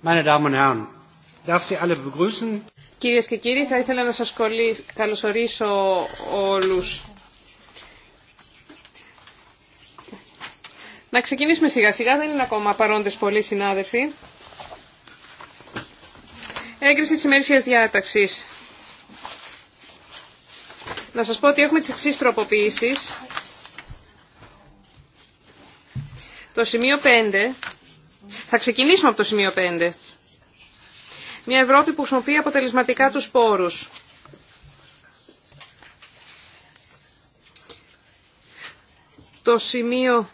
Meine Κυρίες και κύριοι, θα ήθελα να σας καλωσορίσω όλους. Να ξεκινήσουμε σιγά σιγά, δεν είναι ακόμα παρόντες πολλοί συνάδελφοι. Έγκριση της ημερήσιας διάταξης. Να σας πω ότι έχουμε τις εξής τροποποιήσεις. Το σημείο 5 θα ξεκινήσουμε από το σημείο 5. Μια Ευρώπη που χρησιμοποιεί αποτελεσματικά τους πόρους. Το σημείο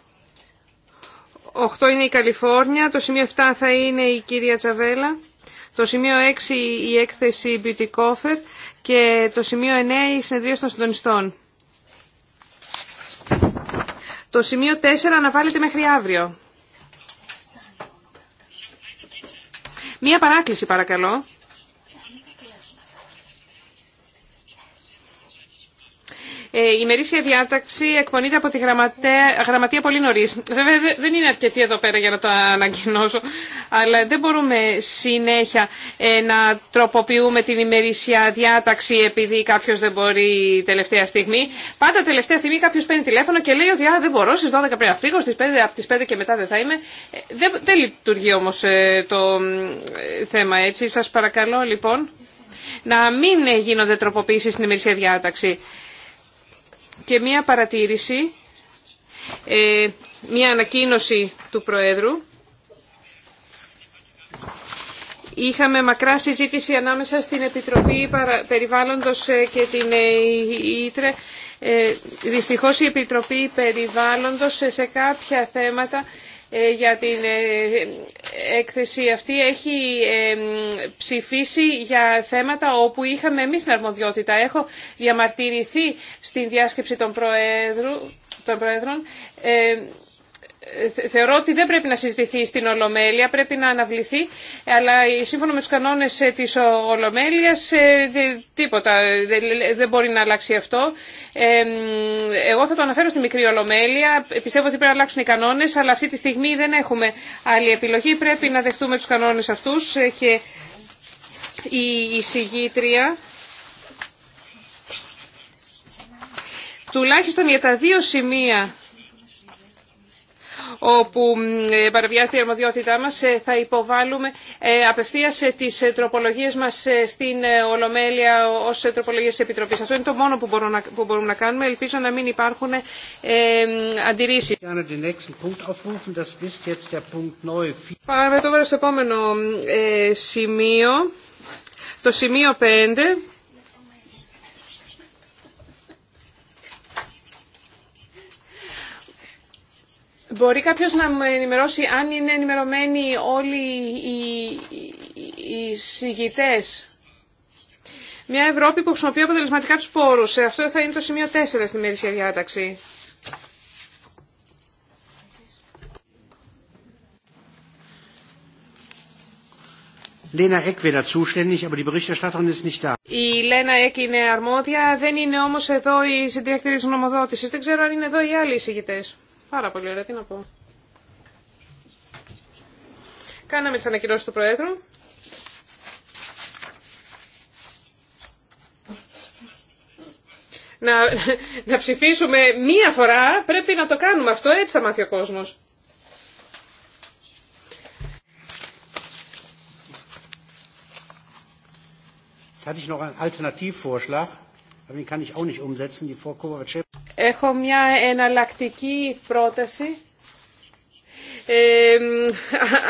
8 είναι η Καλιφόρνια, το σημείο 7 θα είναι η κυρία Τσαβέλα, το σημείο 6 η έκθεση Beauty Coffer και το σημείο 9 η συνεδρία των συντονιστών. Το σημείο 4 αναβάλλεται μέχρι αύριο. Μία παράκληση παρακαλώ Ε, η ημερήσια διάταξη εκπονείται από τη γραμματεία, γραμματεία πολύ νωρί. Βέβαια δεν είναι αρκετή εδώ πέρα για να το ανακοινώσω, αλλά δεν μπορούμε συνέχεια ε, να τροποποιούμε την ημερήσια διάταξη επειδή κάποιο δεν μπορεί τελευταία στιγμή. Πάντα τελευταία στιγμή κάποιο παίρνει τηλέφωνο και λέει ότι δεν μπορώ στι 12 πρέπει να φύγω, στις 5, από τι 5 και μετά δεν θα είμαι. Ε, δεν, δεν λειτουργεί όμω το θέμα έτσι. Σα παρακαλώ λοιπόν να μην γίνονται τροποποιήσει στην ημερησία διάταξη και μία παρατήρηση, ε, μία ανακοίνωση του Προέδρου. Είχαμε μακρά συζήτηση ανάμεσα στην Επιτροπή Περιβάλλοντος ε, και την ε, Ήτρε. Δυστυχώς η Επιτροπή Περιβάλλοντος σε κάποια θέματα ε, για την ε, έκθεση αυτή έχει ε, ψηφίσει για θέματα όπου είχαμε εμεί την αρμοδιότητα. Έχω διαμαρτυρηθεί στην διάσκεψη προέδρου, των Προέδρων θεωρώ ότι δεν πρέπει να συζητηθεί στην Ολομέλεια, πρέπει να αναβληθεί, αλλά σύμφωνα με τους κανόνες ε, της Ολομέλειας ε, τίποτα δεν μπορεί να αλλάξει αυτό. Εγώ θα το αναφέρω στη μικρή Ολομέλεια, πιστεύω ότι πρέπει να αλλάξουν οι κανόνες, αλλά αυτή τη στιγμή δεν έχουμε άλλη επιλογή, πρέπει να δεχτούμε τους κανόνες αυτούς ε, και η εισηγήτρια... Τουλάχιστον για τα δύο σημεία όπου ε, παραβιάζεται η αρμοδιότητά μας, ε, θα υποβάλουμε ε, απευθείας τις τροπολογίες μας στην Ολομέλεια ως τροπολογίες Επιτροπής. Αυτό είναι το μόνο που, να, που μπορούμε να κάνουμε. Ελπίζω να μην υπάρχουν αντιρρήσεις. Πάμε τώρα στο επόμενο σημείο, το σημείο 5. Μπορεί κάποιο να με ενημερώσει αν είναι ενημερωμένοι όλοι οι, οι, Μια Ευρώπη που χρησιμοποιεί αποτελεσματικά τους πόρους. Ε, αυτό θα είναι το σημείο 4 στη μερίσια διάταξη. Η Λένα Εκ είναι αρμόδια, δεν είναι όμως εδώ η συντηρητήρια της νομοδότησης. Δεν ξέρω αν είναι εδώ οι άλλοι συγητές. Πάρα πολύ ωραία, τι να πω. Κάναμε τι ανακοινώσει του Προέδρου. Να, να ψηφίσουμε μία φορά, πρέπει να το κάνουμε αυτό, έτσι θα μάθει ο κόσμος. Θα ich noch Έχω μια εναλλακτική πρόταση. Ε,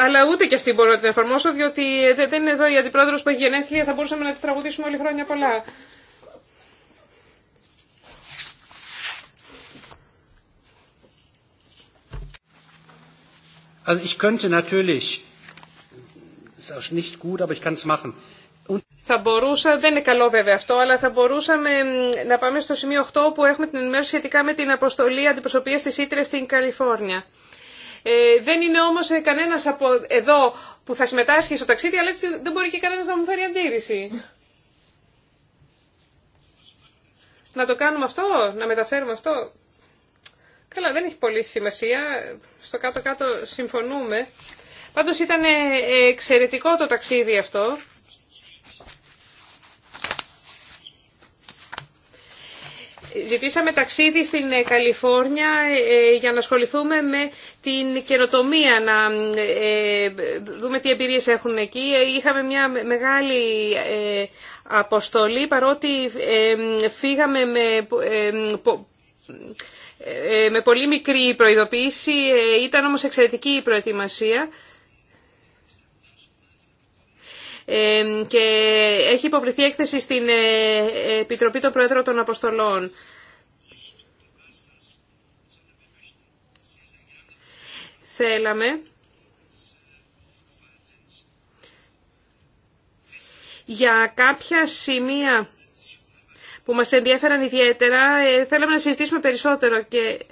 αλλά ούτε και αυτή μπορώ να την εφαρμόσω, διότι δεν είναι εδώ η αντιπρόεδρο που έχει γενέθλια, θα μπορούσαμε να τη τραγουδήσουμε όλη χρόνια πολλά. Also ich könnte natürlich, ist auch nicht gut, aber ich kann es machen. Θα μπορούσα, δεν είναι καλό βέβαια αυτό, αλλά θα μπορούσαμε να πάμε στο σημείο 8 που έχουμε την ενημέρωση σχετικά με την αποστολή αντιπροσωπεία τη Ήτρες στην Καλιφόρνια. Ε, δεν είναι όμω ε, κανένα από εδώ που θα συμμετάσχει στο ταξίδι, αλλά έτσι δεν μπορεί και κανένα να μου φέρει αντίρρηση. να το κάνουμε αυτό, να μεταφέρουμε αυτό. Καλά, δεν έχει πολύ σημασία. Στο κάτω-κάτω συμφωνούμε. Πάντως ήταν ε, εξαιρετικό το ταξίδι αυτό. Ζητήσαμε ταξίδι στην ε, Καλιφόρνια ε, ε, για να ασχοληθούμε με την καινοτομία, να δούμε τι εμπειρίες έχουν εκεί. Είχαμε μια μεγάλη αποστολή, παρότι φύγαμε με με πολύ μικρή προειδοποίηση, ήταν όμως εξαιρετική η προετοιμασία και έχει υποβληθεί έκθεση στην ε, Επιτροπή των Προέδρων των Αποστολών. Θέλαμε για κάποια σημεία που μας ενδιαφέραν ιδιαίτερα, ε, θέλαμε να συζητήσουμε περισσότερο και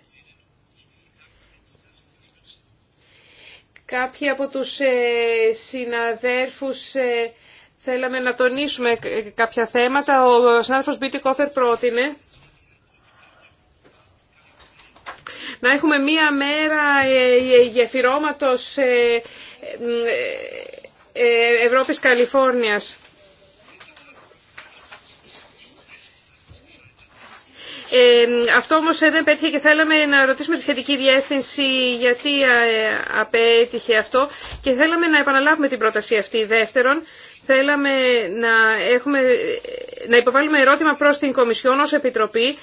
Κάποιοι από τους ε, συναδέρφους ε, θέλαμε να τονίσουμε ε, κάποια θέματα. Ο συνάδελφος Μπίτι Κόφερ πρότεινε να έχουμε μία μέρα γεφυρώματος Ευρώπης-Καλιφόρνιας. αυτό όμως δεν πέτυχε και θέλαμε να ρωτήσουμε τη σχετική διεύθυνση γιατί ε, απέτυχε αυτό και θέλαμε να επαναλάβουμε την πρόταση αυτή. Δεύτερον, θέλαμε να, έχουμε, να υποβάλουμε ερώτημα προς την Κομισιόν ως Επιτροπή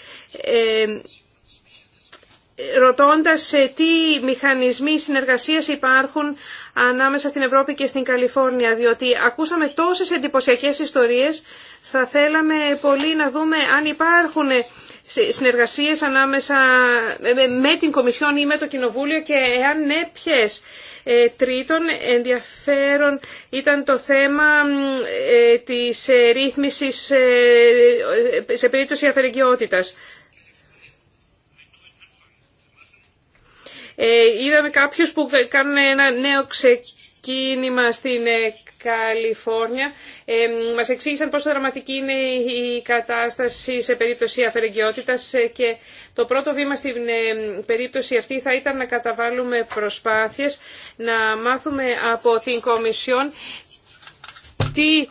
ρωτώντας τι μηχανισμοί συνεργασίας υπάρχουν ανάμεσα στην Ευρώπη και στην Καλιφόρνια, διότι ακούσαμε τόσες εντυπωσιακές ιστορίες, θα θέλαμε πολύ να δούμε αν υπάρχουν Συνεργασίε ανάμεσα ε, με την Κομισιόν ή με το Κοινοβούλιο και εάν ναι ποιες. Ε, τρίτον, ενδιαφέρον ήταν το θέμα ε, της ρύθμισης σε περίπτωση Ε, Είδαμε κάποιους που κάνουν ένα νέο ξεκίνημα στην Καλιφόρνια μας εξήγησαν πόσο δραματική είναι η κατάσταση σε περίπτωση αφαιρεγκαιότητα ε, και το πρώτο βήμα στην ε, περίπτωση αυτή θα ήταν να καταβάλουμε προσπάθειες να μάθουμε από την Κομισιόν τι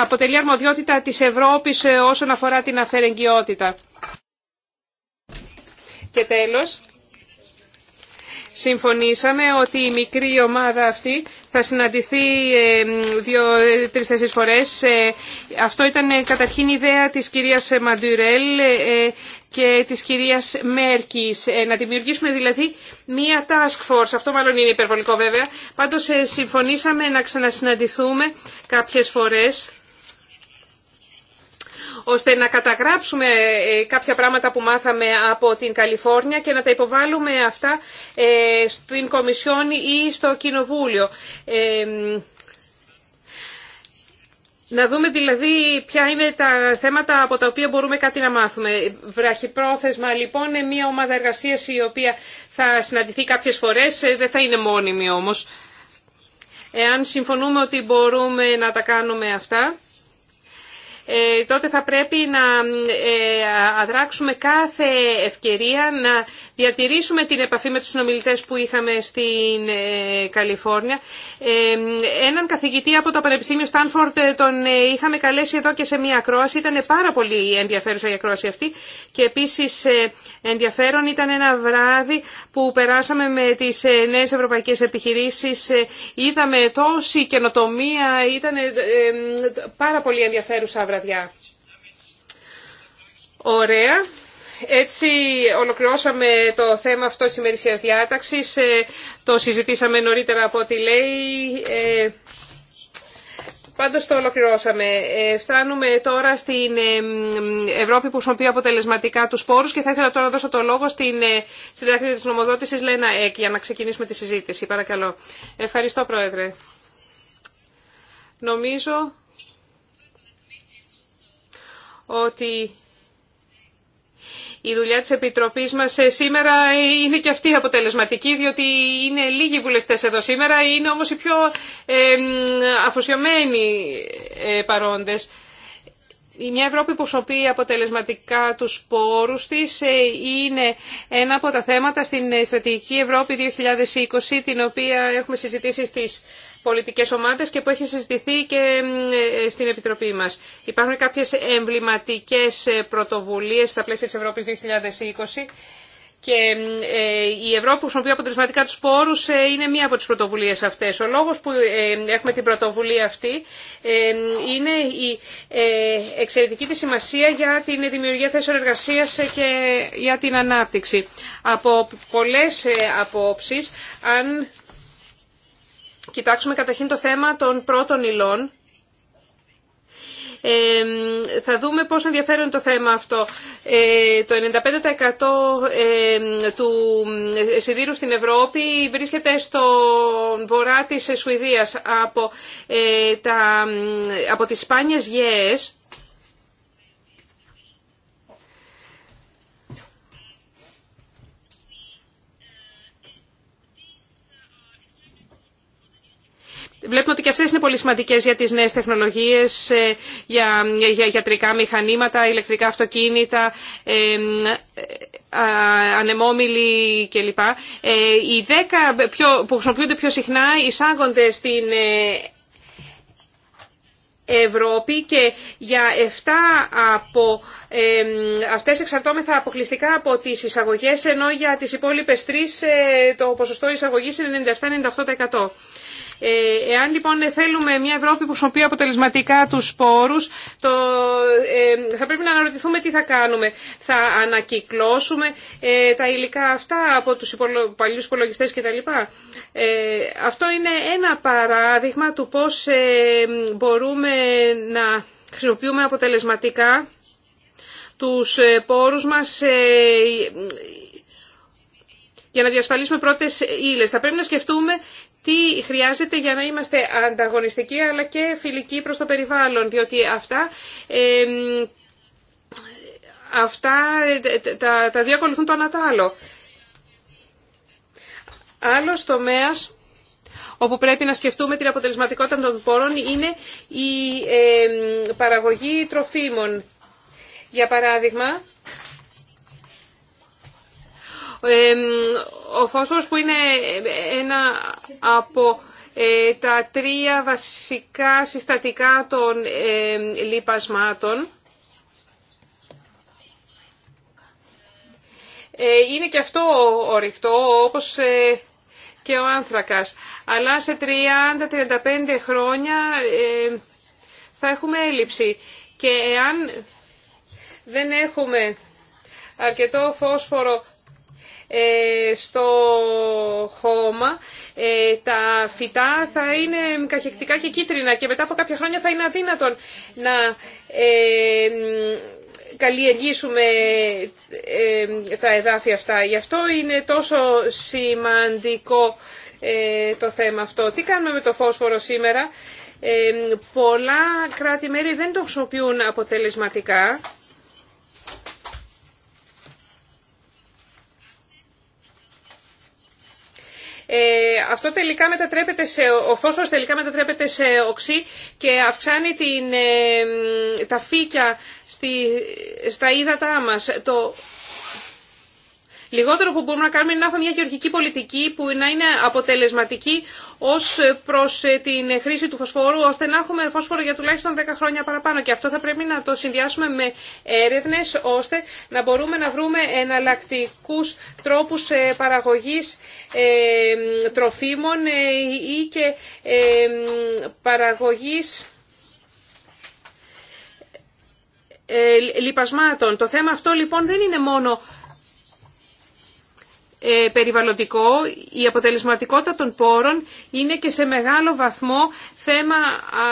αποτελεί αρμοδιότητα της Ευρώπης ε, όσον αφορά την αφαιρεγκαιότητα. Και τέλος, συμφωνήσαμε ότι η μικρή ομάδα αυτή θα συναντηθεί ε, δύο-τρεις-τέσσερις φορές. Ε, αυτό ήταν ε, καταρχήν ιδέα της κυρίας Μαντουρέλ και της κυρίας Μέρκης. Να δημιουργήσουμε δηλαδή μία task force. Αυτό μάλλον είναι υπερβολικό βέβαια. Πάντως συμφωνήσαμε να ξανασυναντηθούμε κάποιες φορές ώστε να καταγράψουμε ε, ε, κάποια πράγματα που μάθαμε από την Καλιφόρνια και να τα υποβάλουμε αυτά ε, στην Κομισιόν ή στο Κοινοβούλιο. Να δούμε δηλαδή ποια είναι τα θέματα από τα οποία μπορούμε κάτι να μάθουμε. Βραχυπρόθεσμα λοιπόν είναι μια ομάδα εργασία η στο κοινοβουλιο να δουμε δηλαδη ποια ειναι τα θεματα απο τα οποια μπορουμε κατι να μαθουμε βραχυπροθεσμα λοιπον ειναι μια ομαδα εργασιας η οποια θα συναντηθεί κάποιες φορές, δεν θα είναι μόνιμη όμως. Εάν συμφωνούμε ότι μπορούμε να τα κάνουμε αυτά, ε, τότε θα πρέπει να ε, αδράξουμε κάθε ευκαιρία να διατηρήσουμε την επαφή με τους συνομιλητές που είχαμε στην ε, Καλιφόρνια. Έναν καθηγητή από το Πανεπιστήμιο Στάνφορντ τον είχαμε καλέσει εδώ και σε μια ακρόαση. Ήταν πάρα πολύ ενδιαφέρουσα η ακρόαση αυτή και επίσης ενδιαφέρον ήταν ένα βράδυ που περάσαμε με τις νέες ευρωπαϊκές επιχειρήσεις. Είδαμε τόση καινοτομία, ήταν πάρα πολύ ενδιαφέρουσα βράδυ βραδιά. Ωραία. Έτσι ολοκληρώσαμε το θέμα αυτό της ημερησίας διάταξης. Ε, το συζητήσαμε νωρίτερα από ό,τι λέει. Ε, πάντως το ολοκληρώσαμε. Ε, φτάνουμε τώρα στην Ευρώπη που χρησιμοποιεί αποτελεσματικά τους πόρους και θα ήθελα τώρα να δώσω το λόγο στην συντάκτρια της νομοδότησης Λένα Εκ για να ξεκινήσουμε τη συζήτηση. Παρακαλώ. Ευχαριστώ Πρόεδρε. Νομίζω ότι η δουλειά της Επιτροπής μας ε, σήμερα είναι και αυτή αποτελεσματική, διότι είναι λίγοι βουλευτές εδώ σήμερα, είναι όμως οι πιο αφοσιωμένοι ε, παρόντες. Η μια Ευρώπη που χρησιμοποιεί αποτελεσματικά τους πόρους της ε, είναι ένα από τα θέματα στην Στρατηγική Ευρώπη 2020, την οποία έχουμε συζητήσει στις πολιτικές ομάδες και που έχει συζητηθεί και ε, στην Επιτροπή μας. Υπάρχουν κάποιες εμβληματικές ε, πρωτοβουλίες στα πλαίσια της Ευρώπης 2020 και ε, η Ευρώπη που χρησιμοποιεί αποτελεσματικά τους πόρους είναι μία από τις πρωτοβουλίες αυτές. Ο λόγος που έχουμε την πρωτοβουλία αυτή είναι η εξαιρετική της σημασία για την δημιουργία θέσεων εργασίας και για την ανάπτυξη. Από πολλές απόψεις, αν κοιτάξουμε καταρχήν το θέμα των πρώτων υλών. Ε, θα δούμε πόσο ενδιαφέρον είναι το θέμα αυτό. Ε, το 95% ε, του σιδήρου στην Ευρώπη βρίσκεται στο βορρά της Σουηδίας από, ε, τα, από τις σπάνιες γέες Βλέπουμε ότι και αυτές είναι πολύ σημαντικές για τις νέες τεχνολογίες, ε, για, για γιατρικά μηχανήματα, ηλεκτρικά αυτοκίνητα, ε, ε, ανεμόμιλοι κλπ. Οι 10 πιο, που χρησιμοποιούνται πιο συχνά εισάγονται στην Ευρώπη και για 7 από ε, αυτές εξαρτώμεθα αποκλειστικά από τις εισαγωγές ενώ για τις υπόλοιπες 3 το ποσοστό εισαγωγής είναι 97-98%. Ε, εάν λοιπόν θέλουμε μια Ευρώπη που χρησιμοποιεί αποτελεσματικά τους πόρους, το, ε, θα πρέπει να αναρωτηθούμε τι θα κάνουμε. Θα ανακυκλώσουμε ε, τα υλικά αυτά από τους υπολο, παλιούς υπολογιστές κτλ. Ε, αυτό είναι ένα παράδειγμα του πώς ε, μπορούμε να χρησιμοποιούμε αποτελεσματικά τους πόρους μας για να διασφαλίσουμε πρώτες ύλες. Θα πρέπει να σκεφτούμε τι χρειάζεται για να είμαστε ανταγωνιστικοί αλλά και φιλικοί προς το περιβάλλον, διότι αυτά αυτά ε, τα, τα δύο ακολουθούν το άλλο. Άλλος τομέας όπου πρέπει να σκεφτούμε την αποτελεσματικότητα των πόρων είναι η παραγωγή τροφίμων. Για παράδειγμα, ο φόσφορος που είναι ένα από ε, τα τρία βασικά συστατικά των λιπασμάτων. Ε, είναι και αυτό ορυκτό, όπως ε, και ο άνθρακας. Αλλά σε 30-35 χρόνια θα έχουμε έλλειψη. Και εάν δεν έχουμε αρκετό φόσφορο ε, στο χώμα, ε, τα φυτά θα είναι καχεκτικά και κίτρινα και μετά από κάποια χρόνια θα είναι αδύνατον να ε, καλλιεργήσουμε τα εδάφια αυτά. Γι' αυτό είναι τόσο σημαντικό το θέμα αυτό. Τι κάνουμε με το φόσφορο σήμερα. Πολλά κράτη-μέρη δεν το χρησιμοποιούν αποτελεσματικά. Ε, αυτό τελικά μετατρέπεται σε, ο φόσφορος τελικά μετατρέπεται σε οξύ και αυξάνει την, ε, τα φύκια στη, στα ύδατά μας. Το Λιγότερο που μπορούμε να κάνουμε είναι να έχουμε μια γεωργική πολιτική που να είναι αποτελεσματική ω προ ε, την χρήση του φωσφόρου, ώστε να έχουμε φωσφόρο για τουλάχιστον 10 χρόνια παραπάνω. Και αυτό θα πρέπει να το συνδυάσουμε με έρευνε ώστε να μπορούμε να βρούμε εναλλακτικού τρόπους ε, παραγωγής ε, τροφίμων ή και παραγωγής λιπασμάτων. Το θέμα αυτό λοιπόν δεν είναι μόνο ε, περιβαλλοντικό, η αποτελεσματικότητα των πόρων είναι και σε μεγάλο βαθμό θέμα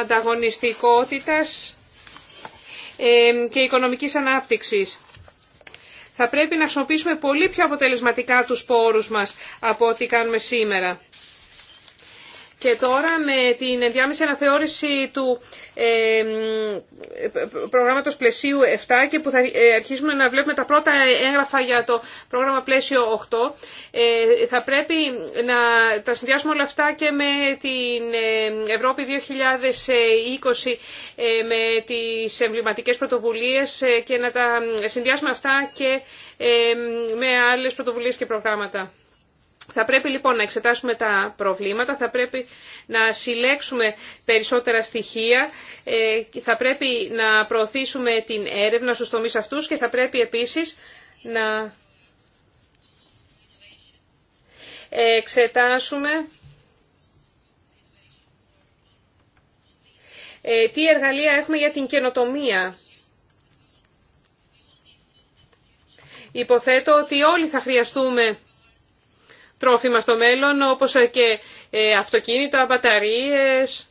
ανταγωνιστικότητας ε, και οικονομικής ανάπτυξης. Θα πρέπει να χρησιμοποιήσουμε πολύ πιο αποτελεσματικά τους πόρους μας από ό,τι κάνουμε σήμερα. Και τώρα με την ενδιάμεση αναθεώρηση του ε, προγράμματος πλαισίου 7 και που θα ε, αρχίσουμε να βλέπουμε τα πρώτα έγγραφα για το πρόγραμμα πλαίσιο 8 ε, θα πρέπει να τα συνδυάσουμε όλα αυτά και με την ε, Ευρώπη 2020 ε, με τις εμβληματικές πρωτοβουλίες και να τα συνδυάσουμε αυτά και με άλλες πρωτοβουλίες και προγράμματα. Θα πρέπει λοιπόν να εξετάσουμε τα προβλήματα, θα πρέπει να συλλέξουμε περισσότερα στοιχεία, ε, θα πρέπει να προωθήσουμε την έρευνα στους τομείς αυτούς και θα πρέπει επίσης να εξετάσουμε ε, τι εργαλεία έχουμε για την καινοτομία. Υποθέτω ότι όλοι θα χρειαστούμε τρόφιμα στο μέλλον, όπως και ε, αυτοκίνητα, μπαταρίες,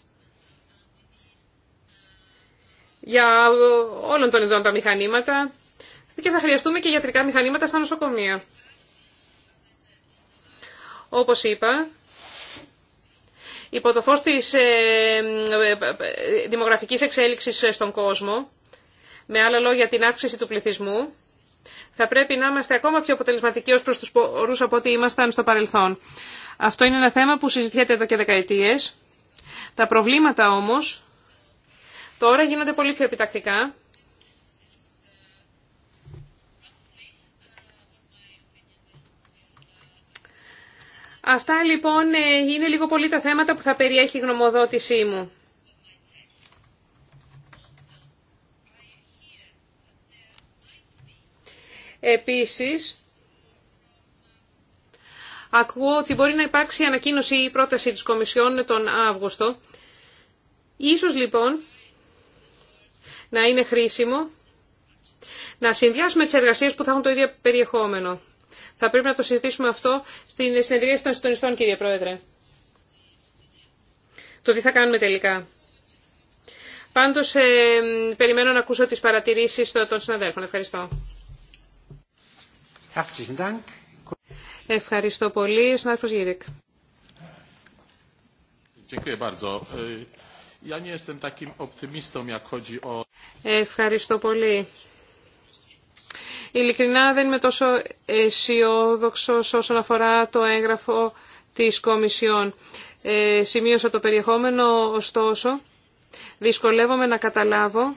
για όλων των ειδών τα μηχανήματα και θα χρειαστούμε και ιατρικά μηχανήματα στα νοσοκομεία. Όπως είπα, υπό το φως της ε, ε, δημογραφικής εξέλιξης στον κόσμο, με άλλα λόγια την αύξηση του πληθυσμού, θα πρέπει να είμαστε ακόμα πιο αποτελεσματικοί ως προς τους πορούς από ό,τι ήμασταν στο παρελθόν. Αυτό είναι ένα θέμα που συζητιέται εδώ και δεκαετίες. Τα προβλήματα όμως τώρα γίνονται πολύ πιο επιτακτικά. Αυτά λοιπόν ε, είναι λίγο πολύ τα θέματα που θα περιέχει η γνωμοδότησή μου. Επίσης, ακούω ότι μπορεί να υπάρξει ανακοίνωση ή πρόταση της Κομισιόν τον Αύγουστο. Ίσως λοιπόν να είναι χρήσιμο να συνδυάσουμε τις εργασίες που θα έχουν το ίδιο περιεχόμενο. Θα πρέπει να το συζητήσουμε αυτό στην συνεδρία των συντονιστών, κύριε Πρόεδρε. Το τι θα κάνουμε τελικά. Πάντως, ε, περιμένω να ακούσω τις παρατηρήσεις των συναδέλφων. Ευχαριστώ. Ευχαριστώ πολύ. συνάδελφος Ευχαριστώ πολύ. Ειλικρινά δεν είμαι τόσο αισιόδοξο όσον αφορά το έγγραφο της Κομισιόν. Ε, σημείωσα το περιεχόμενο, ωστόσο, δυσκολεύομαι να καταλάβω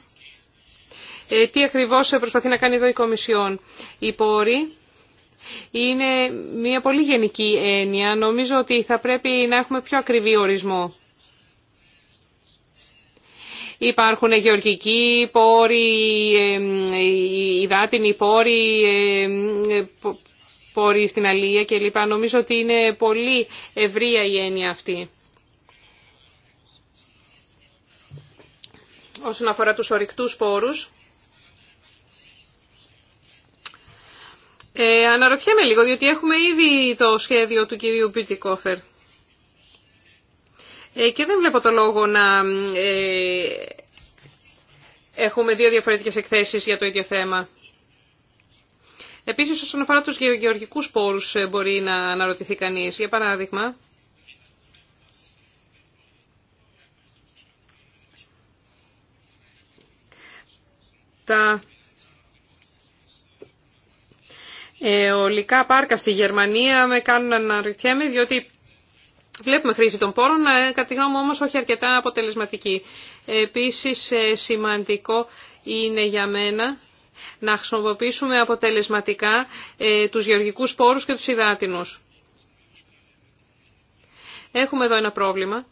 ε, τι ακριβώ προσπαθεί να κάνει εδώ η Κομισιόν. Οι πόροι είναι μια πολύ γενική έννοια. Νομίζω ότι θα πρέπει να έχουμε πιο ακριβή ορισμό. Υπάρχουν γεωργικοί πόροι, υδάτινοι πόροι, πόροι στην αλία κλπ. Νομίζω ότι είναι πολύ ευρία η έννοια αυτή. Όσον αφορά τους ορυκτούς πόρους, Ε, αναρωτιέμαι λίγο, διότι έχουμε ήδη το σχέδιο του κυρίου Μπιουτικόφερ. Ε, και δεν βλέπω το λόγο να ε, έχουμε δύο διαφορετικές εκθέσεις για το ίδιο θέμα. Επίσης, όσον αφορά τους γεωργικούς πόρους ε, μπορεί να αναρωτηθεί κανείς. Για παράδειγμα, τα Ολικά πάρκα στη Γερμανία με κάνουν να αναρωτιέμαι, διότι βλέπουμε χρήση των πόρων, ε, κατά τη γνώμη μου όμως όχι αρκετά αποτελεσματική. Επίσης ε, σημαντικό είναι για μένα να χρησιμοποιήσουμε αποτελεσματικά ε, τους γεωργικούς πόρους και τους υδάτινους. Έχουμε εδώ ένα πρόβλημα.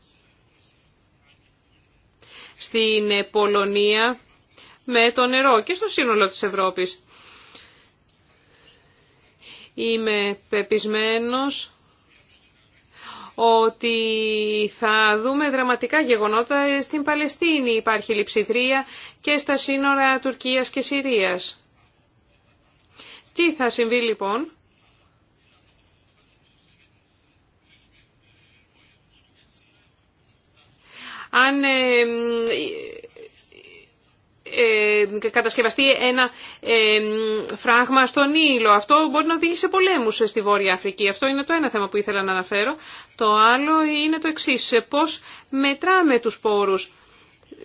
Στην Πολωνία με το νερό και στο σύνολο της Ευρώπης. Είμαι πεπισμένος ότι θα δούμε δραματικά γεγονότα στην Παλαιστίνη. Υπάρχει λειψιδρία και στα σύνορα Τουρκίας και Συρίας. Τι θα συμβεί λοιπόν. Αν ε, ε, κατασκευαστεί ένα ε, φράγμα στον ήλιο. Αυτό μπορεί να οδηγήσει σε πολέμους ε, στη Βόρεια Αφρική. Αυτό είναι το ένα θέμα που ήθελα να αναφέρω. Το άλλο είναι το εξής. Πώ μετράμε του πόρους.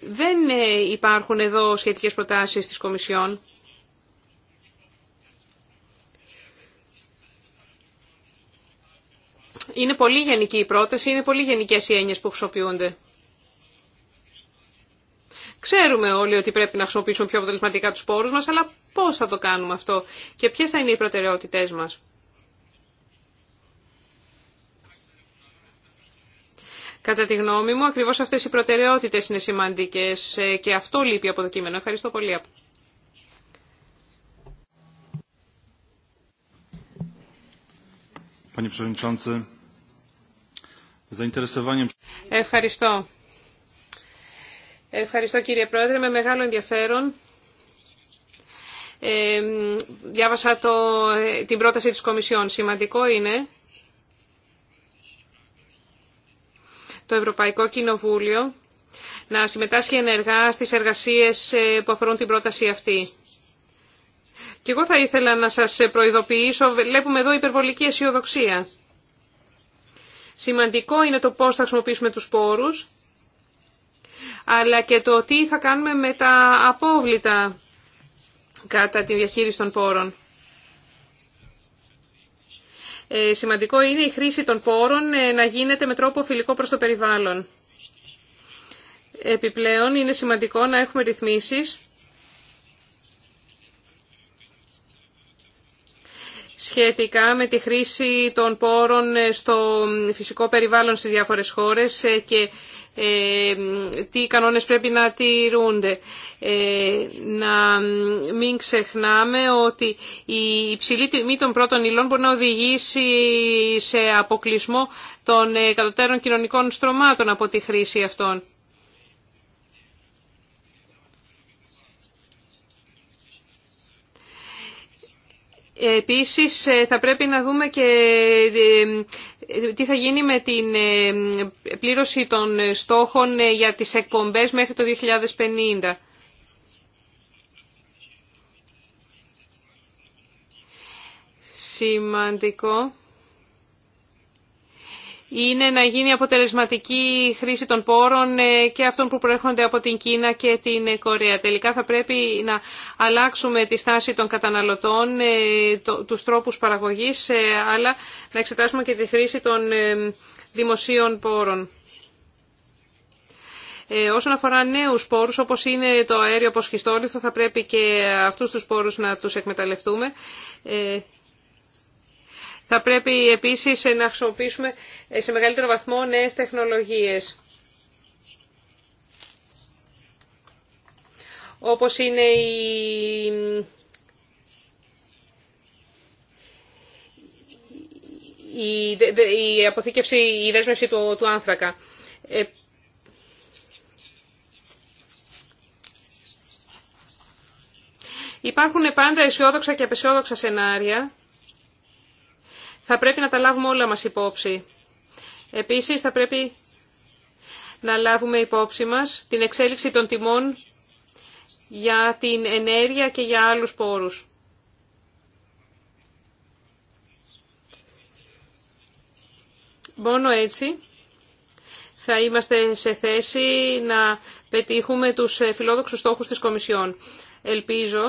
Δεν υπάρχουν εδώ σχετικές προτάσεις τη Κομισιόν. Είναι πολύ γενική η πρόταση, είναι πολύ γενικές οι έννοιες που χρησιμοποιούνται. Ξέρουμε όλοι ότι πρέπει να χρησιμοποιήσουμε πιο αποτελεσματικά τους πόρους μας, αλλά πώς θα το κάνουμε αυτό και ποιες θα είναι οι προτεραιότητές μας. Κατά τη γνώμη μου, ακριβώς αυτές οι προτεραιότητες είναι σημαντικές ε, και αυτό λείπει από το κείμενο. Ευχαριστώ πολύ. Ευχαριστώ. Ευχαριστώ κύριε Πρόεδρε. Με μεγάλο ενδιαφέρον ε, διάβασα το, την πρόταση της Κομισιόν. Σημαντικό είναι το Ευρωπαϊκό Κοινοβούλιο να συμμετάσχει ενεργά στις εργασίες ε, που αφορούν την πρόταση αυτή. Και εγώ θα ήθελα να σας προειδοποιήσω, βλέπουμε εδώ υπερβολική αισιοδοξία. Σημαντικό είναι το πώς θα χρησιμοποιήσουμε τους πόρους αλλά και το τι θα κάνουμε με τα απόβλητα κατά τη διαχείριση των πόρων. Ε, σημαντικό είναι η χρήση των πόρων ε, να γίνεται με τρόπο φιλικό προς το περιβάλλον. Επιπλέον, είναι σημαντικό να έχουμε ρυθμίσεις σχετικά με τη χρήση των πόρων ε, στο φυσικό περιβάλλον στις διάφορες χώρες και ε, τι κανόνες πρέπει να τηρούνται. Ε, να μην ξεχνάμε ότι η υψηλή τιμή των πρώτων υλών μπορεί να οδηγήσει σε αποκλεισμό των κατωτέρων κοινωνικών στρωμάτων από τη χρήση αυτών. Επίσης ε, θα πρέπει να δούμε και τι θα γίνει με την ε, πλήρωση των στόχων ε, για τις εκπομπές μέχρι το 2050. Σημαντικό είναι να γίνει αποτελεσματική χρήση των πόρων ε, και αυτών που προέρχονται από την Κίνα και την Κορέα. Τελικά θα πρέπει να αλλάξουμε τη στάση των καταναλωτών, ε, τους τρόπους παραγωγής, ε, αλλά να εξετάσουμε και τη χρήση των δημοσίων πόρων. Όσον αφορά νέους πόρους, όπως είναι το αέριο αποσχιστόλιστο, θα πρέπει και αυτούς τους πόρους να τους εκμεταλλευτούμε. Θα πρέπει επίσης να χρησιμοποιήσουμε σε μεγαλύτερο βαθμό νέες τεχνολογίες. Όπως είναι η... η αποθήκευση, η δέσμευση του, του άνθρακα. Ε, υπάρχουν πάντα αισιόδοξα και απεσιόδοξα σενάρια. Θα πρέπει να τα λάβουμε όλα μας υπόψη. Επίσης θα πρέπει να λάβουμε υπόψη μας την εξέλιξη των τιμών για την ενέργεια και για άλλους πόρους. Μόνο έτσι θα είμαστε σε θέση να πετύχουμε τους φιλόδοξους στόχους της Κομισιόν. Ελπίζω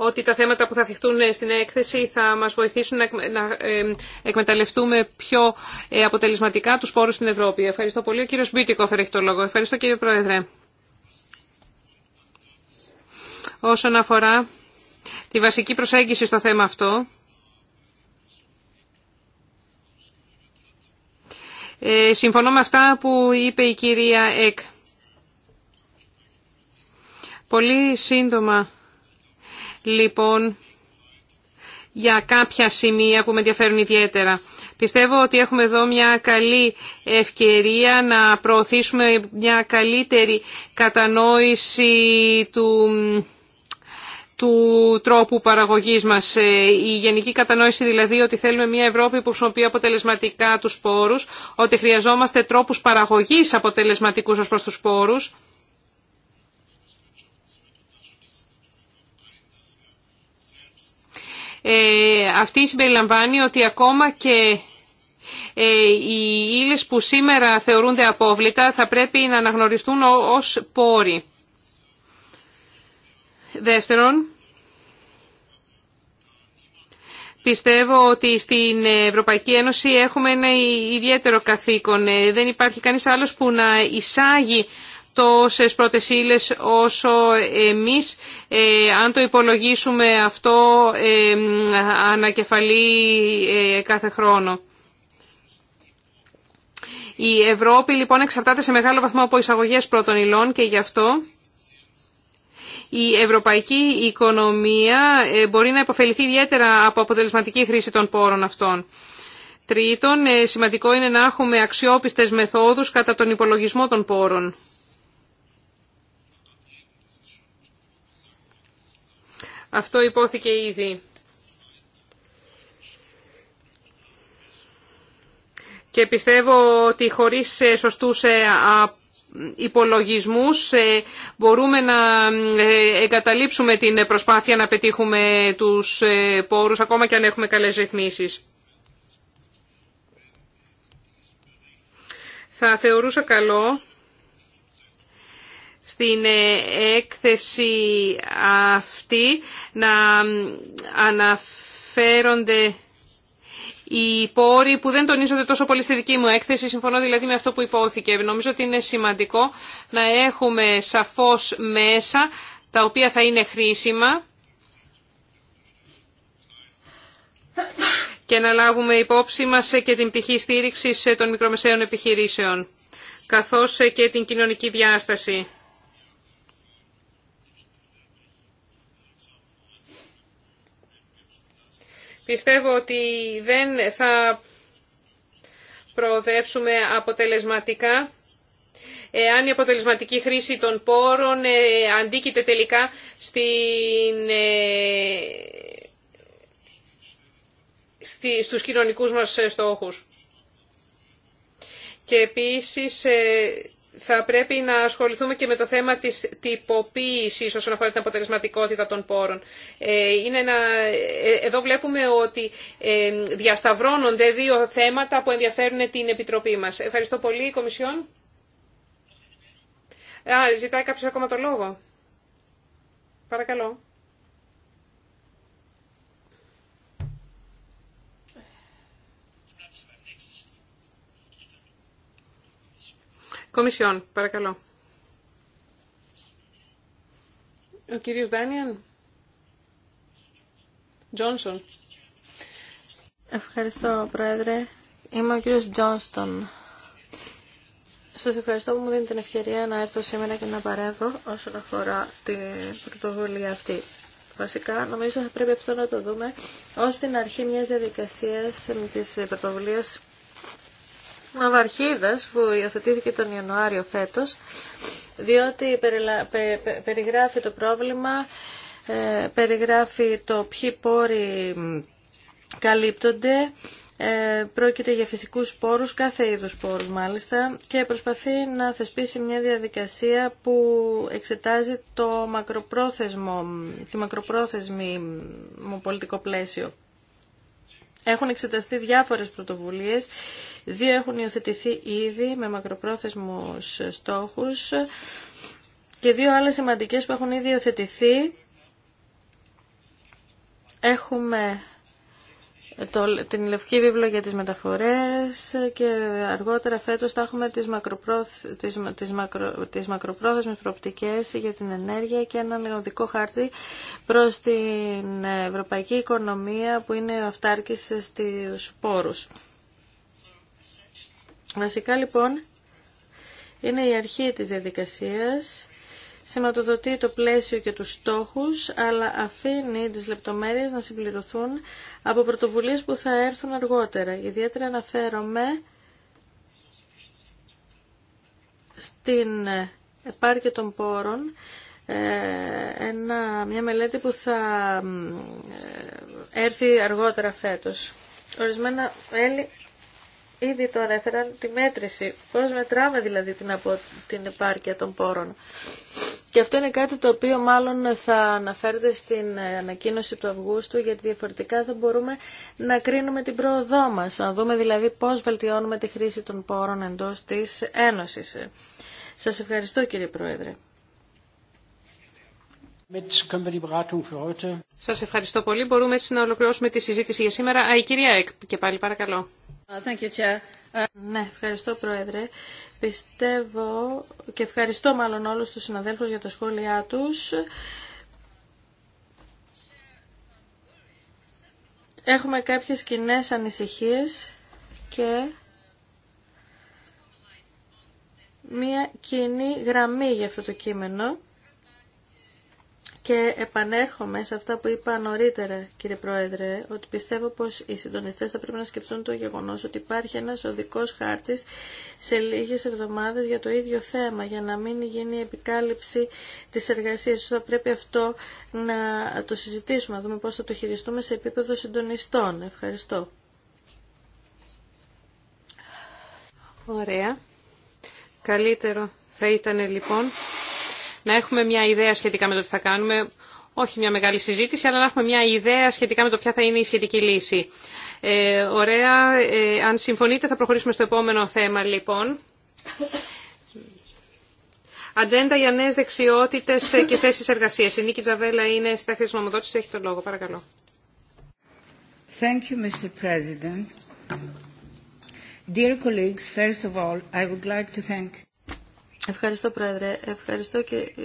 ότι τα θέματα που θα θυχτούν ε, στην έκθεση θα μας βοηθήσουν να ε, εκμεταλλευτούμε πιο ε, αποτελεσματικά τους πόρους στην Ευρώπη. Ευχαριστώ πολύ. Ο κύριος Μπίτικοφερ έχει το λόγο. Ευχαριστώ κύριε Πρόεδρε. Όσον αφορά τη βασική προσέγγιση στο θέμα αυτό, συμφωνώ με αυτά που είπε η κυρία Εκ. Πολύ σύντομα λοιπόν για κάποια σημεία που με ενδιαφέρουν ιδιαίτερα. Πιστεύω ότι έχουμε εδώ μια καλή ευκαιρία να προωθήσουμε μια καλύτερη κατανόηση του του τρόπου παραγωγής μας. Ε, η γενική κατανόηση δηλαδή ότι θέλουμε μια Ευρώπη που χρησιμοποιεί αποτελεσματικά τους πόρους, ότι χρειαζόμαστε τρόπους παραγωγής αποτελεσματικούς ως προς τους σπόρους, Ε, αυτή συμπεριλαμβάνει ότι ακόμα και ε, οι ύλες που σήμερα θεωρούνται απόβλητα θα πρέπει να αναγνωριστούν ως πόροι. Δεύτερον, Πιστεύω ότι στην Ευρωπαϊκή Ένωση έχουμε ένα ιδιαίτερο καθήκον. Ε, δεν υπάρχει κανείς άλλος που να εισάγει τόσες πρώτες ύλε όσο εμείς, ε, αν το υπολογίσουμε αυτό ε, ανακεφαλή ε, κάθε χρόνο. Η Ευρώπη λοιπόν εξαρτάται σε μεγάλο βαθμό από εισαγωγές πρώτων υλών και γι' αυτό η ευρωπαϊκή οικονομία ε, μπορεί να υποφεληθεί ιδιαίτερα από αποτελεσματική χρήση των πόρων αυτών. Τρίτον, σημαντικό είναι να έχουμε αξιόπιστες μεθόδους κατά τον υπολογισμό των πόρων. Αυτό υπόθηκε ήδη. Και πιστεύω ότι χωρίς ε, σωστούς ε, υπολογισμούς ε, μπορούμε να εγκαταλείψουμε την προσπάθεια να πετύχουμε τους πόρους ακόμα και αν έχουμε καλές ρυθμίσεις. Θα θεωρούσα καλό στην ε, έκθεση αυτή να αναφέρονται οι πόροι που δεν τονίζονται τόσο πολύ στη δική μου έκθεση, συμφωνώ δηλαδή με αυτό που υπόθηκε. Νομίζω ότι είναι σημαντικό να έχουμε σαφώς μέσα τα οποία θα είναι χρήσιμα και να λάβουμε υπόψη μας και την πτυχή στήριξης των μικρομεσαίων επιχειρήσεων καθώς και την κοινωνική διάσταση. Πιστεύω ότι δεν θα προοδεύσουμε αποτελεσματικά εάν η αποτελεσματική χρήση των πόρων ε, αντίκειται τελικά στην, ε, στη, στους κοινωνικούς μας ε, στόχους. Και επίσης θα πρέπει να ασχοληθούμε και με το θέμα της τυποποίησης όσον αφορά την αποτελεσματικότητα των πόρων. Ε, είναι ένα... Ε, εδώ βλέπουμε ότι ε, διασταυρώνονται δύο θέματα που ενδιαφέρουν την Επιτροπή μας. Ευχαριστώ πολύ, Κομισιόν. Α, ζητάει κάποιος ακόμα το λόγο. Παρακαλώ. Κομισιόν, παρακαλώ. Ο κύριος Ντάνιαν. Τζόνσον. Ευχαριστώ, Πρόεδρε. Είμαι ο κύριος Τζόνστον. Σας ευχαριστώ που μου δίνετε την ευκαιρία να έρθω σήμερα και να παρέμβω όσον αφορά την πρωτοβουλία αυτή. Βασικά, νομίζω θα πρέπει αυτό να το δούμε ως την αρχή μιας διαδικασίας της πρωτοβουλίας Ναυαρχίδας που υιοθετήθηκε τον Ιανουάριο φέτος, διότι περιγράφει το πρόβλημα, ε, περιγράφει το ποιοι πόροι καλύπτονται, ε, πρόκειται για φυσικούς πόρους, κάθε είδους πόρους μάλιστα, και προσπαθεί να θεσπίσει μια διαδικασία που εξετάζει το μακροπρόθεσμο, τη μακροπρόθεσμη πολιτικό πλαίσιο. Έχουν εξεταστεί διάφορες πρωτοβουλίες, δύο έχουν υιοθετηθεί ήδη με μακροπρόθεσμους στόχους και δύο άλλες σημαντικές που έχουν ήδη υιοθετηθεί. Έχουμε το, την Λευκή Βίβλο για τις μεταφορές και αργότερα φέτος θα έχουμε τις, μακροπρόθ, τις, τις, μακρο, τις μακροπρόθεσμες προοπτικές για την ενέργεια και έναν οδικό χάρτη προς την ευρωπαϊκή οικονομία που είναι αυτάρκης στους πόρους. Βασικά λοιπόν είναι η αρχή της διαδικασίας σηματοδοτεί το πλαίσιο και τους στόχους, αλλά αφήνει τις λεπτομέρειες να συμπληρωθούν από πρωτοβουλίες που θα έρθουν αργότερα. Ιδιαίτερα αναφέρομαι στην επάρκεια των πόρων, ε, ένα, μια μελέτη που θα ε, έρθει αργότερα φέτος. Ορισμένα μέλη ήδη το ανέφεραν τη μέτρηση. Πώς μετράμε δηλαδή την, απο... την επάρκεια των πόρων. Και αυτό είναι κάτι το οποίο μάλλον θα αναφέρεται στην ανακοίνωση του Αυγούστου, γιατί διαφορετικά θα μπορούμε να κρίνουμε την πρόοδό μας, να δούμε δηλαδή πώς βελτιώνουμε τη χρήση των πόρων εντός της Ένωσης. Σας ευχαριστώ κύριε Πρόεδρε. Σας ευχαριστώ πολύ. Μπορούμε έτσι να ολοκληρώσουμε τη συζήτηση για σήμερα. Α, η κυρία Εκ και πάλι παρακαλώ. Ναι, ευχαριστώ Πρόεδρε. Πιστεύω και ευχαριστώ μάλλον όλους τους συναδέλφους για τα σχόλιά τους. Έχουμε κάποιες κοινέ ανησυχίες και μία κοινή γραμμή για αυτό το κείμενο. Και επανέρχομαι σε αυτά που είπα νωρίτερα, κύριε Πρόεδρε, ότι πιστεύω πως οι συντονιστές θα πρέπει να σκεφτούν το γεγονός ότι υπάρχει ένας οδικός χάρτης σε λίγες εβδομάδες για το ίδιο θέμα, για να μην γίνει η επικάλυψη της εργασίας. Θα πρέπει αυτό να το συζητήσουμε, να δούμε πώς θα το χειριστούμε σε επίπεδο συντονιστών. Ευχαριστώ. Ωραία. Καλύτερο θα ήταν λοιπόν να έχουμε μια ιδέα σχετικά με το τι θα κάνουμε, όχι μια μεγάλη συζήτηση, αλλά να έχουμε μια ιδέα σχετικά με το ποια θα είναι η σχετική λύση. Ε, ωραία. Ε, αν συμφωνείτε θα προχωρήσουμε στο επόμενο θέμα λοιπόν. Ατζέντα για νέε δεξιότητε και θέσει εργασία. Η Νίκη Τζαβέλα είναι τάξη τη νομοδότηση. Έχει τον λόγο, παρακαλώ. Thank you, Mr. President. Dear colleagues, first of all, I would like to Ευχαριστώ, Πρόεδρε. Ευχαριστώ και... Ε,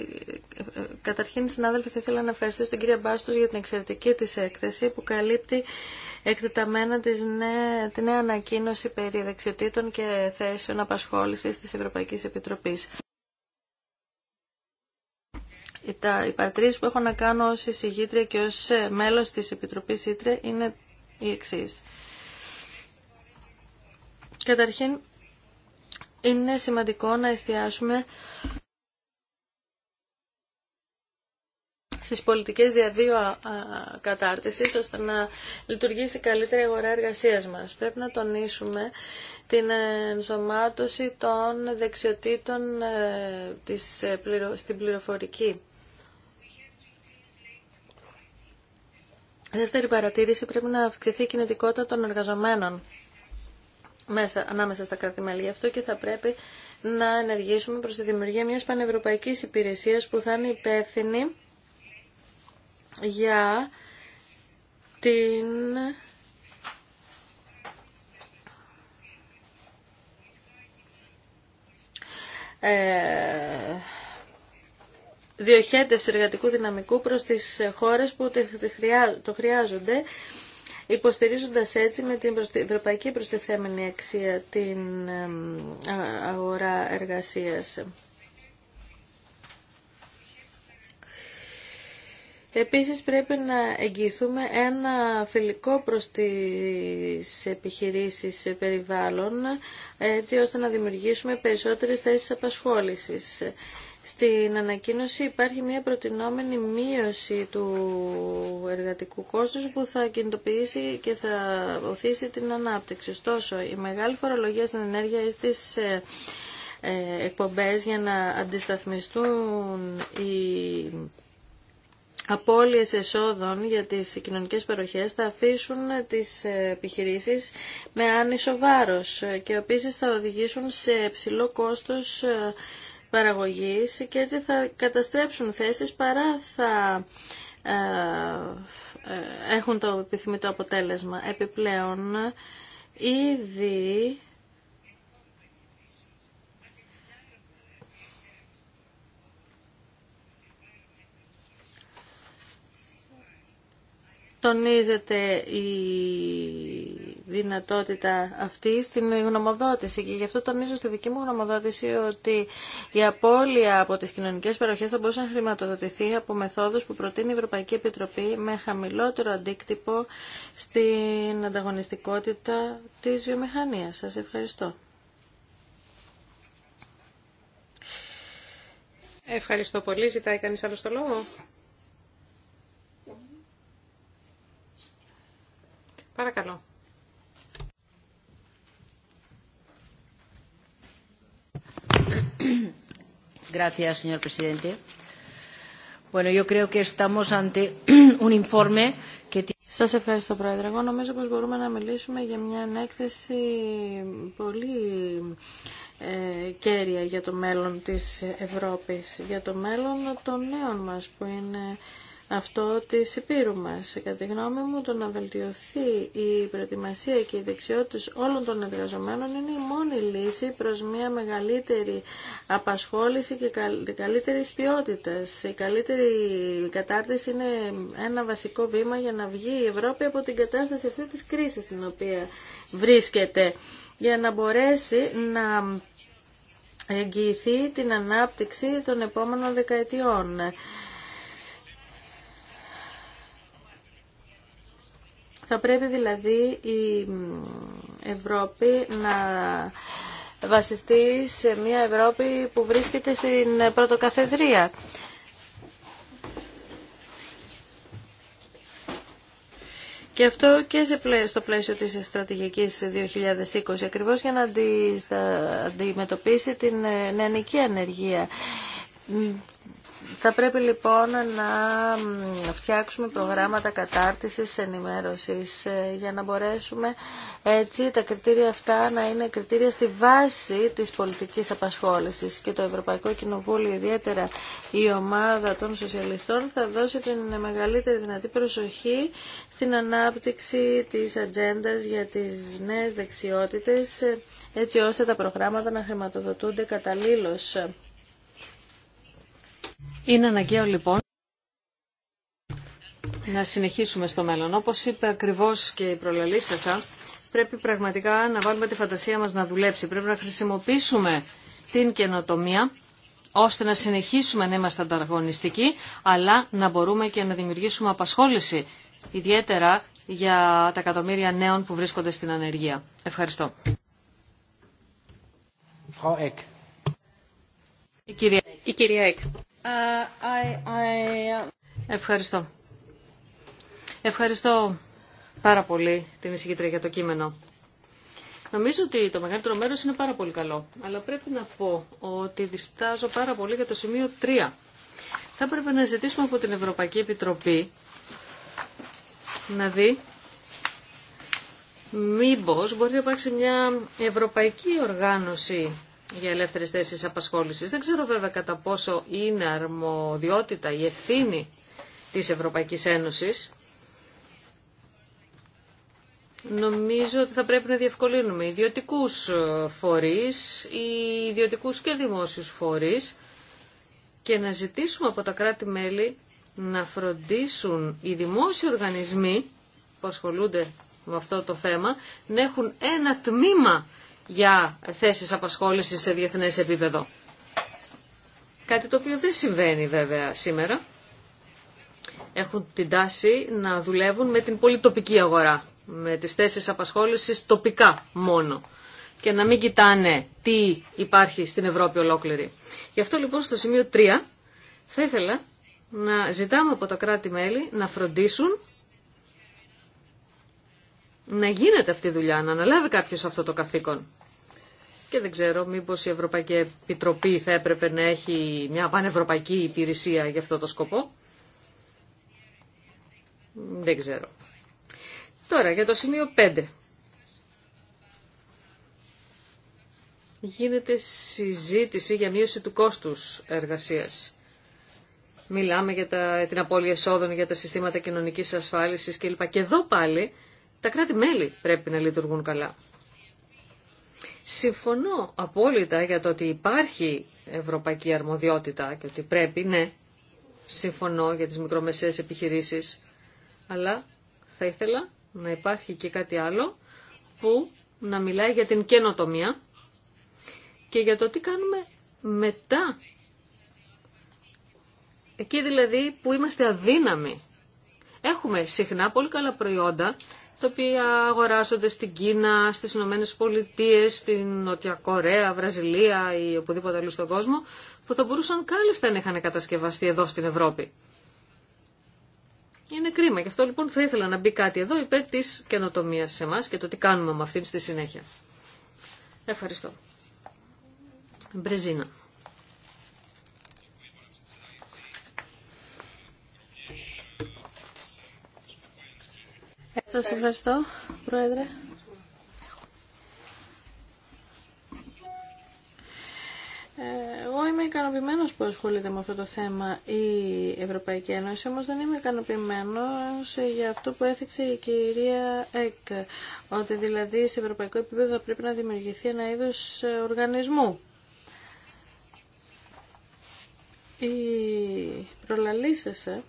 ε, καταρχήν, συνάδελφοι, θα ήθελα να ευχαριστήσω τον κύριο Μπάστος για την εξαιρετική της έκθεση που καλύπτει εκτεταμένα την νέα... τη νέα ανακοίνωση περί δεξιοτήτων και θέσεων απασχόλησης της Ευρωπαϊκής Επιτροπής. οι πατρίες που έχω να κάνω ως εισηγήτρια και ως ε, μέλος της Επιτροπής Ήτρε είναι οι εξή. Καταρχήν, είναι σημαντικό να εστιάσουμε στις πολιτικές διαβίου κατάρτισης ώστε να λειτουργήσει καλύτερη αγορά εργασίας μας. Πρέπει να τονίσουμε την ενσωμάτωση των δεξιοτήτων ε, της, ε, στην πληροφορική. Δεύτερη παρατήρηση πρέπει να αυξηθεί η κινητικότητα των εργαζομένων μέσα, ανάμεσα στα κρατη Γι' αυτό και θα πρέπει να ενεργήσουμε προς τη δημιουργία μιας πανευρωπαϊκής υπηρεσίας που θα είναι υπεύθυνη για την ε, διοχέτευση εργατικού δυναμικού προς τις χώρες που το χρειάζονται υποστηρίζοντας έτσι με την ευρωπαϊκή προστιθέμενη αξία την αγορά εργασίας. Επίσης πρέπει να εγγυηθούμε ένα φιλικό προς τις επιχειρήσεις περιβάλλον, έτσι ώστε να δημιουργήσουμε περισσότερες θέσεις απασχόλησης. Στην ανακοίνωση υπάρχει μια προτινόμενη μείωση του εργατικού κόστους που θα κινητοποιήσει και θα οθήσει την ανάπτυξη. Ωστόσο, η μεγάλη φορολογία στην ενέργεια ή στις ε, ε, εκπομπές για να αντισταθμιστούν οι απώλειες εσόδων για τις κοινωνικές περιοχές θα αφήσουν τις επιχειρήσεις με άνισο βάρος και επίσης θα οδηγήσουν σε ψηλό κόστος ε, παραγωγής και έτσι θα καταστρέψουν θέσεις παρά θα ε, ε, έχουν το επιθυμητό αποτέλεσμα. Επιπλέον, ήδη τονίζεται η δυνατότητα αυτή στην γνωμοδότηση και γι' αυτό τονίζω στη δική μου γνωμοδότηση ότι η απώλεια από τις κοινωνικές παροχές θα μπορούσε να χρηματοδοτηθεί από μεθόδους που προτείνει η Ευρωπαϊκή Επιτροπή με χαμηλότερο αντίκτυπο στην ανταγωνιστικότητα της βιομηχανίας. Σας ευχαριστώ. Ευχαριστώ πολύ. Ζητάει κανείς άλλο το λόγο. Παρακαλώ. Gracias, señor Σας ευχαριστώ, Πρόεδρε. Εγώ νομίζω πως μπορούμε να μιλήσουμε για μια έκθεση πολύ ε, κέρια για το μέλλον της Ευρώπης, για το μέλλον των νέων μας, που είναι αυτό της υπήρου μας. Κατά τη γνώμη μου, το να βελτιωθεί η προετοιμασία και η δεξιότητα όλων των εργαζομένων είναι η μόνη λύση προς μια μεγαλύτερη απασχόληση και καλύτερης ποιότητας. Η καλύτερη κατάρτιση είναι ένα βασικό βήμα για να βγει η Ευρώπη από την κατάσταση αυτή της κρίσης στην οποία βρίσκεται, για να μπορέσει να εγγυηθεί την ανάπτυξη των επόμενων δεκαετιών. Θα πρέπει δηλαδή η Ευρώπη να βασιστεί σε μια Ευρώπη που βρίσκεται στην πρωτοκαθεδρία. Και αυτό και σε στο πλαίσιο της στρατηγικής 2020, ακριβώς για να αντιμετωπίσει την ε, νεανική ανεργία θα πρέπει λοιπόν να φτιάξουμε προγράμματα κατάρτισης, ενημέρωσης ε, για να μπορέσουμε έτσι τα κριτήρια αυτά να είναι κριτήρια στη βάση της πολιτικής απασχόλησης και το Ευρωπαϊκό Κοινοβούλιο ιδιαίτερα η ομάδα των σοσιαλιστών θα δώσει την μεγαλύτερη δυνατή προσοχή στην ανάπτυξη της ατζέντα για τις νέες δεξιότητες ε, έτσι ώστε τα προγράμματα να χρηματοδοτούνται καταλήλως. Είναι αναγκαίο λοιπόν να συνεχίσουμε στο μέλλον. Όπως είπε ακριβώς και η προλαλή σας, πρέπει πραγματικά να βάλουμε τη φαντασία μας να δουλέψει. Πρέπει να χρησιμοποιήσουμε την καινοτομία ώστε να συνεχίσουμε να είμαστε ανταγωνιστικοί, αλλά να μπορούμε και να δημιουργήσουμε απασχόληση, ιδιαίτερα για τα εκατομμύρια νέων που βρίσκονται στην ανεργία. Ευχαριστώ. Η κυρία, Η ε, uh, Ευχαριστώ. Ευχαριστώ πάρα πολύ την εισηγήτρια για το κείμενο. Νομίζω ότι το μεγαλύτερο μέρος είναι πάρα πολύ καλό, αλλά πρέπει να πω ότι διστάζω πάρα πολύ για το σημείο 3. Θα έπρεπε να ζητήσουμε από την Ευρωπαϊκή Επιτροπή να δει μήπως μπορεί να υπάρξει μια ευρωπαϊκή οργάνωση για ελεύθερες θέσεις απασχόλησης. Δεν ξέρω βέβαια κατά πόσο είναι αρμοδιότητα η ευθύνη της Ευρωπαϊκής Ένωσης. Νομίζω ότι θα πρέπει να διευκολύνουμε ιδιωτικούς φορείς, ή ιδιωτικούς και δημόσιους φορείς και να ζητήσουμε από τα κράτη-μέλη να φροντίσουν οι δημόσιοι οργανισμοί που ασχολούνται με αυτό το θέμα να έχουν ένα τμήμα για θέσεις απασχόλησης σε διεθνές επίπεδο. Κάτι το οποίο δεν συμβαίνει βέβαια σήμερα. Έχουν την τάση να δουλεύουν με την πολυτοπική αγορά, με τις θέσεις απασχόλησης τοπικά μόνο και να μην κοιτάνε τι υπάρχει στην Ευρώπη ολόκληρη. Γι' αυτό λοιπόν στο σημείο 3 θα ήθελα να ζητάμε από τα κράτη-μέλη να φροντίσουν να γίνεται αυτή η δουλειά, να αναλάβει κάποιος αυτό το καθήκον. Και δεν ξέρω μήπως η Ευρωπαϊκή Επιτροπή θα έπρεπε να έχει μια πανευρωπαϊκή υπηρεσία για αυτό το σκοπό. Δεν ξέρω. Τώρα για το σημείο 5. Γίνεται συζήτηση για μείωση του κόστους εργασίας. Μιλάμε για τα, την απώλεια εσόδων, για τα συστήματα κοινωνικής ασφάλισης κλπ. Και εδώ πάλι τα κράτη-μέλη πρέπει να λειτουργούν καλά. Συμφωνώ απόλυτα για το ότι υπάρχει ευρωπαϊκή αρμοδιότητα και ότι πρέπει, ναι, συμφωνώ για τις μικρομεσαίες επιχειρήσεις, αλλά θα ήθελα να υπάρχει και κάτι άλλο που να μιλάει για την καινοτομία και για το τι κάνουμε μετά. Εκεί δηλαδή που είμαστε αδύναμοι. Έχουμε συχνά πολύ καλά προϊόντα, τα οποία αγοράζονται στην Κίνα, στις Ηνωμένε Πολιτείε, στην Νότια Κορέα, Βραζιλία ή οπουδήποτε αλλού στον κόσμο, που θα μπορούσαν κάλλιστα να είχαν κατασκευαστεί εδώ στην Ευρώπη. Είναι κρίμα. Γι' αυτό λοιπόν θα ήθελα να μπει κάτι εδώ υπέρ τη καινοτομία σε εμά και το τι κάνουμε με αυτήν στη συνέχεια. Ευχαριστώ. Μπρεζίνα. Σας ευχαριστώ, Πρόεδρε. Ε, εγώ είμαι ικανοποιημένος που ασχολείται με αυτό το θέμα η Ευρωπαϊκή Ένωση, όμως δεν είμαι ικανοποιημένος για αυτό που έθιξε η κυρία Εκ, ότι δηλαδή σε ευρωπαϊκό επίπεδο θα πρέπει να δημιουργηθεί ένα είδος οργανισμού. Η προλαλήσεσαι... Ε,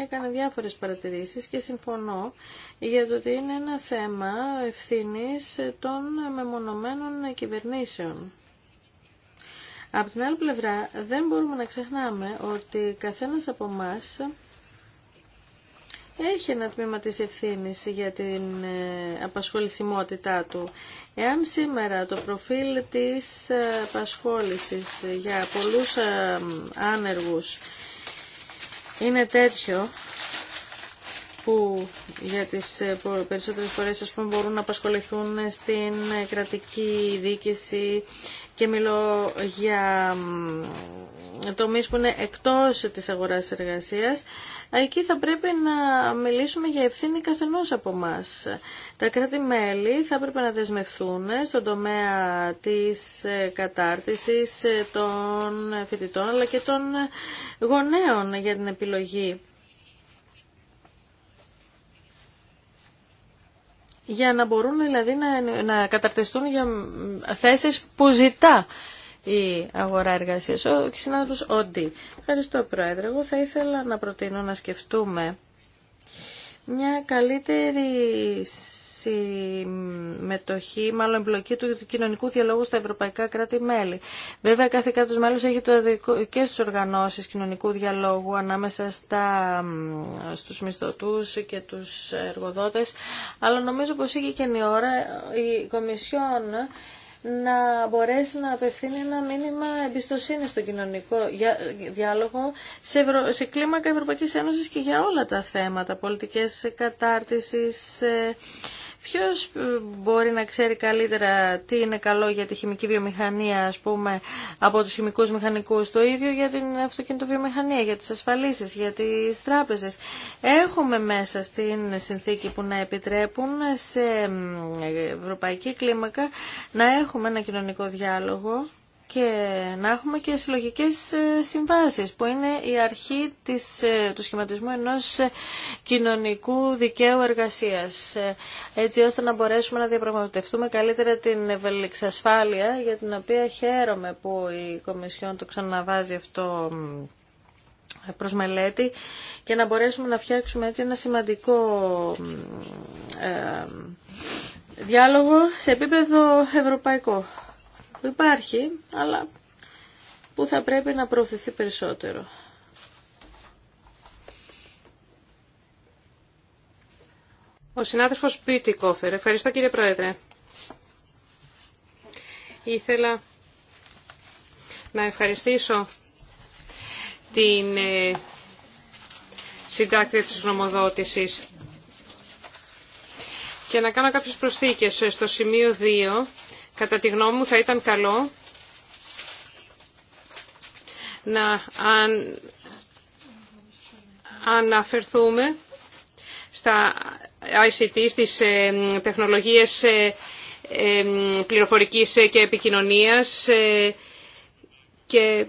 έκανε διάφορες παρατηρήσεις και συμφωνώ για το ότι είναι ένα θέμα ευθύνης των μεμονωμένων κυβερνήσεων. Από την άλλη πλευρά δεν μπορούμε να ξεχνάμε ότι καθένας από εμά έχει ένα τμήμα της ευθύνης για την ε, απασχολησιμότητά του. Εάν σήμερα το προφίλ της ε, απασχόλησης για πολλούς ε, άνεργους είναι τέτοιο που για τις ε, περισσότερες φορές ας πούμε, μπορούν να απασχοληθούν στην ε, κρατική διοίκηση και μιλώ για τομείς που είναι εκτός της αγοράς εργασίας, εκεί θα πρέπει να μιλήσουμε για ευθύνη καθενός από εμά. Τα κράτη-μέλη θα πρέπει να δεσμευθούν στον τομέα της ε, κατάρτισης ε, των φοιτητών αλλά και των γονέων για την επιλογή. για να μπορούν δηλαδή να, να καταρτιστούν για θέσεις που ζητά η αγορά εργασία. Ο συνάδελφο Όντι. Ευχαριστώ Πρόεδρε. Εγώ θα ήθελα να προτείνω να σκεφτούμε μια καλύτερη συμμετοχή, μάλλον εμπλοκή του κοινωνικού διαλόγου στα ευρωπαϊκά κράτη-μέλη. Βέβαια, κάθε κράτο μέλο έχει το δικό, και στι οργανώσει κοινωνικού διαλόγου ανάμεσα στα, στους και του εργοδότε, αλλά νομίζω πω είχε ώρα η Κομισιόν να μπορέσει να απευθύνει ένα μήνυμα εμπιστοσύνη στο κοινωνικό διάλογο σε κλίμακα Ευρωπαϊκής Ένωσης και για όλα τα θέματα, πολιτικές κατάρτισης, ε, Ποιο ε, μπορεί να ξέρει καλύτερα τι είναι καλό για τη χημική βιομηχανία, α πούμε, από τους χημικούς μηχανικούς, το ίδιο για την αυτοκινητοβιομηχανία, για τις ασφαλίσεις, για τις τράπεζε, Έχουμε μέσα στην συνθήκη που να επιτρέπουν σε ευρωπαϊκή κλίμακα να έχουμε ένα κοινωνικό διάλογο και να έχουμε και συλλογικές ε, συμβάσεις που είναι η αρχή της, ε, του σχηματισμού ενός ε, κοινωνικού δικαίου εργασίας έτσι ώστε να μπορέσουμε να διαπραγματευτούμε καλύτερα την ευελιξασφάλεια για την οποία χαίρομαι που η Κομισιόν το ξαναβάζει αυτό προς μελέτη και να μπορέσουμε να φτιάξουμε έτσι ένα σημαντικό διάλογο σε επίπεδο ευρωπαϊκό που υπάρχει, αλλά που θα πρέπει να προωθηθεί περισσότερο. Ο συνάδελφος Πίτικοφερ. Κόφερ. Ευχαριστώ κύριε Πρόεδρε. Ήθελα να ευχαριστήσω την ε, συντάκτρια της γνωμοδότησης και να κάνω κάποιες προσθήκες στο σημείο 2 Κατά τη γνώμη μου θα ήταν καλό να αναφερθούμε στα ICT, στις ε, τεχνολογίες ε, ε, πληροφορικής και επικοινωνίας και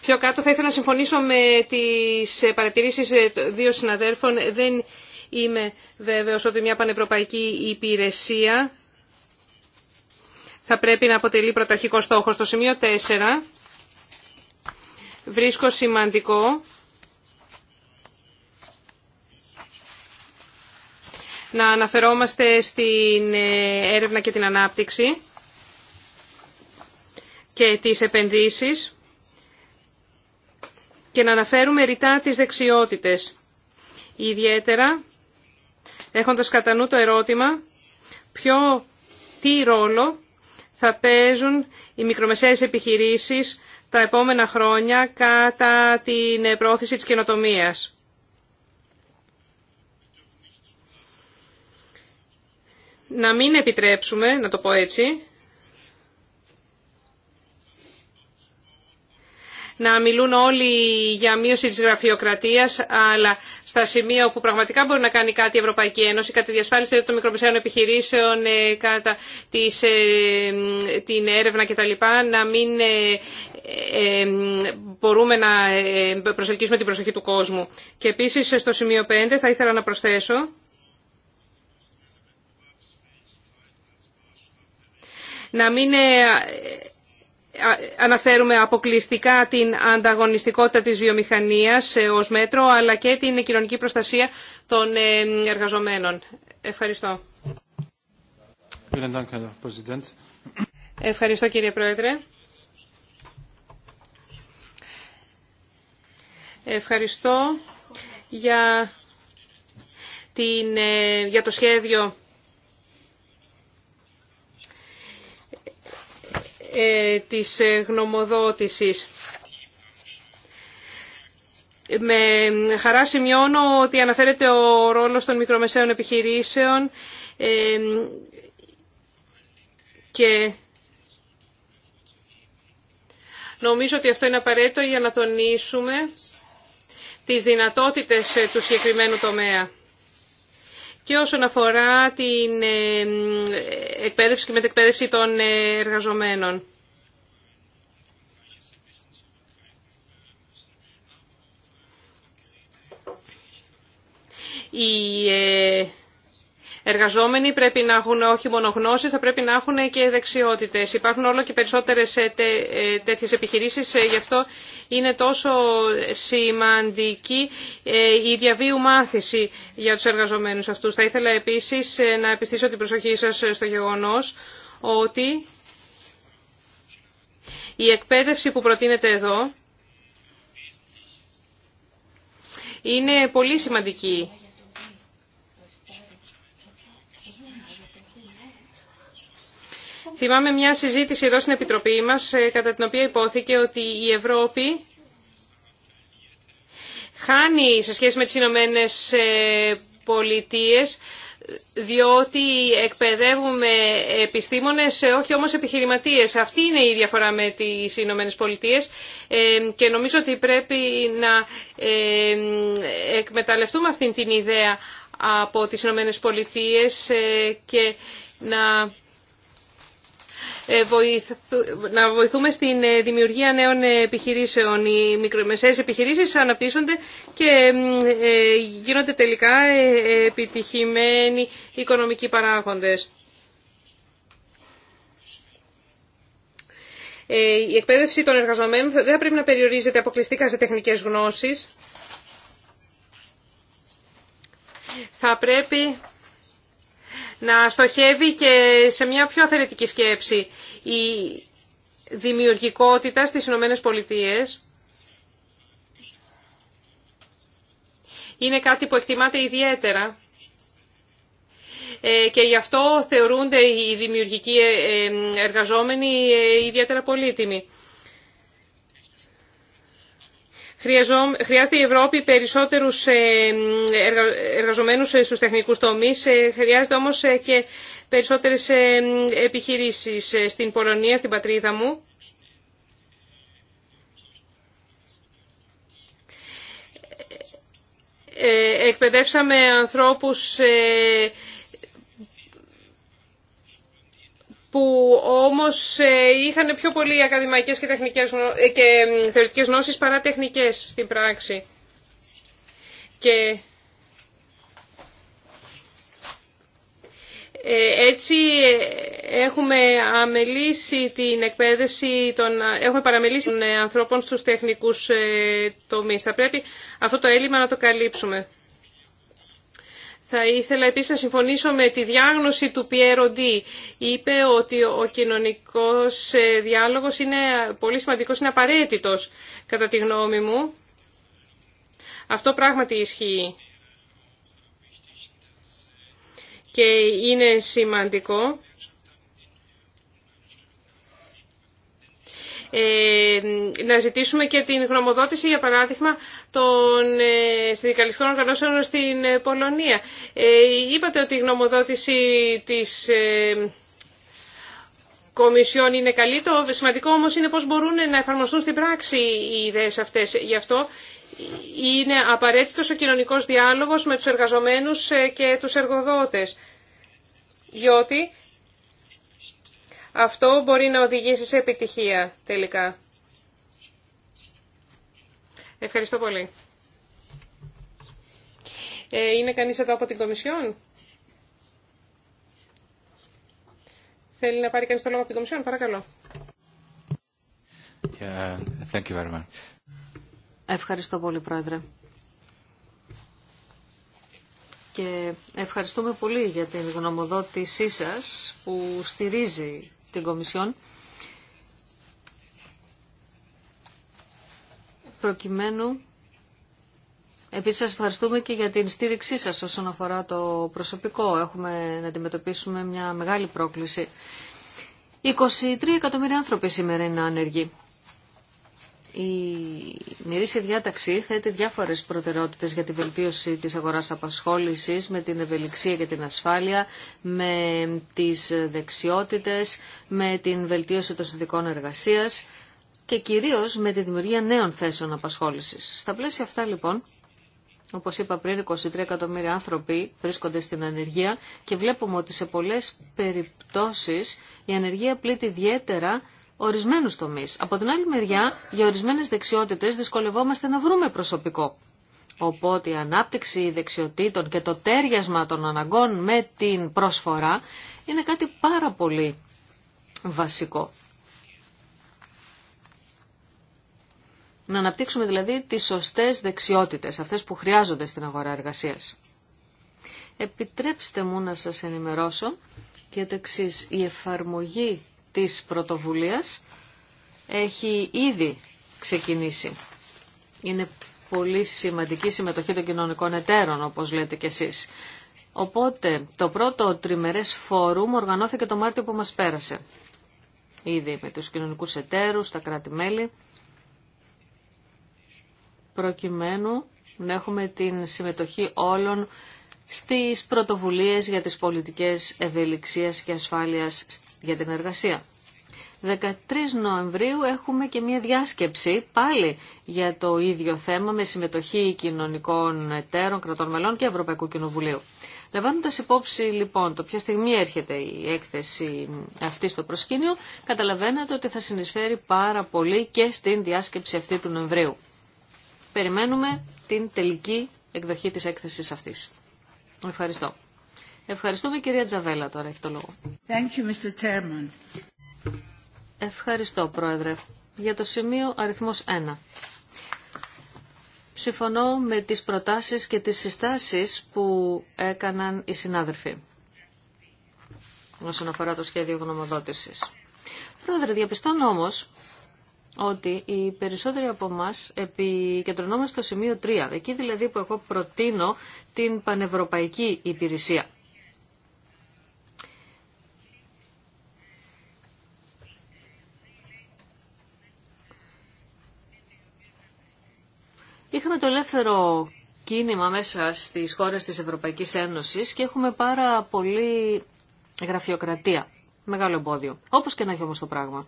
πιο κάτω θα ήθελα να συμφωνήσω με τις παρατηρήσεις δύο συναδέρφων. Δεν είμαι βέβαιος ότι μια πανευρωπαϊκή υπηρεσία θα πρέπει να αποτελεί πρωταρχικό στόχο. Στο σημείο 4 βρίσκω σημαντικό να αναφερόμαστε στην ε, έρευνα και την ανάπτυξη και τις επενδύσεις και να αναφέρουμε ρητά τις δεξιότητες. Ιδιαίτερα έχοντας κατά νου το ερώτημα ποιο, τι ρόλο θα παίζουν οι μικρομεσαίες επιχειρήσεις τα επόμενα χρόνια κατά την πρόθεση της καινοτομίας. Να μην επιτρέψουμε, να το πω έτσι, να μιλούν όλοι για μείωση της γραφειοκρατίας, αλλά στα σημεία όπου πραγματικά μπορεί να κάνει κάτι η Ευρωπαϊκή Ένωση, κατά τη διασφάλιση των μικρομεσαίων επιχειρήσεων, ε, κατά ε, την έρευνα κτλ, να μην ε, μπορούμε να προσελκύσουμε την προσοχή του κόσμου. Και επίσης στο σημείο 5 θα ήθελα να προσθέσω να μην αναφέρουμε αποκλειστικά την ανταγωνιστικότητα της βιομηχανίας ε, ως μέτρο, αλλά και την κοινωνική προστασία των ε, εργαζομένων. Ευχαριστώ. Ευχαριστώ κύριε Πρόεδρε. Ευχαριστώ για, την, ε, για το σχέδιο Ε, της ε, γνωμοδότησης. Με χαρά σημειώνω ότι αναφέρεται ο ρόλος των μικρομεσαίων επιχειρήσεων ε, και νομίζω ότι αυτό είναι απαραίτητο για να τονίσουμε τις δυνατότητες του συγκεκριμένου τομέα και όσον αφορά την ε, εκπαίδευση και μετεκπαίδευση των ε, εργαζομένων. Η ε, εργαζόμενοι πρέπει να έχουν όχι μόνο γνώσεις, θα πρέπει να έχουν και δεξιότητες. Υπάρχουν όλο και περισσότερες ε, ε, τέτοιες επιχειρήσεις, ε, γι' αυτό είναι τόσο σημαντική η διαβίου μάθηση για τους εργαζομένους αυτούς. Θα ήθελα επίσης να επιστήσω την προσοχή σας στο γεγονός ότι η εκπαίδευση που προτείνεται εδώ είναι πολύ σημαντική. Θυμάμαι μια συζήτηση εδώ στην Επιτροπή μας, ε, κατά την οποία υπόθηκε ότι η Ευρώπη χάνει σε σχέση με τις Ηνωμένε ε, Πολιτείες, διότι εκπαιδεύουμε επιστήμονες, ε, όχι όμως επιχειρηματίες. Αυτή είναι η διαφορά με τις Ηνωμένε Πολιτείε και νομίζω ότι πρέπει να εκμεταλλευτούμε αυτή την ιδέα από τις Ηνωμένε Πολιτείε και να ε, να βοηθούμε στην ε, δημιουργία νέων επιχειρήσεων. Οι μικρομεσαίες επιχειρήσεις αναπτύσσονται και ε, γίνονται τελικά επιτυχημένοι οικονομικοί παράγοντες. Η εκπαίδευση των εργαζομένων δεν θα πρέπει να περιορίζεται αποκλειστικά σε τεχνικές γνώσεις. Θα πρέπει να στοχεύει και σε μια πιο αθερετική σκέψη. Η δημιουργικότητα στις Ηνωμένες Πολιτείες είναι κάτι που εκτιμάται ιδιαίτερα ε, και γι' αυτό θεωρούνται οι δημιουργικοί ε, ε, εργαζόμενοι ιδιαίτερα πολύτιμοι. Χρειάζεται η Ευρώπη περισσότερους ε, εργαζομένους ε, στους τεχνικούς τομείς, ε, χρειάζεται όμως και περισσότερες επιχειρήσεις στην Πολωνία, στην πατρίδα μου. Εκπαιδεύσαμε ανθρώπους που όμως ε, είχαν πιο πολύ ακαδημαϊκές και, τεχνικές, ε, και θεωρητικές γνώσεις παρά τεχνικές στην πράξη. Και ε, έτσι έχουμε αμελήσει την εκπαίδευση των, έχουμε παραμελήσει των ανθρώπων στους τεχνικούς τομείς. Θα πρέπει αυτό το έλλειμμα να το καλύψουμε. Θα ήθελα επίσης να συμφωνήσω με τη διάγνωση του Πιέρο Είπε ότι ο κοινωνικός ε, διάλογος είναι πολύ σημαντικός, είναι απαραίτητος κατά τη γνώμη μου. Αυτό πράγματι ισχύει. Και είναι σημαντικό Ε, να ζητήσουμε και την γνωμοδότηση, για παράδειγμα, των ε, συνδικαλιστικών οργανώσεων στην ε, Πολωνία. Είπατε ότι η γνωμοδότηση της Κομισιόν είναι καλή. Το σημαντικό όμως είναι πώς μπορούν να εφαρμοστούν στην πράξη οι ιδέες αυτές. Γι' αυτό είναι απαραίτητος ο κοινωνικός διάλογος με τους εργαζομένους και τους εργοδότες. Διότι αυτό μπορεί να οδηγήσει σε επιτυχία τελικά. Ευχαριστώ πολύ. Ε, είναι κανείς εδώ από την Κομισιόν? Θέλει να πάρει κανείς το λόγο από την Κομισιόν, παρακαλώ. Yeah, thank you Ευχαριστώ πολύ, Πρόεδρε. Και ευχαριστούμε πολύ για την γνωμοδότησή σας που στηρίζει την Κομισιόν προκειμένου Επίσης σας ευχαριστούμε και για την στήριξή σας όσον αφορά το προσωπικό. Έχουμε να αντιμετωπίσουμε μια μεγάλη πρόκληση. 23 εκατομμύρια άνθρωποι σήμερα είναι άνεργοι. Η μυρίσια διάταξη θέτει διάφορες προτεραιότητες για τη βελτίωση της αγοράς απασχόλησης με την ευελιξία και την ασφάλεια, με τις δεξιότητες, με την βελτίωση των συνδικών εργασίας και κυρίως με τη δημιουργία νέων θέσεων απασχόλησης. Στα πλαίσια αυτά λοιπόν, όπως είπα πριν, 23 εκατομμύρια άνθρωποι βρίσκονται στην ανεργία και βλέπουμε ότι σε πολλές περιπτώσεις η ανεργία πλήττει ιδιαίτερα Ορισμένου τομεί. Από την άλλη μεριά, για ορισμένες δεξιότητες δυσκολευόμαστε να βρούμε προσωπικό. Οπότε η ανάπτυξη δεξιοτήτων και το τέριασμα των αναγκών με την προσφορά είναι κάτι πάρα πολύ βασικό. Να αναπτύξουμε δηλαδή τις σωστές δεξιότητες, αυτές που χρειάζονται στην αγορά εργασίας. Επιτρέψτε μου να σας ενημερώσω και το εξή η εφαρμογή της πρωτοβουλίας έχει ήδη ξεκινήσει. Είναι πολύ σημαντική συμμετοχή των κοινωνικών εταίρων, όπως λέτε κι εσείς. Οπότε, το πρώτο τριμερές φόρουμ οργανώθηκε το Μάρτιο που μας πέρασε. Ήδη με τους κοινωνικούς εταίρους, τα κράτη-μέλη, προκειμένου να έχουμε την συμμετοχή όλων στις πρωτοβουλίες για τις πολιτικές ευελιξίας και ασφάλειας για την εργασία. 13 Νοεμβρίου έχουμε και μια διάσκεψη πάλι για το ίδιο θέμα με συμμετοχή κοινωνικών εταίρων, κρατών μελών και Ευρωπαϊκού Κοινοβουλίου. Λαμβάνοντα υπόψη λοιπόν το ποια στιγμή έρχεται η έκθεση αυτή στο προσκήνιο, καταλαβαίνετε ότι θα συνεισφέρει πάρα πολύ και στην διάσκεψη αυτή του Νοεμβρίου. Περιμένουμε την τελική εκδοχή της έκθεσης αυτής. Ευχαριστώ. Ευχαριστούμε. κυρία Τζαβέλα τώρα έχει το λόγο. Thank you, Mr. Ευχαριστώ, Πρόεδρε. Για το σημείο αριθμός 1. Συμφωνώ με τις προτάσεις και τις συστάσεις που έκαναν οι συνάδελφοι όσον αφορά το σχέδιο γνωμοδότησης. Πρόεδρε, διαπιστώνω όμως ότι οι περισσότεροι από εμά επικεντρωνόμαστε στο σημείο 3, εκεί δηλαδή που εγώ προτείνω την πανευρωπαϊκή υπηρεσία. Είχαμε το ελεύθερο κίνημα μέσα στις χώρες της Ευρωπαϊκής Ένωσης και έχουμε πάρα πολύ γραφειοκρατία. Μεγάλο εμπόδιο. Όπως και να έχει όμως το πράγμα.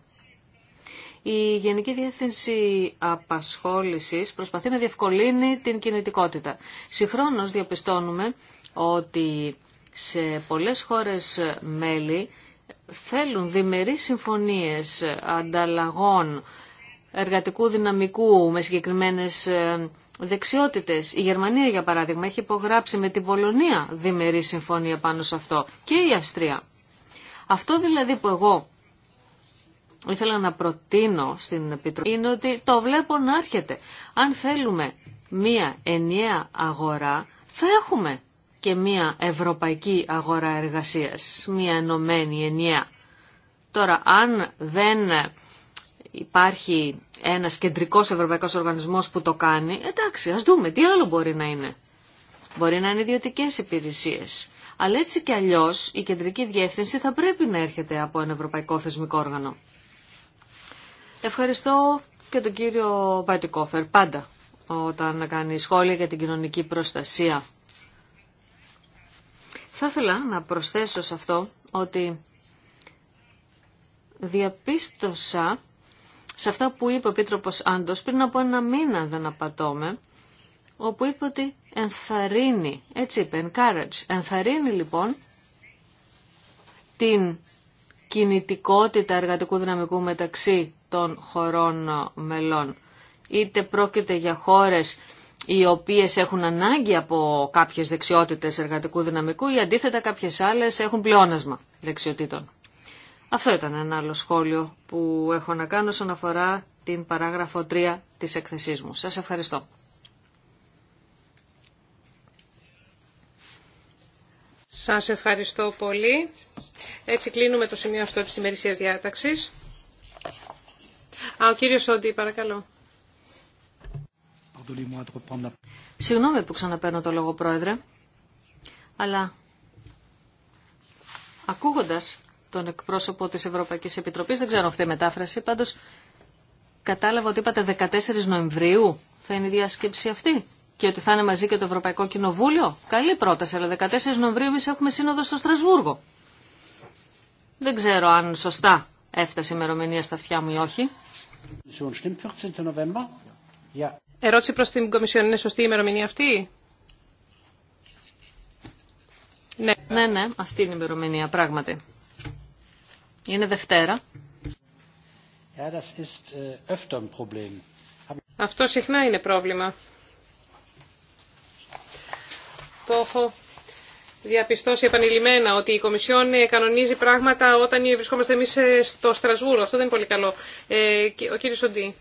Η Γενική Διεύθυνση Απασχόλησης προσπαθεί να διευκολύνει την κινητικότητα. Συγχρόνως διαπιστώνουμε ότι σε πολλές χώρες μέλη θέλουν διμερείς συμφωνίες ανταλλαγών εργατικού δυναμικού με συγκεκριμένες ε, δεξιότητες. Η Γερμανία, για παράδειγμα, έχει υπογράψει με την Πολωνία διμερή συμφωνία πάνω σε αυτό και η Αυστρία. Αυτό δηλαδή που εγώ ήθελα να προτείνω στην Επιτροπή είναι ότι το βλέπω να έρχεται. Αν θέλουμε μία ενιαία αγορά, θα έχουμε και μία ευρωπαϊκή αγορά εργασίας, μία ενωμένη ενιαία. Τώρα, αν δεν υπάρχει ένας κεντρικός ευρωπαϊκός οργανισμός που το κάνει, εντάξει, ας δούμε τι άλλο μπορεί να είναι. Μπορεί να είναι ιδιωτικέ υπηρεσίες. Αλλά έτσι και αλλιώς η κεντρική διεύθυνση θα πρέπει να έρχεται από ένα ευρωπαϊκό θεσμικό όργανο. Ευχαριστώ και τον κύριο Πατικόφερ πάντα όταν κάνει σχόλια για την κοινωνική προστασία. Θα ήθελα να προσθέσω σε αυτό ότι διαπίστωσα σε αυτά που είπε ο Επίτροπος Άντος πριν από ένα μήνα δεν απατώμε, όπου είπε ότι ενθαρρύνει, έτσι είπε, encourage, ενθαρρύνει λοιπόν την κινητικότητα εργατικού δυναμικού μεταξύ των χωρών μελών. Είτε πρόκειται για χώρες οι οποίες έχουν ανάγκη από κάποιες δεξιότητες εργατικού δυναμικού ή αντίθετα κάποιες άλλες έχουν πλεόνασμα δεξιοτήτων. Αυτό ήταν ένα άλλο σχόλιο που έχω να κάνω όσον αφορά την παράγραφο 3 της εκθεσής μου. Σας ευχαριστώ. Σας ευχαριστώ πολύ. Έτσι κλείνουμε το σημείο αυτό της ημερησίας διάταξης. Α, ο κύριος Σόντι, παρακαλώ. Συγγνώμη που ξαναπαίρνω το λόγο, Πρόεδρε, αλλά ακούγοντας τον εκπρόσωπο της Ευρωπαϊκής Επιτροπής, δεν ξέρω αυτή η μετάφραση, πάντως κατάλαβα ότι είπατε 14 Νοεμβρίου θα είναι η διάσκεψη αυτή και ότι θα είναι μαζί και το Ευρωπαϊκό Κοινοβούλιο. Καλή πρόταση, αλλά 14 Νοεμβρίου εμείς έχουμε σύνοδο στο Στρασβούργο. Δεν ξέρω αν σωστά έφτασε η ημερομηνία στα αυτιά μου ή όχι. Ερώτηση προς την Κομισιόν, είναι σωστή η ημερομηνία αυτή? Ναι, ναι, ναι αυτή είναι η ημερομηνία, πράγματι. Είναι Δευτέρα. Äh, Αυτό συχνά είναι πρόβλημα. Το έχω διαπιστώσει επανειλημμένα ότι η Κομισιόν ε, κανονίζει πράγματα όταν ε, βρισκόμαστε εμείς ε, στο Στρασβούρο. Αυτό δεν είναι πολύ καλό. Ο κύριος Σοντή.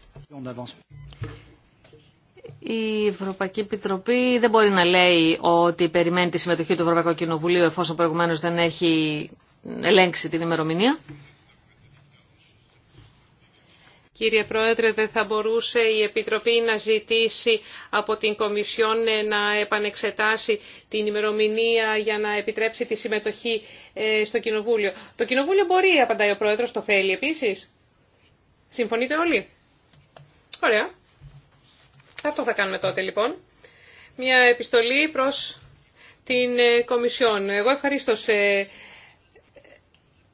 Η Ευρωπαϊκή Επιτροπή δεν μπορεί να λέει ότι περιμένει τη συμμετοχή του Ευρωπαϊκού Κοινοβουλίου εφόσον προηγουμένως δεν έχει ελέγξει την ημερομηνία. Κύριε Πρόεδρε, δεν θα μπορούσε η Επιτροπή να ζητήσει από την Κομισιόν ε, να επανεξετάσει την ημερομηνία για να επιτρέψει τη συμμετοχή ε, στο Κοινοβούλιο. Το Κοινοβούλιο μπορεί, απαντάει ο Πρόεδρος, το θέλει επίσης. Συμφωνείτε όλοι. Ωραία. Αυτό θα κάνουμε τότε λοιπόν. Μια επιστολή προς την ε, Κομισιόν. Εγώ ευχαρίστω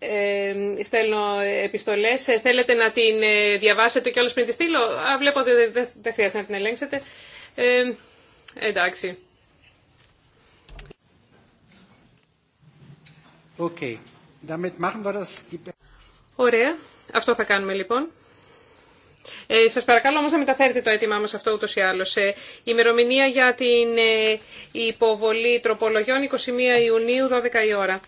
ε, στέλνω επιστολές. Ε, θέλετε να την ε, διαβάσετε και πριν τη στείλω. Α, βλέπω ότι δεν χρειάζεται να την ελέγξετε. Ε, εντάξει. Okay. Damit machen wir das. Ωραία. Αυτό θα κάνουμε λοιπόν. Ε, σας παρακαλώ όμως να μεταφέρετε το αίτημά μας αυτό ούτως ή άλλως. η ημερομηνία για την υποβολή τροπολογιών 21 Ιουνίου 12 η ώρα.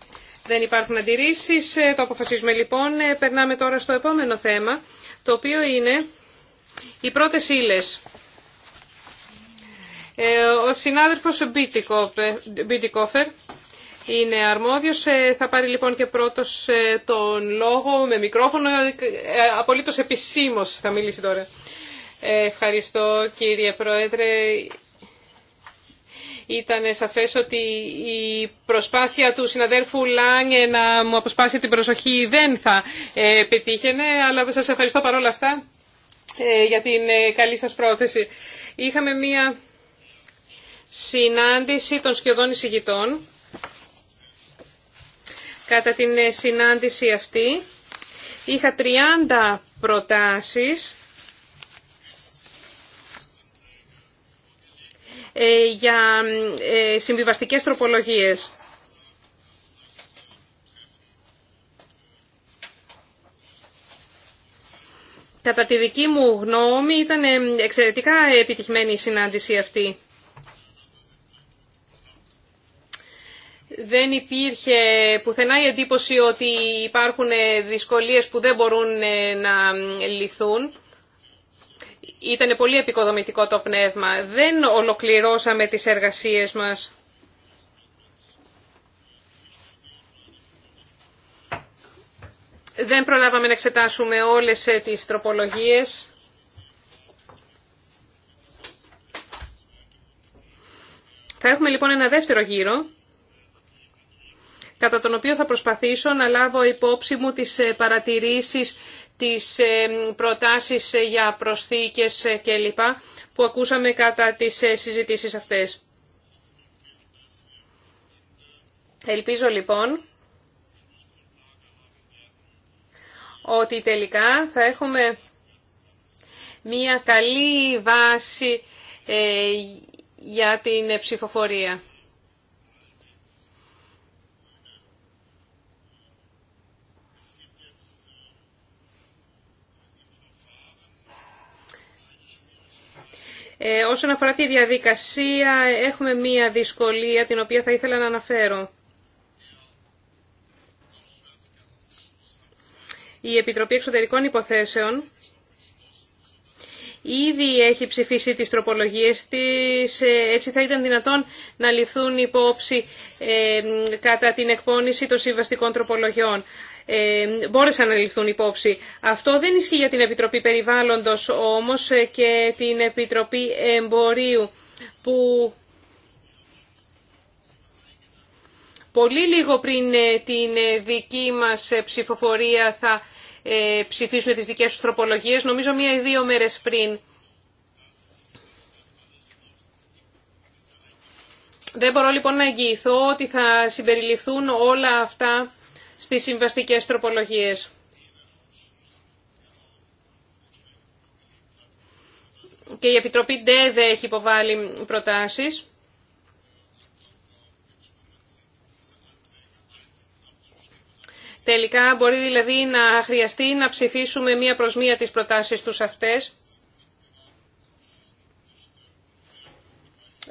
Δεν υπάρχουν αντιρρήσει. Ε, το αποφασίζουμε λοιπόν. Ε, περνάμε τώρα στο επόμενο θέμα, το οποίο είναι οι πρώτες ύλε. Ε, ο συνάδελφος Μπίτικοφερ είναι αρμόδιος, θα πάρει λοιπόν και πρώτος τον λόγο με μικρόφωνο, Απολύτω επισήμως θα μιλήσει τώρα. Ευχαριστώ κύριε Πρόεδρε. Ήταν σαφές ότι η προσπάθεια του συναδέρφου Λάγκε να μου αποσπάσει την προσοχή δεν θα ε, πετύχαινε, αλλά σας ευχαριστώ παρόλα αυτά ε, για την ε, καλή σας πρόθεση. Είχαμε μία συνάντηση των σκιωδών εισηγητών. Κατά την συνάντηση αυτή είχα 30 προτάσεις Ε, για ε, συμβιβαστικές τροπολογίες. Κατά τη δική μου γνώμη ήταν ε, εξαιρετικά επιτυχημένη η συνάντηση αυτή. Δεν υπήρχε πουθενά η εντύπωση ότι υπάρχουν δυσκολίες που δεν μπορούν να λυθούν. Ήταν πολύ επικοδομητικό το πνεύμα. Δεν ολοκληρώσαμε τις εργασίες μας. Δεν προλάβαμε να εξετάσουμε όλες ε, τις τροπολογίες. Θα έχουμε λοιπόν ένα δεύτερο γύρο, κατά τον οποίο θα προσπαθήσω να λάβω υπόψη μου τις ε, παρατηρήσεις τις ε, προτάσεις ε, για προσθήκες ε, κλπ. που ακούσαμε κατά τις συζητήσεις αυτές. Ελπίζω λοιπόν ότι τελικά θα έχουμε μια καλή βάση για την ψηφοφορία. Ε, όσον αφορά τη διαδικασία, έχουμε μία δυσκολία την οποία θα ήθελα να αναφέρω. Η Επιτροπή Εξωτερικών Υποθέσεων ήδη έχει ψηφίσει τις τροπολογίες της, ε, έτσι θα ήταν δυνατόν να ληφθούν υπόψη ε, κατά την εκπόνηση των συμβαστικών τροπολογιών. Ε, μπόρεσαν να ληφθούν υπόψη. Αυτό δεν ισχύει για την Επιτροπή Περιβάλλοντος όμως ε, και την Επιτροπή Εμπορίου που πολύ λίγο πριν ε, την δική μας ψηφοφορία θα ψηφίσουν τις δικές τους τροπολογίες, νομίζω μία ή δύο μέρες πριν. Δεν μπορώ λοιπόν να εγγυηθώ ότι θα συμπεριληφθούν όλα αυτά στις συμβαστικές τροπολογίες. Και η Επιτροπή ΝΤΕΔΕ έχει υποβάλει προτάσεις. Τελικά μπορεί δηλαδή να χρειαστεί να ψηφίσουμε μία προς μία τις προτάσεις τους αυτές.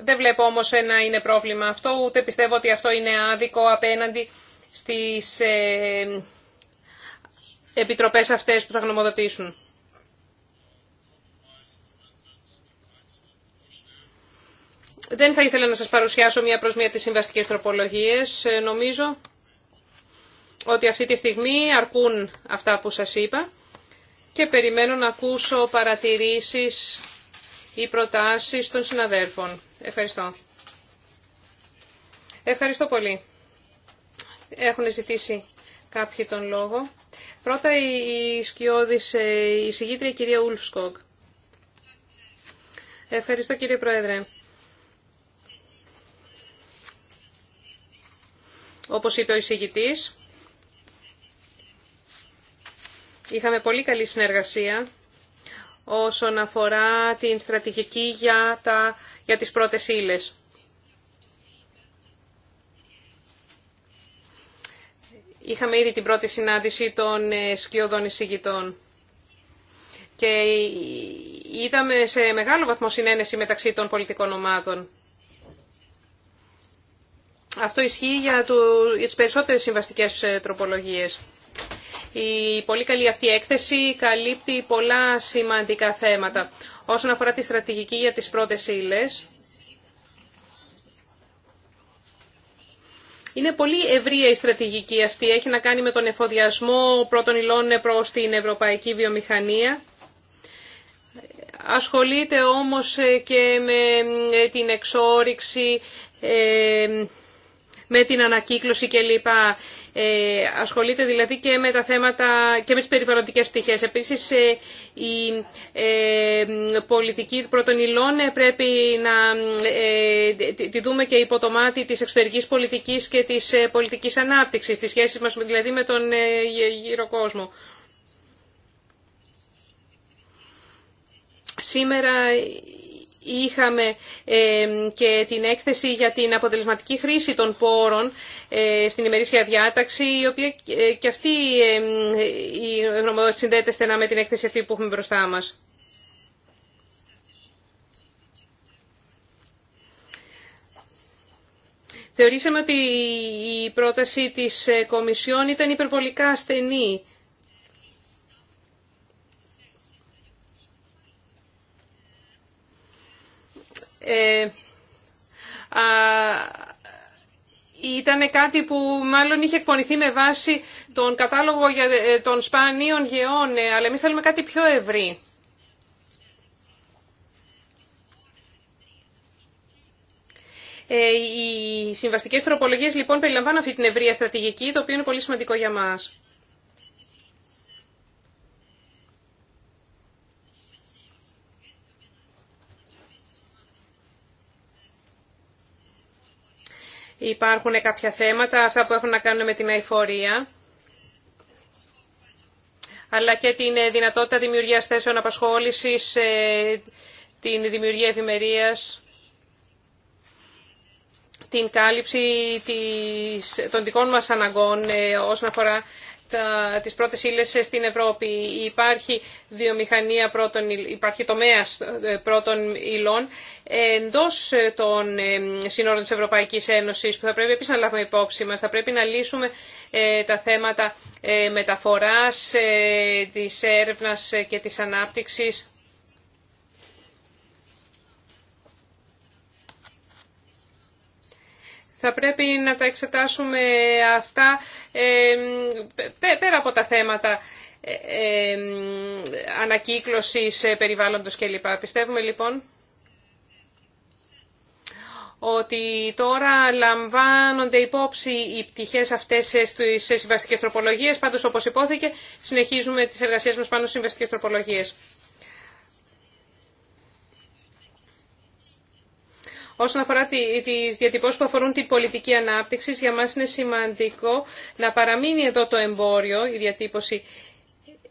Δεν βλέπω όμως να είναι πρόβλημα αυτό, ούτε πιστεύω ότι αυτό είναι άδικο απέναντι στις ε, επιτροπές αυτές που θα γνωμοδοτήσουν. Δεν θα ήθελα να σας παρουσιάσω μία προς μία τις συμβαστικές τροπολογίες. Ε, νομίζω ότι αυτή τη στιγμή αρκούν αυτά που σας είπα και περιμένω να ακούσω παρατηρήσεις ή προτάσεις των συναδέρφων. Ευχαριστώ. Ευχαριστώ πολύ. Έχουν ζητήσει κάποιοι τον λόγο. Πρώτα η σκιώδης ε, η κυρία κυρία Σκογ. Ευχαριστώ κύριε Πρόεδρε. Όπως είπε ο εισηγητής, είχαμε πολύ καλή συνεργασία όσον αφορά την στρατηγική για, τα, για τις πρώτες ύλες. Είχαμε ήδη την πρώτη συνάντηση των ε, σκιωδών εισηγητών και είδαμε σε μεγάλο βαθμό συνένεση μεταξύ των πολιτικών ομάδων. Αυτό ισχύει για τις περισσότερες συμβαστικές ε, τροπολογίες. Η πολύ καλή αυτή έκθεση καλύπτει πολλά σημαντικά θέματα. Όσον αφορά τη στρατηγική για τις πρώτες ύλες, Είναι πολύ ευρία η στρατηγική αυτή. Έχει να κάνει με τον εφοδιασμό πρώτων υλών προς την ευρωπαϊκή βιομηχανία. Ασχολείται όμως ε, και με ε, την εξόριξη, ε, με την ανακύκλωση κλπ. Ε, ασχολείται δηλαδή και με τα θέματα και με τις περιβαλλοντικές πτυχές. Επίσης ε, η ε, πολιτική πρώτων υλών πρέπει να τη δούμε και υπό το μάτι της εξωτερικής πολιτικής και της πολιτικής ανάπτυξης, της σχέσης μας δηλαδή με τον γύρο κόσμο. Σήμερα Είχαμε και την έκθεση για την αποτελεσματική χρήση των πόρων ε, στην ημερήσια διάταξη, η οποία ε, και αυτή η γνωμοδότηση συνδέεται στενά με την έκθεση αυτή που έχουμε μπροστά μας. Θεωρήσαμε ότι η πρόταση της ε, Κομισιόν ήταν υπερβολικά στενή Ε, ήταν κάτι που μάλλον είχε εκπονηθεί με βάση τον κατάλογο για, ε, των σπανίων γεών, ε, αλλά εμείς θέλουμε κάτι πιο ευρύ. οι συμβαστικές τροπολογίες λοιπόν περιλαμβάνουν αυτή την ευρεία στρατηγική, το οποίο είναι πολύ σημαντικό για μας. Υπάρχουν κάποια θέματα, αυτά που έχουν να κάνουν με την αηφορία, αλλά και την ε, δυνατότητα δημιουργίας θέσεων απασχόλησης, ε, την δημιουργία ευημερία, την κάλυψη των δικών μας αναγκών ε, όσον αφορά τι τις πρώτες στην Ευρώπη. Υπάρχει βιομηχανία πρώτων, υπάρχει τομέα ε, πρώτων υλών εντός ε, των ε, σύνορων της Ευρωπαϊκής Ένωσης που θα πρέπει επίσης να λάβουμε υπόψη μας. Θα πρέπει να λύσουμε τα θέματα μεταφοράς, της έρευνας και της ανάπτυξης Θα πρέπει να τα εξετάσουμε αυτά ε, πέρα από τα θέματα ε, ε, ανακύκλωσης περιβάλλοντος κλπ. Πιστεύουμε λοιπόν ότι τώρα λαμβάνονται υπόψη οι πτυχές αυτές στις συμβαστικές τροπολογίες. Πάντως, όπως υπόθηκε, συνεχίζουμε τις εργασίες μας πάνω στις συμβαστικές τροπολογίες. Όσον αφορά τι διατυπώσει που αφορούν την πολιτική ανάπτυξη, για μα είναι σημαντικό να παραμείνει εδώ το εμπόριο, η διατύπωση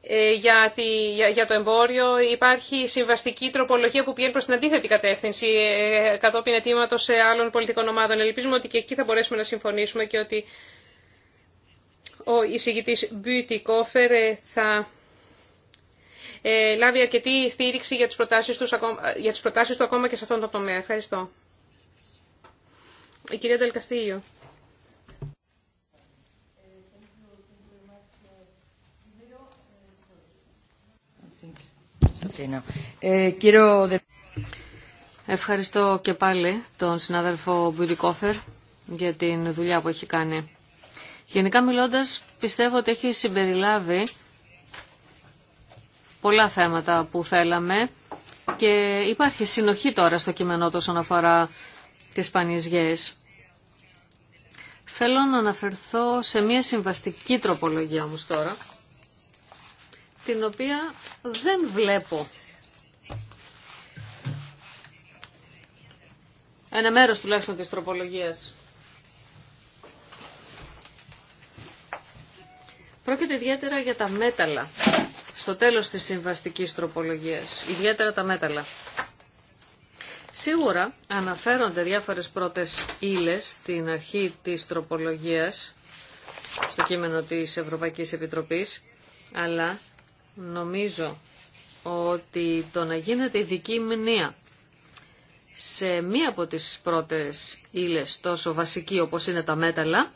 ε, για, το εμπόριο. Υπάρχει συμβαστική τροπολογία που πηγαίνει προ την αντίθετη κατεύθυνση ε, ε, κατόπιν αιτήματος σε άλλων πολιτικών ομάδων. Ελπίζουμε ότι και εκεί θα μπορέσουμε να συμφωνήσουμε και ότι ο εισηγητή Beauty Κόφερ ε, θα ε, λάβει αρκετή στήριξη για τις, προτάσεις του ακόμα και σε αυτόν τον τομέα. Ευχαριστώ. Η κυρία Ευχαριστώ και πάλι τον συνάδελφο Μπουδικόφερ για την δουλειά που έχει κάνει. Γενικά μιλώντας, πιστεύω ότι έχει συμπεριλάβει πολλά θέματα που θέλαμε και υπάρχει συνοχή τώρα στο κείμενό του όσον αφορά τις Πανιζιές. Θέλω να αναφερθώ σε μια συμβαστική τροπολογία μου τώρα, την οποία δεν βλέπω. Ένα μέρος τουλάχιστον της τροπολογίας. Πρόκειται ιδιαίτερα για τα μέταλλα, στο τέλος της συμβαστικής τροπολογίας, ιδιαίτερα τα μέταλλα. Σίγουρα αναφέρονται διάφορες πρώτες ύλες στην αρχή της τροπολογίας, στο κείμενο της Ευρωπαϊκής Επιτροπής, αλλά νομίζω ότι το να γίνεται ειδική μνήμα σε μία από τις πρώτες ύλες τόσο βασική όπως είναι τα μέταλλα,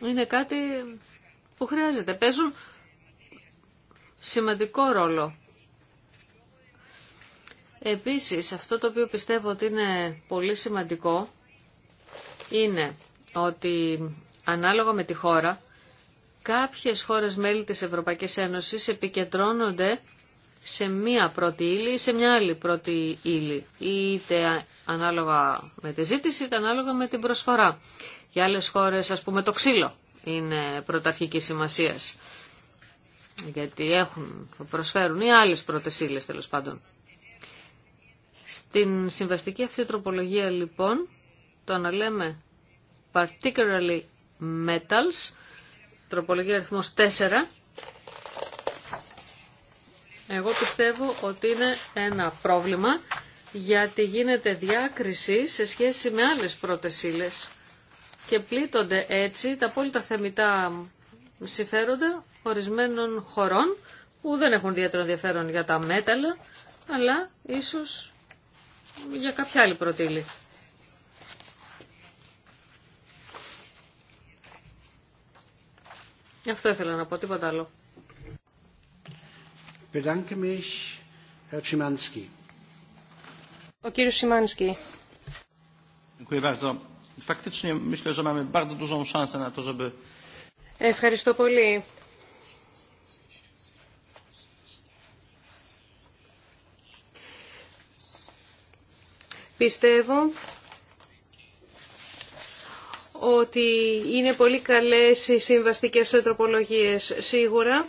είναι κάτι που χρειάζεται. Παίζουν σημαντικό ρόλο Επίσης, αυτό το οποίο πιστεύω ότι είναι πολύ σημαντικό είναι ότι ανάλογα με τη χώρα, κάποιες χώρες μέλη της Ευρωπαϊκής Ένωσης επικεντρώνονται σε μία πρώτη ύλη ή σε μια άλλη πρώτη ύλη, είτε ανάλογα με τη ζήτηση, είτε ανάλογα με την προσφορά. Για άλλες χώρες, ας πούμε, το ξύλο είναι πρωταρχική σημασίας, γιατί έχουν, προσφέρουν ή άλλες πρώτες ύλες, τέλος πάντων. Στην συμβαστική αυτή τροπολογία λοιπόν το αναλέμε particularly metals, τροπολογία αριθμός 4. Εγώ πιστεύω ότι είναι ένα πρόβλημα γιατί γίνεται διάκριση σε σχέση με άλλες πρώτες ύλες και πλήττονται έτσι τα απόλυτα θεμητά συμφέροντα ορισμένων χωρών που δεν έχουν ιδιαίτερο ενδιαφέρον για τα μέταλλα αλλά ίσως για κάποια άλλη προτήλη. Αυτό ήθελα να πω, τίποτα άλλο. Ευχαριστώ πολύ. Πιστεύω ότι είναι πολύ καλές οι συμβαστικές τροπολογίες σίγουρα.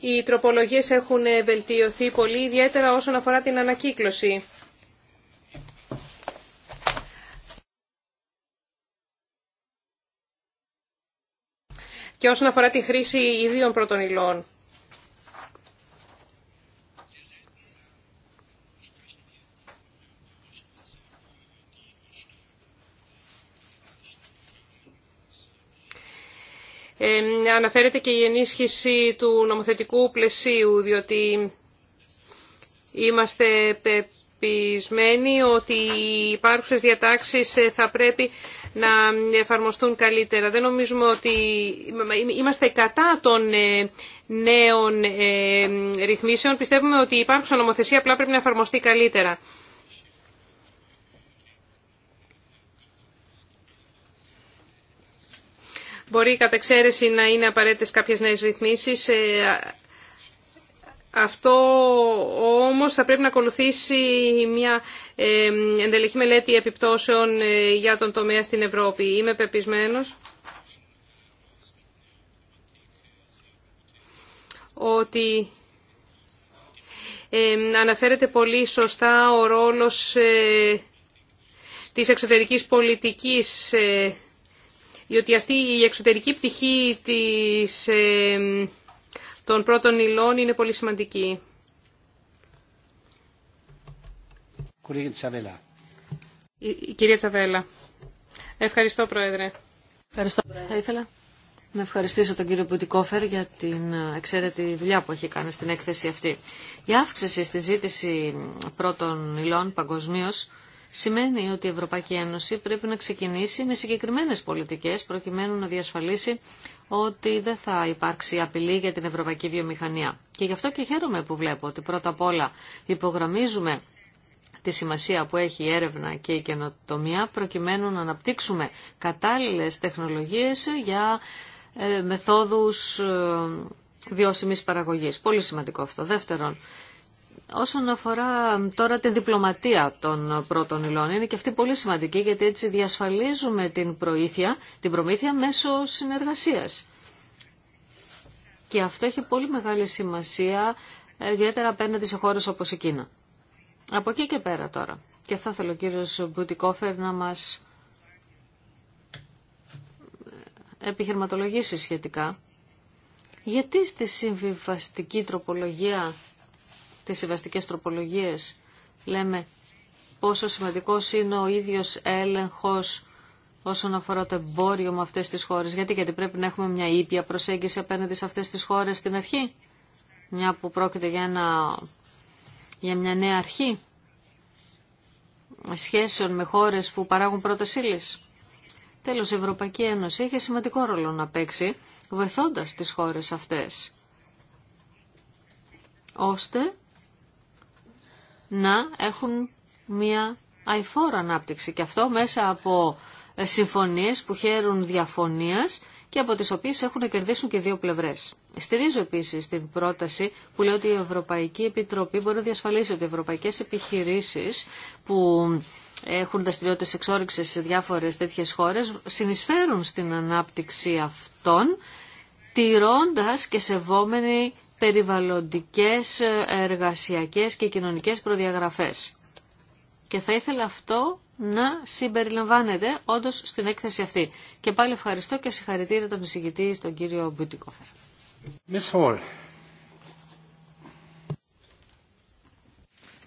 Οι τροπολογίες έχουν βελτιωθεί πολύ, ιδιαίτερα όσον αφορά την ανακύκλωση. Και όσον αφορά τη χρήση ιδίων πρώτων αναφέρεται και η ενίσχυση του νομοθετικού πλαισίου, διότι είμαστε πεπισμένοι ότι οι υπάρχουσες διατάξεις ε, θα πρέπει να εφαρμοστούν καλύτερα. Δεν νομίζουμε ότι είμαστε κατά των ε, νέων ε, ρυθμίσεων. Πιστεύουμε ότι η υπάρχουσα νομοθεσία απλά πρέπει να εφαρμοστεί καλύτερα. Μπορεί κατά εξαίρεση να είναι απαραίτητες κάποιες νέες ρυθμίσεις. Ε, αυτό όμως θα πρέπει να ακολουθήσει μια ε, εντελεχή μελέτη επιπτώσεων ε, για τον τομέα στην Ευρώπη. Είμαι πεπισμένος ότι αναφέρεται πολύ σωστά ο ρόλος της εξωτερικής πολιτικής διότι αυτή η εξωτερική πτυχή της, ε, των πρώτων υλών είναι πολύ σημαντική. Κυρία Η, κυρία Τσαβέλα. Ευχαριστώ, Πρόεδρε. Ευχαριστώ. Θα ήθελα να ευχαριστήσω τον κύριο Πουτικόφερ για την ε, εξαίρετη δουλειά που έχει κάνει στην έκθεση αυτή. Η αύξηση στη ζήτηση πρώτων υλών παγκοσμίω σημαίνει ότι η Ευρωπαϊκή Ένωση πρέπει να ξεκινήσει με συγκεκριμένες πολιτικές προκειμένου να διασφαλίσει ότι δεν θα υπάρξει απειλή για την ευρωπαϊκή βιομηχανία. Και γι' αυτό και χαίρομαι που βλέπω ότι πρώτα απ' όλα υπογραμμίζουμε τη σημασία που έχει η έρευνα και η καινοτομία προκειμένου να αναπτύξουμε κατάλληλες τεχνολογίες για ε, μεθόδους ε, βιώσιμης παραγωγής. Πολύ σημαντικό αυτό. Δεύτερον, Όσον αφορά τώρα την διπλωματία των πρώτων υλών, είναι και αυτή πολύ σημαντική γιατί έτσι διασφαλίζουμε την, προήθεια, την προμήθεια μέσω συνεργασίας. Και αυτό έχει πολύ μεγάλη σημασία, ε, ιδιαίτερα απέναντι σε χώρες όπως η Κίνα. Από εκεί και πέρα τώρα. Και θα ήθελα ο κύριος Μπουτικόφερ να μας ε, επιχειρηματολογήσει σχετικά. Γιατί στη συμβιβαστική τροπολογία τις συμβαστικές τροπολογίες λέμε πόσο σημαντικός είναι ο ίδιος έλεγχος όσον αφορά το εμπόριο με αυτές τις χώρες. Γιατί, γιατί πρέπει να έχουμε μια ήπια προσέγγιση απέναντι σε αυτές τις χώρες στην αρχή. Μια που πρόκειται για, μια νέα αρχή σχέσεων με χώρες που παράγουν πρώτες ύλες. Τέλος, η Ευρωπαϊκή Ένωση έχει σημαντικό ρόλο να παίξει, βοηθώντας τις χώρες αυτές, ώστε να έχουν μια αϊφόρα ανάπτυξη και αυτό μέσα από ε, συμφωνίες που χαίρουν διαφωνίας και από τις οποίες έχουν να κερδίσουν και δύο πλευρές. Στηρίζω επίσης την πρόταση που λέει ότι η Ευρωπαϊκή Επιτροπή μπορεί να διασφαλίσει ότι οι ευρωπαϊκές επιχειρήσεις που έχουν δραστηριότητες εξόριξης σε διάφορες τέτοιες χώρες συνεισφέρουν στην ανάπτυξη αυτών τηρώντας και σεβόμενοι περιβαλλοντικές, εργασιακές και κοινωνικές προδιαγραφές. Και θα ήθελα αυτό να συμπεριλαμβάνεται όντω στην έκθεση αυτή. Και πάλι ευχαριστώ και συγχαρητήρια τον εισηγητή, στον κύριο Μπουτικοφέρ. Miss Hall.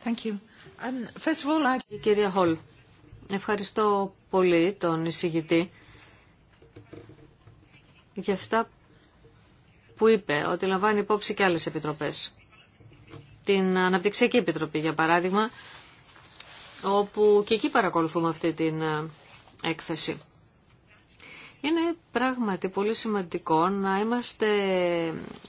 Thank you. Um, first of all, κυρία Χολ, ευχαριστώ πολύ τον εισηγητή για αυτά που είπε ότι λαμβάνει υπόψη και άλλες επιτροπές. Την Αναπτυξιακή Επιτροπή, για παράδειγμα, όπου και εκεί παρακολουθούμε αυτή την ε, έκθεση. Είναι πράγματι πολύ σημαντικό να είμαστε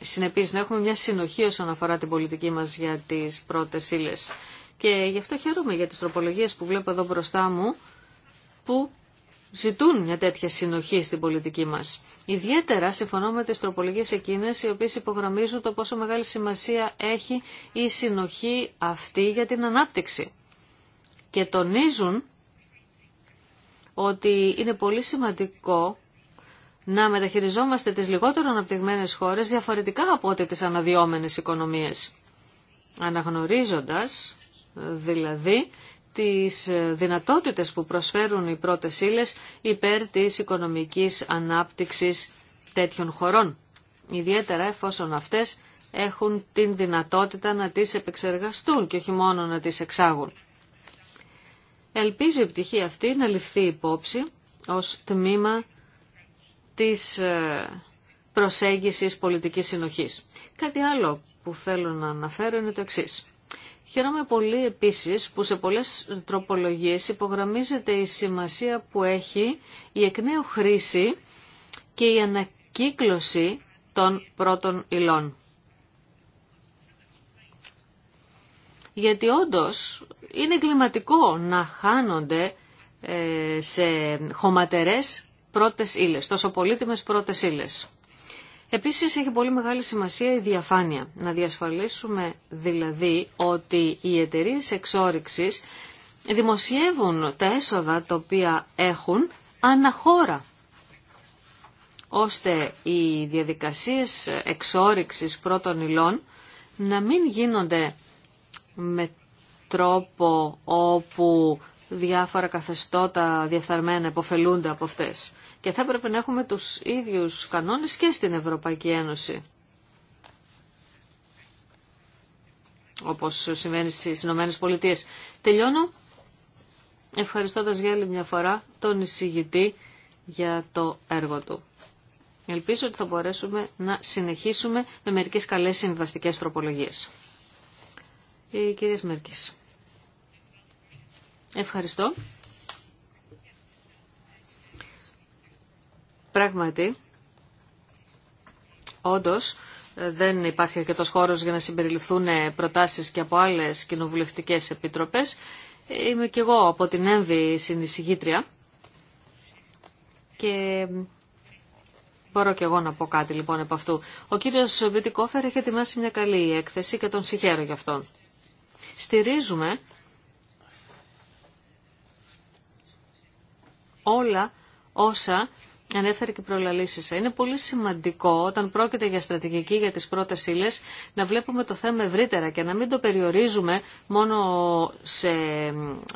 συνεπείς, να έχουμε μια συνοχή όσον αφορά την πολιτική μας για τις πρώτες ύλες. Και γι' αυτό χαίρομαι για τις τροπολογίες που βλέπω εδώ μπροστά μου, που ζητούν μια τέτοια συνοχή στην πολιτική μας. Ιδιαίτερα συμφωνώ με τι τροπολογίες εκείνε, οι οποίες υπογραμμίζουν το πόσο μεγάλη σημασία έχει η συνοχή αυτή για την ανάπτυξη. Και τονίζουν ότι είναι πολύ σημαντικό να μεταχειριζόμαστε τις λιγότερο αναπτυγμένες χώρες διαφορετικά από ό,τι τις αναδυόμενες οικονομίες. Αναγνωρίζοντας δηλαδή τις δυνατότητες που προσφέρουν οι πρώτες ύλε υπέρ της οικονομικής ανάπτυξης τέτοιων χωρών, ιδιαίτερα εφόσον αυτές έχουν την δυνατότητα να τις επεξεργαστούν και όχι μόνο να τις εξάγουν. Ελπίζω η πτυχή αυτή να ληφθεί υπόψη ως τμήμα της ε, προσέγγισης πολιτικής συνοχής. Κάτι άλλο που θέλω να αναφέρω είναι το εξής. Χαίρομαι πολύ επίσης που σε πολλές τροπολογίες υπογραμμίζεται η σημασία που έχει η εκ νέου χρήση και η ανακύκλωση των πρώτων υλών. Γιατί όντως είναι κλιματικό να χάνονται ε, σε χωματερές πρώτες ύλες, τόσο πολύτιμες πρώτες ύλες. Επίσης έχει πολύ μεγάλη σημασία η διαφάνεια. Να διασφαλίσουμε δηλαδή ότι οι εταιρείε εξόριξης δημοσιεύουν τα έσοδα τα οποία έχουν αναχώρα ώστε οι διαδικασίες εξόριξης πρώτων υλών να μην γίνονται με τρόπο όπου διάφορα καθεστώτα διαφθαρμένα υποφελούνται από αυτές. Και θα έπρεπε να έχουμε τους ίδιους κανόνες και στην Ευρωπαϊκή Ένωση. Όπως συμβαίνει στις Ηνωμένες Πολιτείες. Τελειώνω ευχαριστώντας για άλλη μια φορά τον εισηγητή για το έργο του. Ελπίζω ότι θα μπορέσουμε να συνεχίσουμε με μερικές καλές συμβαστικές τροπολογίες. Η κυρία Μέρκης. Ευχαριστώ. Πράγματι, όντως, ε, δεν υπάρχει αρκετό χώρο για να συμπεριληφθούν ε, προτάσει και από άλλε κοινοβουλευτικέ επιτροπέ. Είμαι κι εγώ από την ΕΜΒΗ συνεισηγήτρια και μπορώ κι εγώ να πω κάτι λοιπόν από αυτού. Ο κύριος Μπιτικόφερ έχει ετοιμάσει μια καλή έκθεση και τον συγχαίρω γι' αυτόν. Στηρίζουμε όλα όσα ανέφερε και προλαλήσει. Είναι πολύ σημαντικό όταν πρόκειται για στρατηγική για τις πρώτες ύλε να βλέπουμε το θέμα ευρύτερα και να μην το περιορίζουμε μόνο σε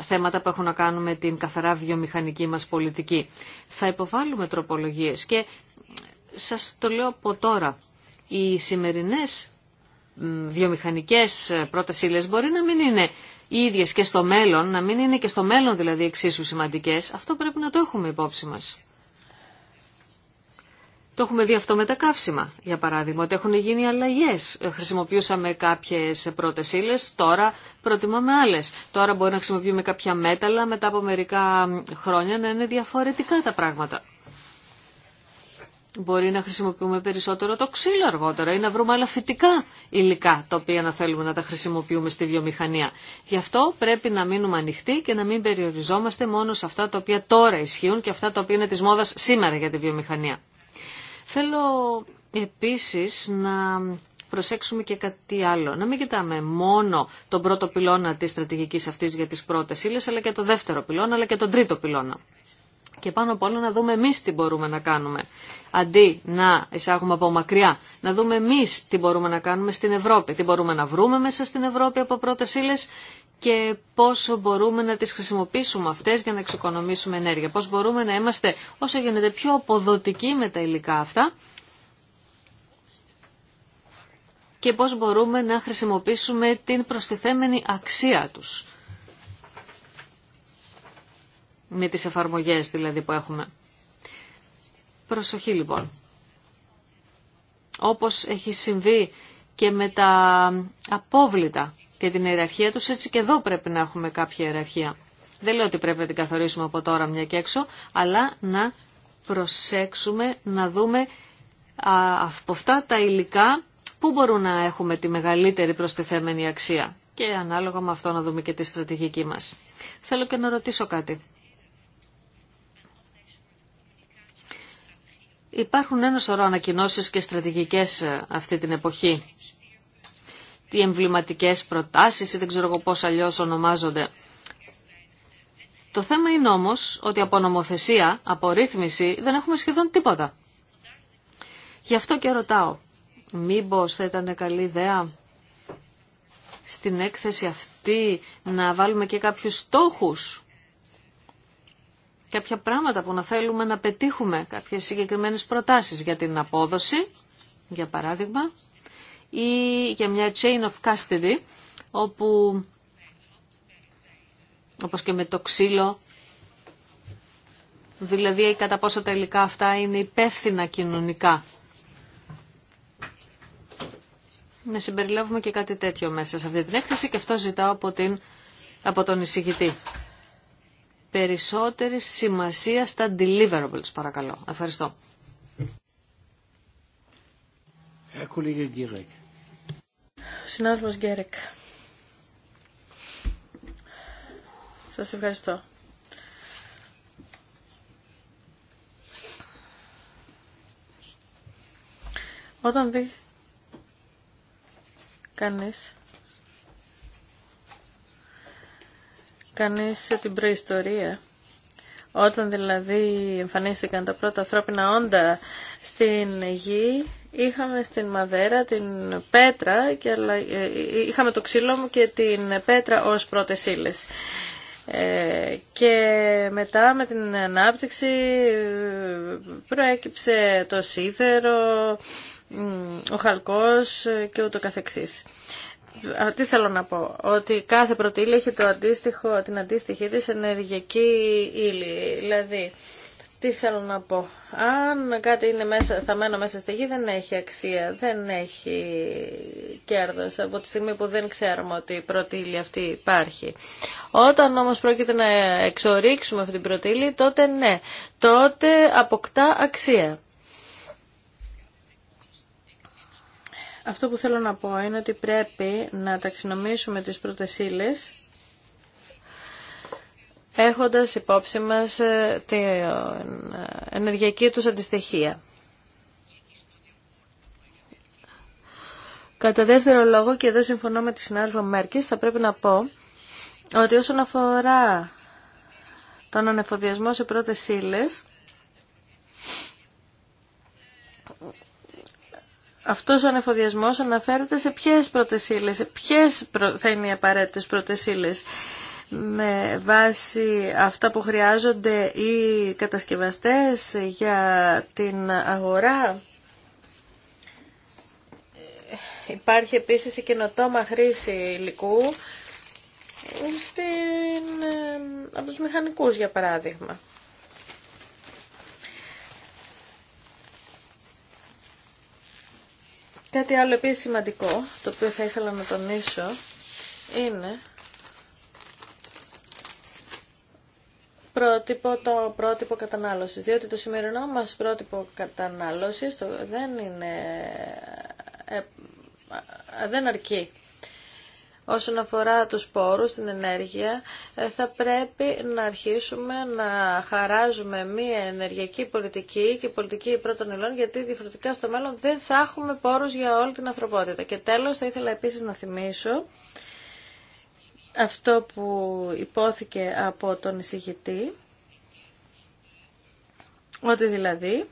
θέματα που έχουν να κάνουν με την καθαρά βιομηχανική μας πολιτική. Θα υποβάλουμε τροπολογίες και σας το λέω από τώρα. Οι σημερινές βιομηχανικές ε, πρώτες ύλε μπορεί να μην είναι οι ίδιες και στο μέλλον, να μην είναι και στο μέλλον δηλαδή εξίσου σημαντικές, αυτό πρέπει να το έχουμε υπόψη μας. Το έχουμε δει αυτό με τα καύσιμα, για παράδειγμα, ότι έχουν γίνει αλλαγέ. Χρησιμοποιούσαμε κάποιε πρώτε ύλε, τώρα προτιμάμε άλλε. Τώρα μπορεί να χρησιμοποιούμε κάποια μέταλλα, μετά από μερικά χρόνια να είναι διαφορετικά τα πράγματα. Μπορεί να χρησιμοποιούμε περισσότερο το ξύλο αργότερα ή να βρούμε άλλα φυτικά υλικά τα οποία να θέλουμε να τα χρησιμοποιούμε στη βιομηχανία. Γι' αυτό πρέπει να μείνουμε ανοιχτοί και να μην περιοριζόμαστε μόνο σε αυτά τα οποία τώρα ισχύουν και αυτά τα οποία είναι της μόδας σήμερα για τη βιομηχανία. Θέλω επίσης να προσέξουμε και κάτι άλλο. Να μην κοιτάμε μόνο τον πρώτο πυλώνα της στρατηγικής αυτής για τις πρώτες ύλες, αλλά και τον δεύτερο πυλώνα, αλλά και τον τρίτο πυλώνα και πάνω απ' όλα να δούμε εμείς τι μπορούμε να κάνουμε. Αντί να εισάγουμε από μακριά, να δούμε εμείς τι μπορούμε να κάνουμε στην Ευρώπη, τι μπορούμε να βρούμε μέσα στην Ευρώπη από πρώτες ύλες και πόσο μπορούμε να τις χρησιμοποιήσουμε αυτές για να εξοικονομήσουμε ενέργεια. Πώς μπορούμε να είμαστε όσο γίνεται πιο αποδοτικοί με τα υλικά αυτά και πώς μπορούμε να χρησιμοποιήσουμε την προστιθέμενη αξία τους με τις εφαρμογές δηλαδή που έχουμε. Προσοχή λοιπόν. Όπως έχει συμβεί και με τα απόβλητα και την ιεραρχία τους, έτσι και εδώ πρέπει να έχουμε κάποια ιεραρχία. Δεν λέω ότι πρέπει να την καθορίσουμε από τώρα μια και έξω, αλλά να προσέξουμε, να δούμε από αυτά τα υλικά πού μπορούν να έχουμε τη μεγαλύτερη προστιθέμενη αξία. Και ανάλογα με αυτό να δούμε και τη στρατηγική μας. Θέλω και να ρωτήσω κάτι. Υπάρχουν ένα σωρό ανακοινώσεις και στρατηγικές ε, αυτή την εποχή. Τι εμβληματικές προτάσεις ή δεν ξέρω εγώ πώς ονομάζονται. Το θέμα είναι όμως ότι από νομοθεσία, από ρύθμιση δεν έχουμε σχεδόν τίποτα. Γι' αυτό και ρωτάω, μήπως θα ήταν καλή ιδέα στην έκθεση αυτή να βάλουμε και κάποιους στόχους κάποια πράγματα που να θέλουμε να πετύχουμε, κάποιες συγκεκριμένες προτάσεις για την απόδοση, για παράδειγμα, ή για μια chain of custody, όπου, όπως και με το ξύλο, δηλαδή κατά πόσο τα αυτά είναι υπεύθυνα κοινωνικά. Να συμπεριλάβουμε και κάτι τέτοιο μέσα σε αυτή την έκθεση και αυτό ζητάω από, την, από τον εισηγητή περισσότερη σημασία στα deliverables, παρακαλώ. Ευχαριστώ. Συνάδελφος Γκέρεκ. Σας ευχαριστώ. Όταν δει κανείς κανείς την προϊστορία. Όταν δηλαδή εμφανίστηκαν τα πρώτα ανθρώπινα όντα στην γη, είχαμε στην μαδέρα την πέτρα, και, ε, ε, είχαμε το ξύλο μου και την πέτρα ως πρώτες ύλες. Ε, και μετά με την ανάπτυξη προέκυψε το σίδερο, ο χαλκός και ούτω καθεξής τι θέλω να πω, ότι κάθε πρωτήλη έχει το αντίστοιχο, την αντίστοιχη της ενεργειακή ύλη. Δηλαδή, τι θέλω να πω, αν κάτι είναι μέσα, μένω μέσα στη γη δεν έχει αξία, δεν έχει κέρδος από τη στιγμή που δεν ξέρουμε ότι η πρωτήλη αυτή υπάρχει. Όταν όμως πρόκειται να εξορίξουμε αυτή την πρωτήλη, τότε ναι, τότε αποκτά αξία. Αυτό που θέλω να πω είναι ότι πρέπει να ταξινομήσουμε τις πρωτεσίλες έχοντας υπόψη μας ε, την ε, ενεργειακή τους αντιστοιχεία. Κατά δεύτερο λόγο, και εδώ συμφωνώ με τη συνάδελφο Μέρκης, θα πρέπει να πω ότι όσον αφορά τον ανεφοδιασμό σε πρώτες ύλες, αυτός ο ανεφοδιασμός αναφέρεται σε ποιες πρώτες ύλες, σε ποιες θα είναι οι απαραίτητες πρώτες με βάση αυτά που χρειάζονται οι κατασκευαστές για την αγορά. Υπάρχει επίσης η καινοτόμα χρήση υλικού στην, ε, από τους μηχανικούς για παράδειγμα. Κάτι άλλο επίσης σημαντικό, το οποίο θα ήθελα να τονίσω, είναι πρότυπο, το πρότυπο κατανάλωσης. Διότι το σημερινό μας πρότυπο κατανάλωσης το δεν είναι... Ε, ε, δεν αρκεί όσον αφορά τους πόρους, την ενέργεια, ε, θα πρέπει να αρχίσουμε να χαράζουμε μία ενεργειακή πολιτική και πολιτική πρώτων υλών, γιατί διαφορετικά στο μέλλον δεν θα έχουμε πόρους για όλη την ανθρωπότητα. Και τέλος, θα ήθελα επίσης να θυμίσω αυτό που υπόθηκε από τον εισηγητή, ότι δηλαδή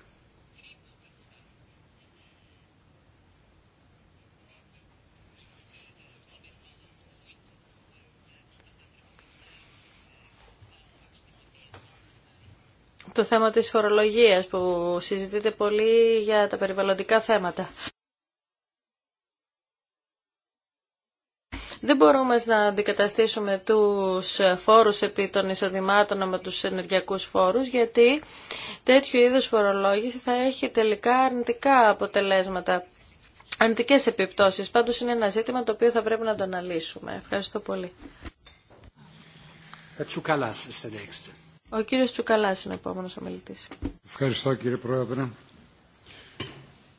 το θέμα της φορολογίας που συζητείται πολύ για τα περιβαλλοντικά θέματα. Δεν μπορούμε να αντικαταστήσουμε τους φόρους επί των εισοδημάτων με τους ενεργειακούς φόρους, γιατί τέτοιου είδους φορολόγηση θα έχει τελικά αρνητικά αποτελέσματα, αρνητικές επιπτώσεις. Πάντως είναι ένα ζήτημα το οποίο θα πρέπει να το αναλύσουμε. Ευχαριστώ πολύ. Ο κύριος Τσουκαλάς είναι ο επόμενος ομιλητής. Ευχαριστώ κύριε Πρόεδρε.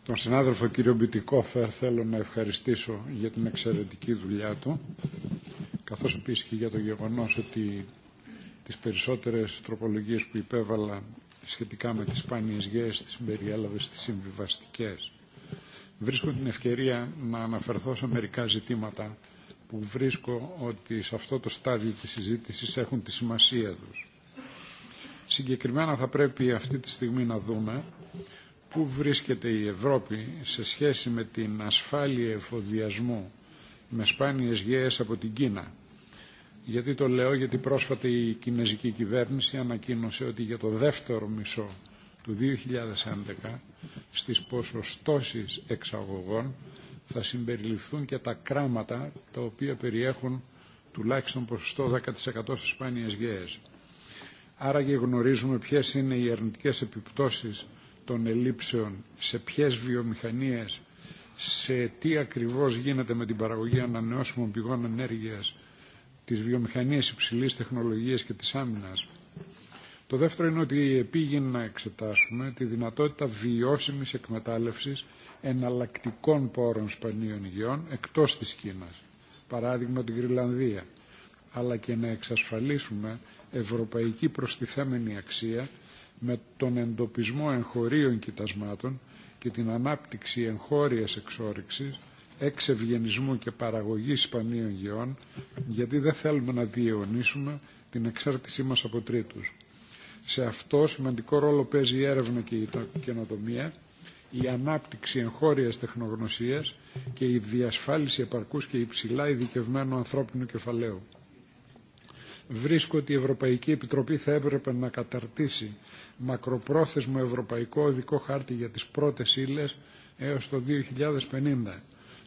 Τον συνάδελφο κύριο Μπιτικόφερ θέλω να ευχαριστήσω για την εξαιρετική δουλειά του καθώς επίσης και για το γεγονός ότι τις περισσότερες τροπολογίες που υπέβαλα σχετικά με τις σπάνιες γέες τις περιέλαβε στις συμβιβαστικές. Βρίσκω την ευκαιρία να αναφερθώ σε μερικά ζητήματα που βρίσκω ότι σε αυτό το στάδιο της συζήτησης έχουν τη σημασία τους. Συγκεκριμένα θα πρέπει αυτή τη στιγμή να δούμε πού βρίσκεται η Ευρώπη σε σχέση με την ασφάλεια εφοδιασμού με σπάνιες γέες από την Κίνα. Γιατί το λέω, γιατί πρόσφατα η κινέζικη κυβέρνηση ανακοίνωσε ότι για το δεύτερο μισό του 2011 στις ποσοστώσεις εξαγωγών θα συμπεριληφθούν και τα κράματα τα οποία περιέχουν τουλάχιστον ποσοστό 10% στις σπάνιες γέες. Άρα και γνωρίζουμε ποιες είναι οι αρνητικές επιπτώσεις των ελήψεων... σε ποιες βιομηχανίες, σε τι ακριβώς γίνεται με την παραγωγή ανανεώσιμων πηγών ενέργειας, τις βιομηχανίες υψηλής τεχνολογίας και της άμυνας. Το δεύτερο είναι ότι επίγει να εξετάσουμε τη δυνατότητα βιώσιμης εκμετάλλευσης εναλλακτικών πόρων σπανίων υγειών εκτός της Κίνας, παράδειγμα την Γρυλανδία, αλλά και να εξασφαλίσουμε ευρωπαϊκή προστιθέμενη αξία με τον εντοπισμό εγχωρίων κοιτασμάτων και την ανάπτυξη εγχώριας εξόρυξης, εξευγενισμού και παραγωγής σπανίων γεών, γιατί δεν θέλουμε να διαιωνίσουμε την εξάρτησή μας από τρίτους. Σε αυτό σημαντικό ρόλο παίζει η έρευνα και η καινοτομία, η ανάπτυξη εγχώριας τεχνογνωσίας και η διασφάλιση επαρκούς και υψηλά ειδικευμένου ανθρώπινου κεφαλαίου βρίσκω ότι η Ευρωπαϊκή Επιτροπή θα έπρεπε να καταρτήσει μακροπρόθεσμο ευρωπαϊκό οδικό χάρτη για τις πρώτες ύλε έως το 2050,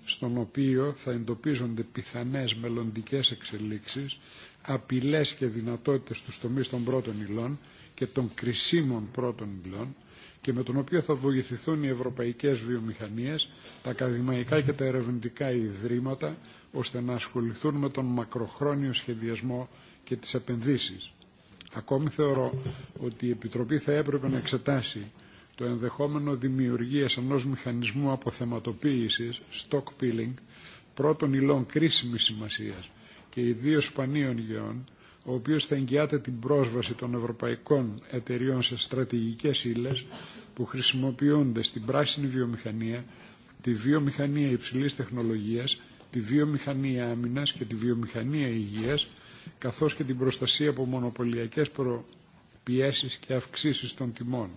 στον οποίο θα εντοπίζονται πιθανές μελλοντικές εξελίξεις, απειλές και δυνατότητες στους τομείς των πρώτων υλών και των κρισίμων πρώτων υλών, και με τον οποίο θα βοηθηθούν οι ευρωπαϊκές βιομηχανίες, τα ακαδημαϊκά και τα ερευνητικά ιδρύματα, ώστε να ασχοληθούν με τον μακροχρόνιο σχεδιασμό και τις επενδύσεις. Ακόμη θεωρώ ότι η Επιτροπή θα έπρεπε να εξετάσει το ενδεχόμενο δημιουργίας ενός μηχανισμού αποθεματοποίησης, peeling, πρώτων υλών κρίσιμης σημασίας και ιδίως σπανίων υγεών, ο οποίος θα εγγυάται την πρόσβαση των ευρωπαϊκών εταιριών σε στρατηγικές ύλες που χρησιμοποιούνται στην πράσινη βιομηχανία, τη βιομηχανία υψηλής τεχνολογίας, τη βιομηχανία άμυνας και τη βιομηχανία υγείας, καθώς και την προστασία από μονοπωλιακές προπιέσεις και αυξήσεις των τιμών.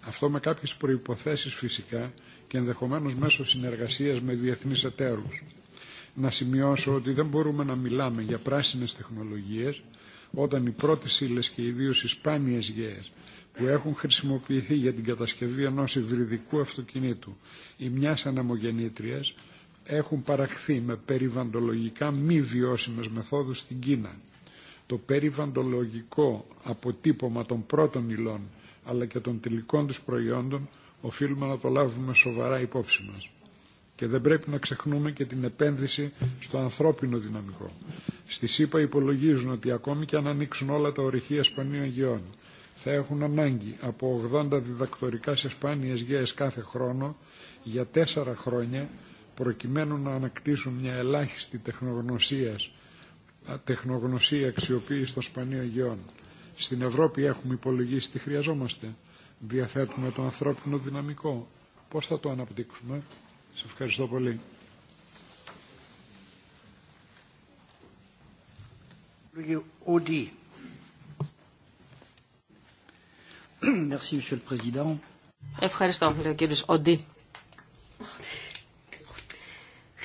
Αυτό με κάποιες προϋποθέσεις φυσικά και ενδεχομένως μέσω συνεργασίας με διεθνείς εταίρους. Να σημειώσω ότι δεν μπορούμε να μιλάμε για πράσινες τεχνολογίες όταν οι πρώτες ύλες και ιδίως οι σπάνιες γέες που έχουν χρησιμοποιηθεί για την κατασκευή ενός υβριδικού αυτοκινήτου ή μιας αναμογεννήτριας έχουν παραχθεί με περιβαντολογικά μη βιώσιμες μεθόδους στην Κίνα. Το περιβαντολογικό αποτύπωμα των πρώτων υλών αλλά και των τελικών τους προϊόντων οφείλουμε να το λάβουμε σοβαρά υπόψη μας. Και δεν πρέπει να ξεχνούμε και την επένδυση στο ανθρώπινο δυναμικό. Στη ΣΥΠΑ υπολογίζουν ότι ακόμη και αν ανοίξουν όλα τα ορυχεία σπανίων γεών, θα έχουν ανάγκη από 80 διδακτορικά σε σπάνιες γέες κάθε χρόνο για τέσσερα χρόνια προκειμένου να ανακτήσουν μια ελάχιστη τεχνογνωσία, τεχνογνωσία αξιοποίηση των σπανίων γεών. Στην Ευρώπη έχουμε υπολογίσει τι χρειαζόμαστε. Διαθέτουμε το ανθρώπινο δυναμικό. Πώ θα το αναπτύξουμε. Σε ευχαριστώ πολύ. Ευχαριστώ, λέει ο κύριος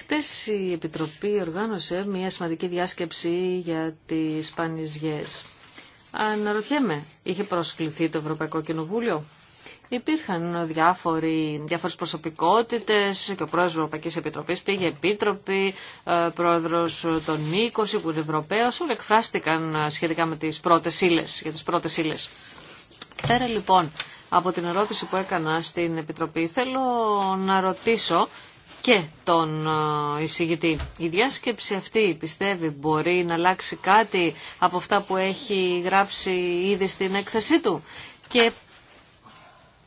Χθε η Επιτροπή οργάνωσε μια σημαντική διάσκεψη για τι σπάνιες Αναρωτιέμαι, είχε προσκληθεί το Ευρωπαϊκό Κοινοβούλιο. Υπήρχαν διάφορε διάφορες προσωπικότητες και ο πρόεδρος Ευρωπαϊκή Επιτροπής πήγε επίτροπη, ε, πρόεδρος των 20 που είναι Ευρωπαίος, όλοι εκφράστηκαν σχετικά με τις πρώτες ύλες, για τις πρώτες Πέρα λοιπόν από την ερώτηση που έκανα στην Επιτροπή, θέλω να ρωτήσω και τον ε, εισηγητή. Η διάσκεψη αυτή πιστεύει μπορεί να αλλάξει κάτι από αυτά που έχει γράψει ήδη στην έκθεσή του και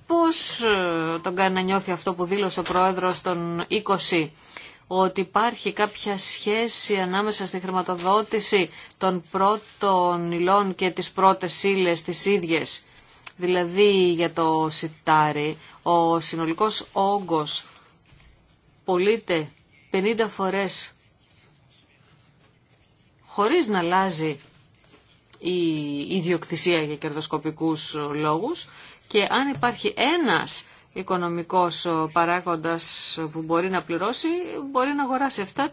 πώς ε, τον κάνει να νιώθει αυτό που δήλωσε ο Πρόεδρος των 20 ότι υπάρχει κάποια σχέση ανάμεσα στη χρηματοδότηση των πρώτων υλών και τις πρώτες ύλε τις ίδιες. Δηλαδή για το σιτάρι, ο συνολικός όγκος απολύεται 50 φορές χωρίς να αλλάζει η ιδιοκτησία για κερδοσκοπικούς λόγους και αν υπάρχει ένας οικονομικός παράγοντας που μπορεί να πληρώσει, μπορεί να αγοράσει 7%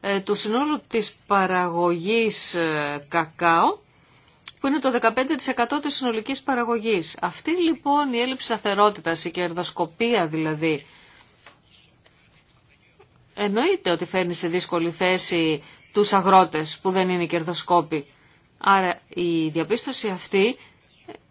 ε, του συνόλου της παραγωγής ε, κακάο, που είναι το 15% της συνολικής παραγωγής. Αυτή λοιπόν η έλλειψη σταθερότητας, η κερδοσκοπία δηλαδή, Εννοείται ότι φέρνει σε δύσκολη θέση τους αγρότες που δεν είναι κερδοσκόποι. Άρα η διαπίστωση αυτή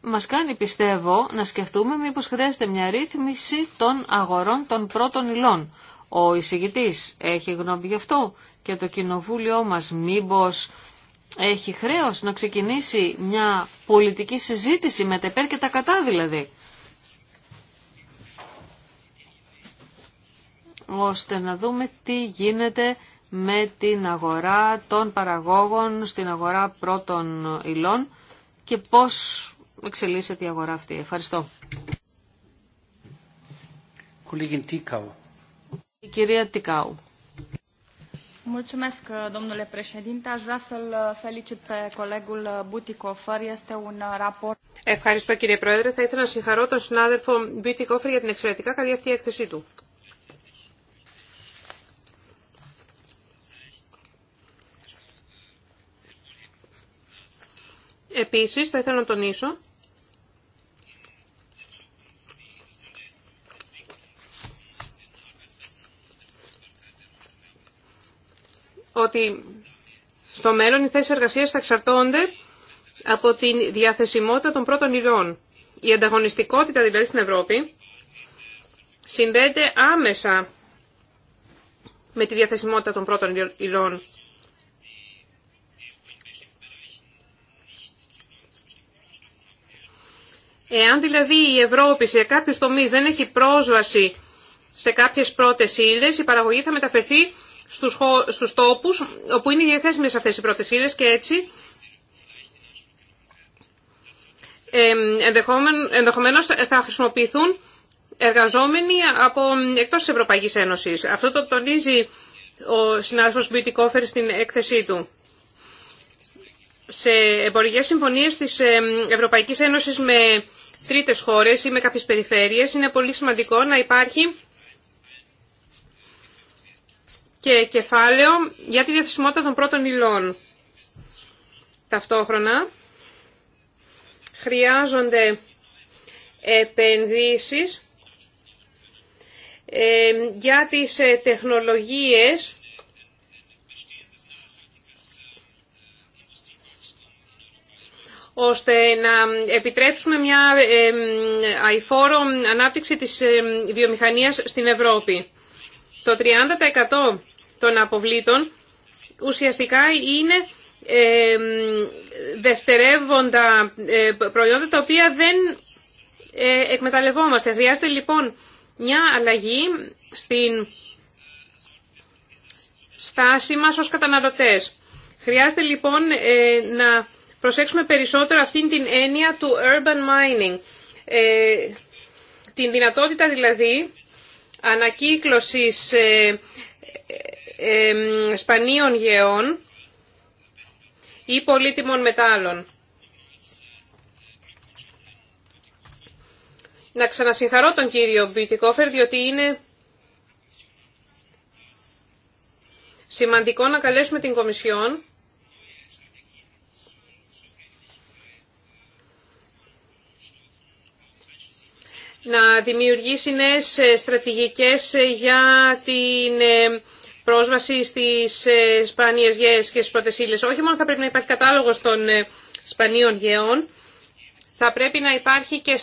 μας κάνει πιστεύω να σκεφτούμε μήπως χρειάζεται μια ρύθμιση των αγορών των πρώτων υλών. Ο εισηγητής έχει γνώμη γι' αυτό και το κοινοβούλιο μας μήπως έχει χρέος να ξεκινήσει μια πολιτική συζήτηση με τα υπέρ και τα κατά δηλαδή. ώστε να δούμε τι γίνεται με την αγορά των παραγόγων στην αγορά πρώτων υλών και πώς εξελίσσεται η αγορά αυτή. Ευχαριστώ. Η κυρία Τικάου. Mulțumesc, domnule președinte. Aș vrea să-l felicit pe colegul Este un raport... Ευχαριστώ κύριε Πρόεδρε. Θα ήθελα να συγχαρώ τον συνάδελφο Μπιουτικόφερ για την εξαιρετικά καλή αυτή έκθεσή του. Επίσης, θα ήθελα να τονίσω ότι στο μέλλον οι θέσεις εργασίας θα εξαρτώνται από τη διαθεσιμότητα των πρώτων υλών. Η ανταγωνιστικότητα δηλαδή στην Ευρώπη συνδέεται άμεσα με τη διαθεσιμότητα των πρώτων υλών. Εάν δηλαδή η Ευρώπη σε κάποιου τομεί δεν έχει πρόσβαση σε κάποιε πρώτε ύλε, η παραγωγή θα μεταφερθεί στους, στους τόπους όπου είναι διαθέσιμε αυτές οι πρώτες ύλες και έτσι ε, ενδεχομένως θα χρησιμοποιηθούν εργαζόμενοι από εκτός της Ευρωπαϊκής Ένωσης. Αυτό το τονίζει ο συνάδελφος Κόφερ στην έκθεσή του. Σε εμπορικές συμφωνίες της Ευρωπαϊκής Ένωσης με τρίτες χώρες ή με κάποιες περιφέρειες, είναι πολύ σημαντικό να υπάρχει και κεφάλαιο για τη διαθεσιμότητα των πρώτων υλών. Ταυτόχρονα χρειάζονται επενδύσεις ε, για τις ε, τεχνολογίες ώστε να επιτρέψουμε μια αηφόρο ανάπτυξη της βιομηχανίας στην Ευρώπη. Το 30% των αποβλήτων ουσιαστικά είναι δευτερεύοντα ε, προϊόντα τα οποία δεν ε, εκμεταλλευόμαστε. Χρειάζεται λοιπόν μια αλλαγή στην στάση μας ως καταναλωτές. Χρειάζεται λοιπόν ε, να προσέξουμε περισσότερο αυτήν την έννοια του urban mining. Ε, την δυνατότητα δηλαδή ανακύκλωσης ε, ε, σπανίων γεών ή πολύτιμων μετάλλων. Να ξανασυγχαρώ τον κύριο Μπιτικόφερ, διότι είναι σημαντικό να καλέσουμε την Κομισιόν να δημιουργήσει νέες ε, στρατηγικές ε, για την ε, πρόσβαση στις σπάνιες γέες και στις πρώτες Όχι μόνο θα πρέπει να υπάρχει κατάλογος των σπανίων γεών, θα πρέπει να υπάρχει και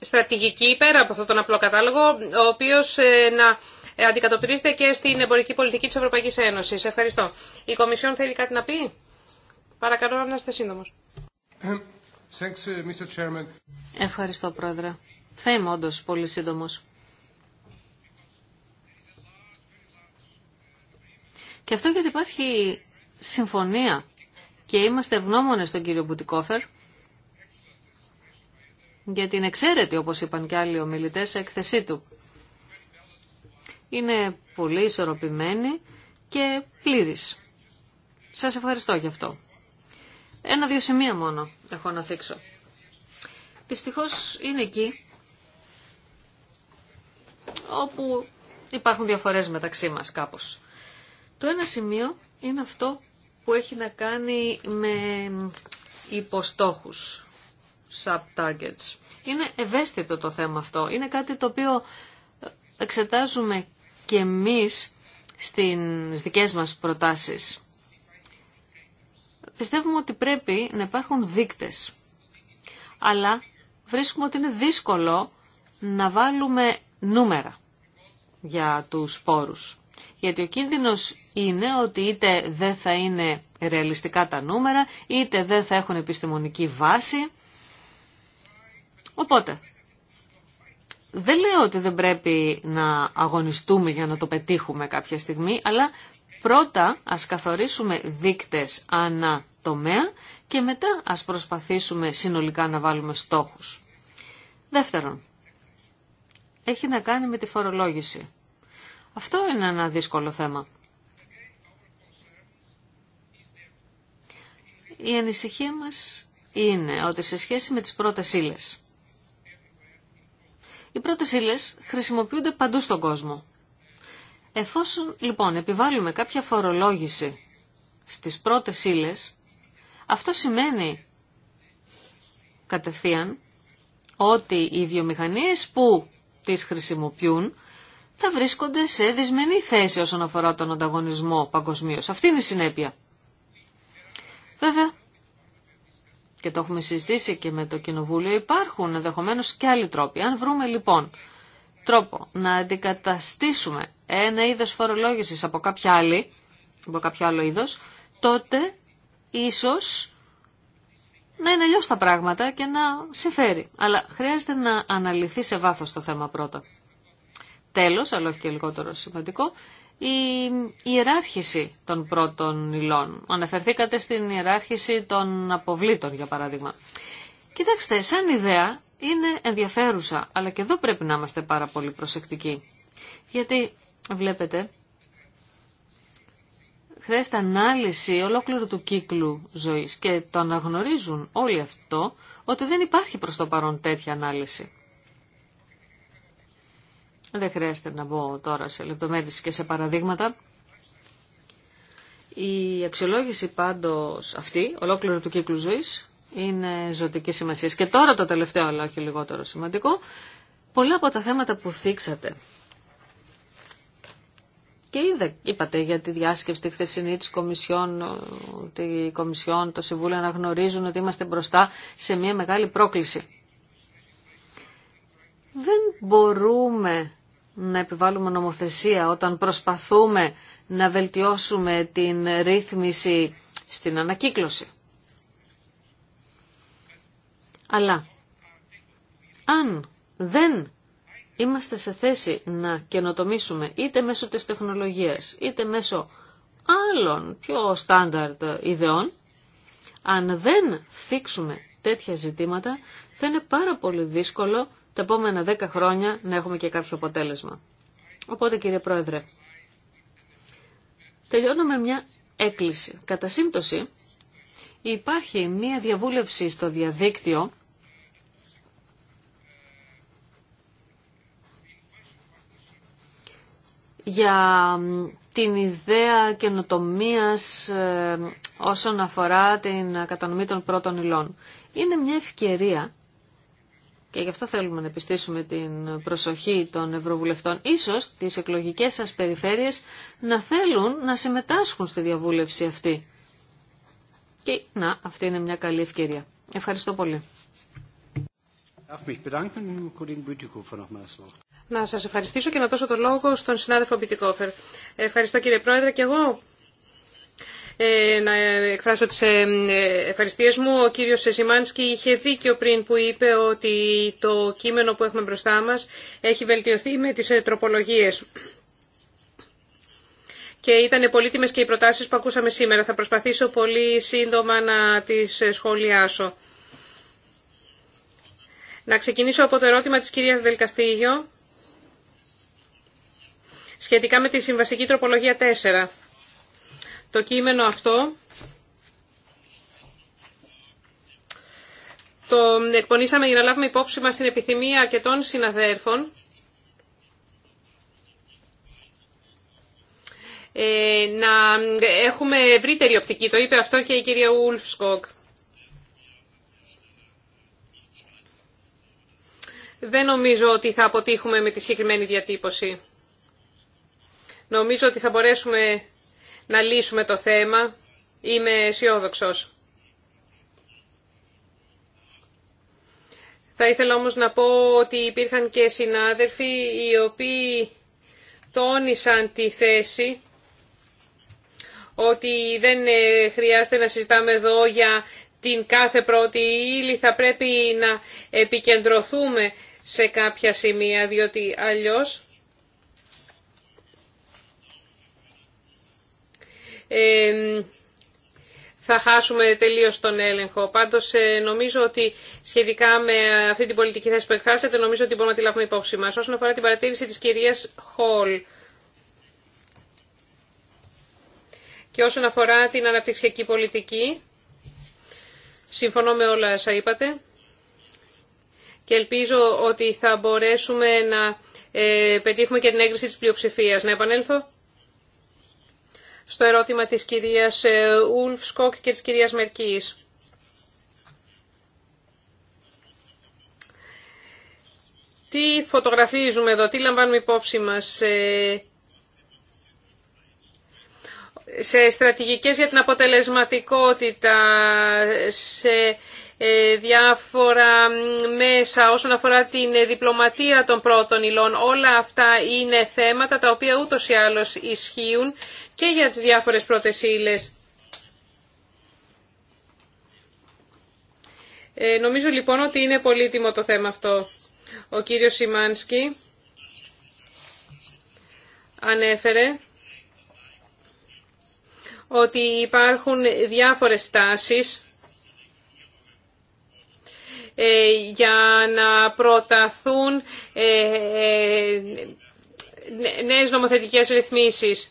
στρατηγική πέρα από αυτόν τον απλό κατάλογο, ο οποίος να αντικατοπτρίζεται και στην εμπορική πολιτική της Ευρωπαϊκής Ένωσης. Ευχαριστώ. Η Κομισιόν θέλει κάτι να πει. Παρακαλώ να είστε σύντομος. Ευχαριστώ, Πρόεδρε. Θα είμαι όντω πολύ σύντομο. Και αυτό γιατί υπάρχει συμφωνία και είμαστε ευγνώμονε στον κύριο Μπουτικόφερ για την εξαίρετη, όπως είπαν και άλλοι ομιλητέ έκθεσή του. Είναι πολύ ισορροπημένη και πλήρης. Σας ευχαριστώ γι' αυτό. Ένα-δύο σημεία μόνο έχω να θίξω. Δυστυχώς είναι εκεί όπου υπάρχουν διαφορές μεταξύ μας κάπως. Το ένα σημείο είναι αυτό που έχει να κάνει με υποστόχους, sub-targets. Είναι ευαίσθητο το θέμα αυτό. Είναι κάτι το οποίο εξετάζουμε και εμείς στις δικές μας προτάσεις. Πιστεύουμε ότι πρέπει να υπάρχουν δείκτες. Αλλά βρίσκουμε ότι είναι δύσκολο να βάλουμε νούμερα για τους σπόρους. Γιατί ο κίνδυνος είναι ότι είτε δεν θα είναι ρεαλιστικά τα νούμερα, είτε δεν θα έχουν επιστημονική βάση. Οπότε, δεν λέω ότι δεν πρέπει να αγωνιστούμε για να το πετύχουμε κάποια στιγμή, αλλά πρώτα ας καθορίσουμε δείκτες ανά τομέα και μετά ας προσπαθήσουμε συνολικά να βάλουμε στόχους. Δεύτερον, έχει να κάνει με τη φορολόγηση. Αυτό είναι ένα δύσκολο θέμα. Η ανησυχία μας είναι ότι σε σχέση με τις πρώτες ύλε. οι πρώτες ύλε χρησιμοποιούνται παντού στον κόσμο. Εφόσον λοιπόν επιβάλλουμε κάποια φορολόγηση στις πρώτες ύλε, αυτό σημαίνει κατευθείαν ότι οι βιομηχανίες που τις χρησιμοποιούν θα βρίσκονται σε δυσμενή θέση όσον αφορά τον ανταγωνισμό παγκοσμίω. Αυτή είναι η συνέπεια. Βέβαια, και το έχουμε συζητήσει και με το Κοινοβούλιο, υπάρχουν ενδεχομένω και άλλοι τρόποι. Αν βρούμε λοιπόν τρόπο να αντικαταστήσουμε ένα είδος φορολόγησης από κάποια άλλη, από κάποιο άλλο είδος, τότε ίσως να είναι αλλιώ τα πράγματα και να συμφέρει. Αλλά χρειάζεται να αναλυθεί σε βάθο το θέμα πρώτα. Τέλος, αλλά όχι και λιγότερο σημαντικό, η ιεράρχηση των πρώτων υλών. Αναφερθήκατε στην ιεράρχηση των αποβλήτων, για παράδειγμα. Κοιτάξτε, σαν ιδέα είναι ενδιαφέρουσα, αλλά και εδώ πρέπει να είμαστε πάρα πολύ προσεκτικοί. Γιατί βλέπετε χρειάζεται ανάλυση ολόκληρου του κύκλου ζωής και το αναγνωρίζουν όλοι αυτό ότι δεν υπάρχει προς το παρόν τέτοια ανάλυση. Δεν χρειάζεται να μπω τώρα σε λεπτομέρειες και σε παραδείγματα. Η αξιολόγηση πάντως αυτή, ολόκληρου του κύκλου ζωής, είναι ζωτική σημασία. Και τώρα το τελευταίο, αλλά όχι λιγότερο σημαντικό, πολλά από τα θέματα που θίξατε και είδα, είπατε για τη διάσκεψη τη χθεσινή της Κομισιόν, τη Κομισιόν, το Συμβούλιο να γνωρίζουν ότι είμαστε μπροστά σε μια μεγάλη πρόκληση. Δεν μπορούμε να επιβάλλουμε νομοθεσία όταν προσπαθούμε να βελτιώσουμε την ρύθμιση στην ανακύκλωση. Αλλά αν δεν είμαστε σε θέση να καινοτομήσουμε είτε μέσω της τεχνολογίας, είτε μέσω άλλων πιο στάνταρτ ιδεών, αν δεν θίξουμε τέτοια ζητήματα, θα είναι πάρα πολύ δύσκολο τα επόμενα δέκα χρόνια να έχουμε και κάποιο αποτέλεσμα. Οπότε κύριε Πρόεδρε, τελειώνω με μια έκκληση. Κατά σύμπτωση, υπάρχει μια διαβούλευση στο διαδίκτυο για την ιδέα καινοτομίας ε, όσον αφορά την κατανομή των πρώτων υλών. Είναι μια ευκαιρία και γι' αυτό θέλουμε να επιστήσουμε την προσοχή των Ευρωβουλευτών. Ίσως τις εκλογικές σας περιφέρειες να θέλουν να συμμετάσχουν στη διαβούλευση αυτή. Και να, αυτή είναι μια καλή ευκαιρία. Ευχαριστώ πολύ. Να σας ευχαριστήσω και να δώσω το λόγο στον συνάδελφο Μπιτικόφερ. Ευχαριστώ κύριε Πρόεδρε και εγώ ε, να εκφράσω τις ε, ευχαριστίες μου. Ο κύριος Σεσιμάνσκι είχε δίκιο πριν που είπε ότι το κείμενο που έχουμε μπροστά μας έχει βελτιωθεί με τις ε, τροπολογίες. Και ήταν πολύτιμες και οι προτάσεις που ακούσαμε σήμερα. Θα προσπαθήσω πολύ σύντομα να τις σχολιάσω. Να ξεκινήσω από το ερώτημα της κυρίας Δελκαστήγιο σχετικά με τη συμβαστική τροπολογία 4. Το κείμενο αυτό το εκπονήσαμε για να λάβουμε υπόψη μας την επιθυμία και των συναδέρφων ε, να έχουμε ευρύτερη οπτική. Το είπε αυτό και η κυρία Ουλφσκοκ. Δεν νομίζω ότι θα αποτύχουμε με τη συγκεκριμένη διατύπωση. Νομίζω ότι θα μπορέσουμε να λύσουμε το θέμα. Είμαι αισιόδοξο. Θα ήθελα όμως να πω ότι υπήρχαν και συνάδελφοι οι οποίοι τόνισαν τη θέση ότι δεν ε, χρειάζεται να συζητάμε εδώ για την κάθε πρώτη ύλη, θα πρέπει να επικεντρωθούμε σε κάποια σημεία, διότι αλλιώς θα χάσουμε τελείως τον έλεγχο. Πάντως ε, νομίζω ότι σχετικά με αυτή την πολιτική θέση που εκφράσατε, νομίζω ότι μπορούμε να τη λάβουμε υπόψη μας. Όσον αφορά την παρατήρηση της κυρίας Χολ, Και όσον αφορά την αναπτυξιακή πολιτική, συμφωνώ με όλα όσα είπατε και ελπίζω ότι θα μπορέσουμε να ε, πετύχουμε και την έγκριση της πλειοψηφίας. Να επανέλθω στο ερώτημα της κυρίας ε, Ουλφ Σκόκ και της κυρίας Μερκής. Τι φωτογραφίζουμε εδώ, τι λαμβάνουμε υπόψη μας, ε, σε στρατηγικές για την αποτελεσματικότητα, σε ε, διάφορα μέσα όσον αφορά την ε, διπλωματία των πρώτων υλών. Όλα αυτά είναι θέματα τα οποία ούτως ή άλλως ισχύουν και για τις διάφορες πρώτες ε, νομίζω λοιπόν ότι είναι πολύτιμο το θέμα αυτό. Ο κύριος Σιμάνσκι ανέφερε ότι υπάρχουν διάφορες στάσεις ε, για να προταθούν ε, ε, νέες νομοθετικές ρυθμίσεις.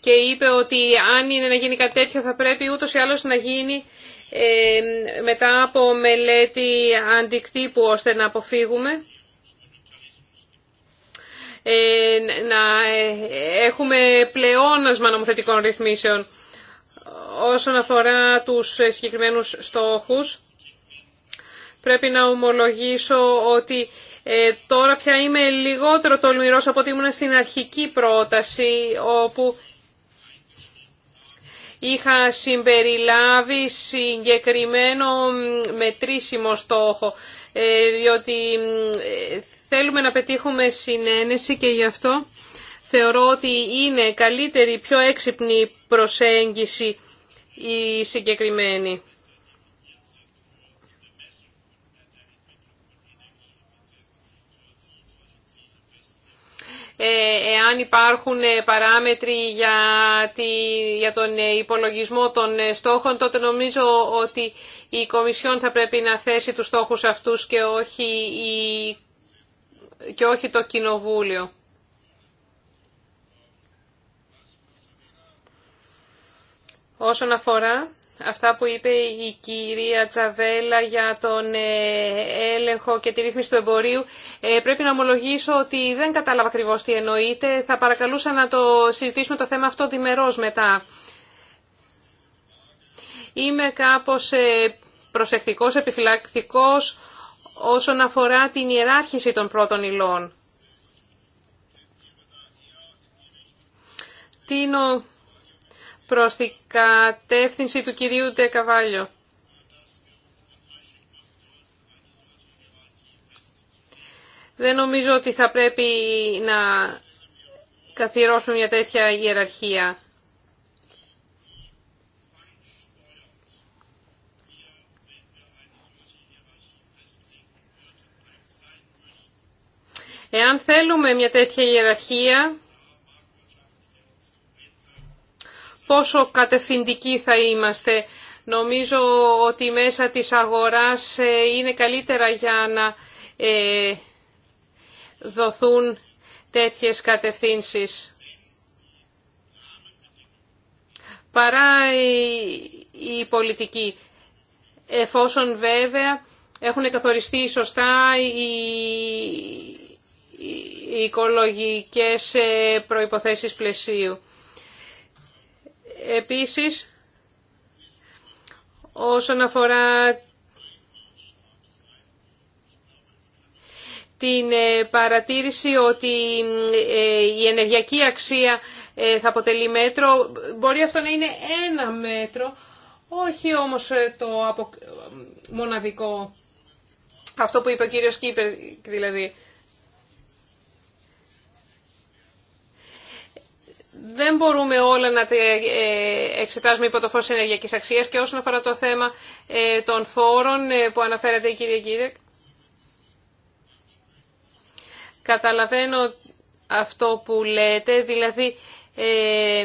Και είπε ότι αν είναι να γίνει κάτι τέτοιο θα πρέπει ούτως ή άλλως να γίνει μετά από μελέτη αντικτύπου ώστε να αποφύγουμε ε, να ε, έχουμε πλεόνασμα νομοθετικών ρυθμίσεων όσον αφορά τους συγκεκριμένους στόχους. Πρέπει να ομολογήσω ότι ε, τώρα πια είμαι λιγότερο τολμηρός από ότι ήμουν στην αρχική πρόταση όπου είχα συμπεριλάβει συγκεκριμένο μετρήσιμο στόχο διότι Θέλουμε να πετύχουμε συνένεση και γι' αυτό θεωρώ ότι είναι καλύτερη, πιο έξυπνη προσέγγιση η συγκεκριμένη. Ε, εάν υπάρχουν παράμετροι για, τη, για τον υπολογισμό των στόχων, τότε νομίζω ότι η Κομισιόν θα πρέπει να θέσει τους στόχους αυτούς και όχι η και όχι το κοινοβούλιο. Όσον αφορά αυτά που είπε η κυρία Τζαβέλα για τον ε, έλεγχο και τη ρύθμιση του εμπορίου, ε, πρέπει να ομολογήσω ότι δεν κατάλαβα ακριβώ τι εννοείται. Θα παρακαλούσα να το συζητήσουμε το θέμα αυτό διμερώς μετά. Είμαι κάπως ε, προσεκτικός, επιφυλακτικός όσον αφορά την ιεράρχηση των πρώτων υλών. Τίνω προς την κατεύθυνση του κυρίου Τεκαβάλιο. Δεν νομίζω ότι θα πρέπει να καθιερώσουμε μια τέτοια ιεραρχία. Εάν θέλουμε μια τέτοια ιεραρχία, πόσο κατευθυντικοί θα είμαστε. Νομίζω ότι μέσα της αγοράς ε, είναι καλύτερα για να ε, δοθούν τέτοιες κατευθύνσεις. Παρά η πολιτική. Εφόσον βέβαια έχουν καθοριστεί σωστά οι οικολογικές ε, προϋποθέσεις πλαισίου. Επίσης, όσον αφορά την ε, παρατήρηση ότι ε, η ενεργειακή αξία θα αποτελεί μέτρο, μπορεί αυτό να είναι ένα μέτρο, όχι όμως το μοναδικό. Αυτό που είπε ο κύριος Κίπερ, δηλαδή. δεν μπορούμε όλα να τα ε, ε, εξετάζουμε υπό το φως ενεργειακής αξίας και όσον αφορά το θέμα ε, των φόρων που αναφέρατε η κυρία Κύριε. Καταλαβαίνω αυτό που λέτε, δηλαδή ε,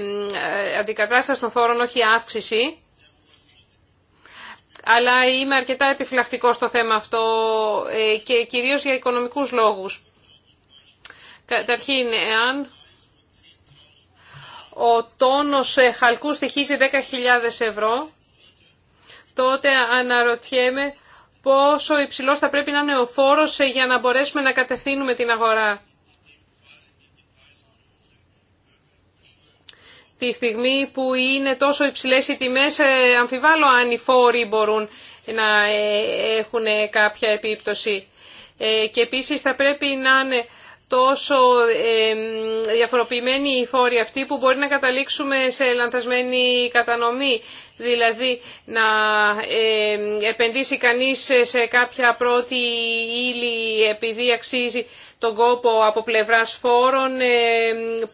αντικατάσταση των φόρων, όχι αύξηση. Αλλά είμαι αρκετά επιφυλακτικό στο θέμα αυτό και κυρίως για οικονομικούς λόγους. Καταρχήν, εάν ο τόνος ε, χαλκού στοιχίζει 10.000 ευρώ, τότε αναρωτιέμαι πόσο υψηλός θα πρέπει να είναι ο φόρος ε, για να μπορέσουμε να κατευθύνουμε την αγορά. Τη στιγμή που είναι τόσο υψηλές οι τιμές, ε, αμφιβάλλω αν οι φόροι μπορούν να έχουν κάποια επίπτωση. Και επίσης θα πρέπει να είναι τόσο διαφοροποιημένοι οι φόροι αυτοί που μπορεί να καταλήξουμε σε λανθασμένη κατανομή. Δηλαδή να επενδύσει κανείς σε κάποια πρώτη ύλη επειδή αξίζει τον κόπο από πλευράς φόρων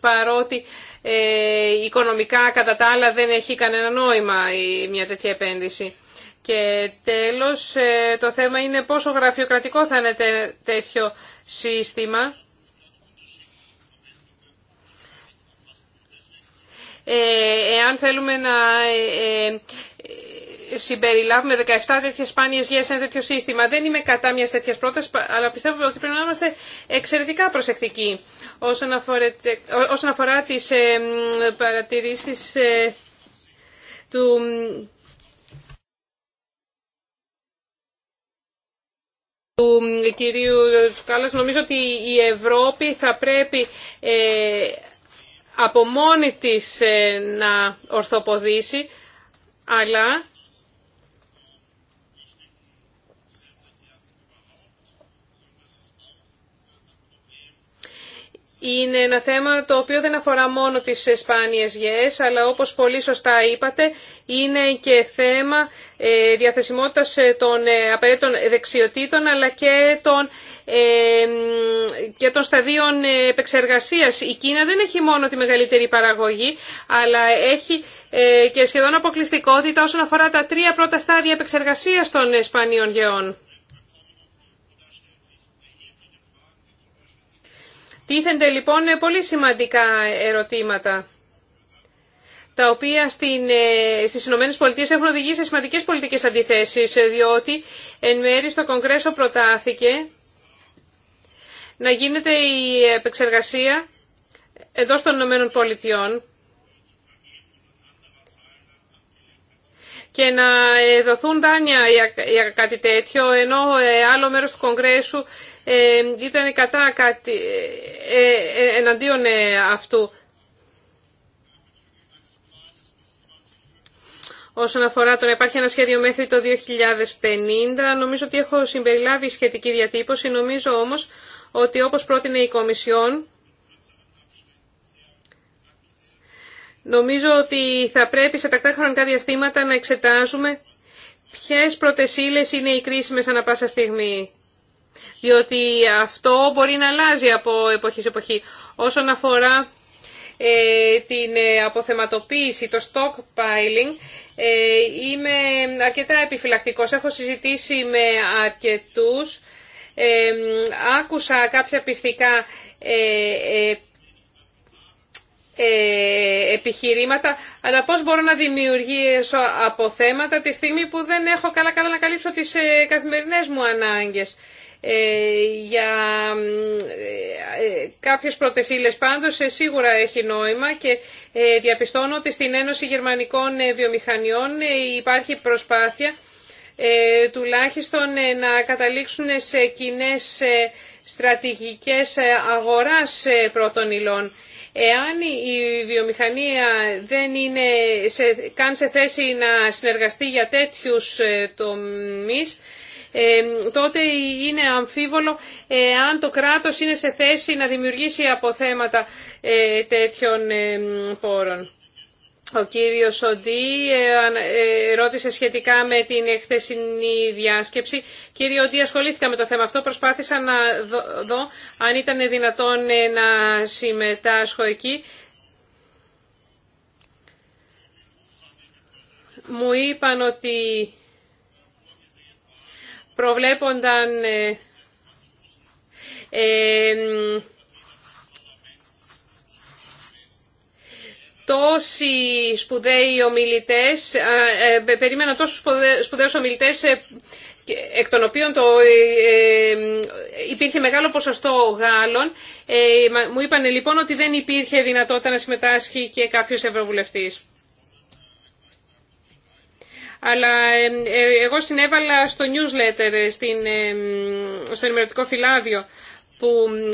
παρότι ε, οικονομικά κατά τα άλλα δεν έχει κανένα νόημα μια τέτοια επένδυση. Και τέλος ε, το θέμα είναι πόσο γραφειοκρατικό θα είναι τέτοιο σύστημα Ε, εάν θέλουμε να ε, ε, συμπεριλάβουμε 17 τέτοιε σπάνιε για σε ένα τέτοιο σύστημα. Δεν είμαι κατά μια τέτοια πρόταση, αλλά πιστεύω ότι πρέπει να είμαστε εξαιρετικά προσεκτικοί όσον, αφορετε, όσον αφορά τι παρατηρήσει του. του κυρίου Σκάλας, νομίζω ότι η Ευρώπη θα πρέπει ε, από μόνη της ε, να ορθοποδήσει, αλλά Είναι ένα θέμα το οποίο δεν αφορά μόνο τις σπάνιες γεές, αλλά όπως πολύ σωστά είπατε, είναι και θέμα ε, διαθεσιμότητας ε, των απαραίτητων δεξιοτήτων, αλλά και των και των σταδίων επεξεργασίας. Η Κίνα δεν έχει μόνο τη μεγαλύτερη παραγωγή, αλλά έχει ε, και σχεδόν αποκλειστικότητα όσον αφορά τα τρία πρώτα στάδια επεξεργασίας των σπανίων γεών. Τίθενται λοιπόν πολύ σημαντικά ερωτήματα τα οποία στην, ε, στις Ηνωμένες Πολιτείες έχουν οδηγήσει σε σημαντικές πολιτικές αντιθέσεις, διότι εν μέρη στο Κογκρέσο προτάθηκε να γίνεται η επεξεργασία εντό των Ηνωμένων Πολιτειών και να ε, δοθούν δάνεια για κάτι τέτοιο, ενώ ε, άλλο μέρος του Κογκρέσου ε, ήταν κατά κάτι, εναντίον αυτού. Όσον αφορά το να υπάρχει ένα σχέδιο μέχρι το 2050, νομίζω ότι έχω συμπεριλάβει σχετική διατύπωση. Νομίζω όμως ότι όπως πρότεινε η Κομισιόν, νομίζω ότι θα πρέπει σε τακτά χρονικά διαστήματα να εξετάζουμε ποιες πρωτεσίλες είναι οι κρίσιμες ανα πάσα στιγμή. Διότι αυτό μπορεί να αλλάζει από εποχή σε εποχή. Όσον αφορά ε, την ε, αποθεματοποίηση, το stockpiling, ε, είμαι αρκετά επιφυλακτικός. Έχω συζητήσει με αρκετούς άκουσα κάποια πιστικά ε, ε, ε, επιχειρήματα, αλλά πώς μπορώ να δημιουργήσω αποθέματα τη στιγμή που δεν έχω καλά-καλά να καλύψω τις καθημερινές μου ανάγκες. Για κάποιες πρώτες πάντως σίγουρα έχει νόημα και διαπιστώνω ότι στην Ένωση Γερμανικών Βιομηχανιών υπάρχει προσπάθεια ε, τουλάχιστον ε, να καταλήξουν σε κοινέ ε, στρατηγικές αγοράς πρώτων υλών. Εάν η βιομηχανία δεν είναι καν σε θέση να συνεργαστεί για τέτοιους τομείς, τότε είναι αμφίβολο αν το κράτος είναι σε θέση να δημιουργήσει αποθέματα τέτοιων πόρων. Ο κύριος Οντί ε, ε, ρώτησε σχετικά με την εχθεσινή διάσκεψη. Κύριε Οντί, ασχολήθηκα με το θέμα αυτό. Προσπάθησα να δω αν ήταν δυνατόν ε, να συμμετάσχω εκεί. Μου είπαν ότι προβλέπονταν... τόσοι σπουδαίοι ομιλητές, ε, περίμενα τόσους σπουδαίους ομιλητές ε, εκ των οποίων το, ε, ε, υπήρχε μεγάλο ποσοστό Γάλλων. Ε, μου είπαν λοιπόν ότι δεν υπήρχε δυνατότητα να συμμετάσχει και κάποιος ευρωβουλευτής. Αλλά εγώ συνέβαλα στο newsletter, στην, στο ενημερωτικό φυλάδιο που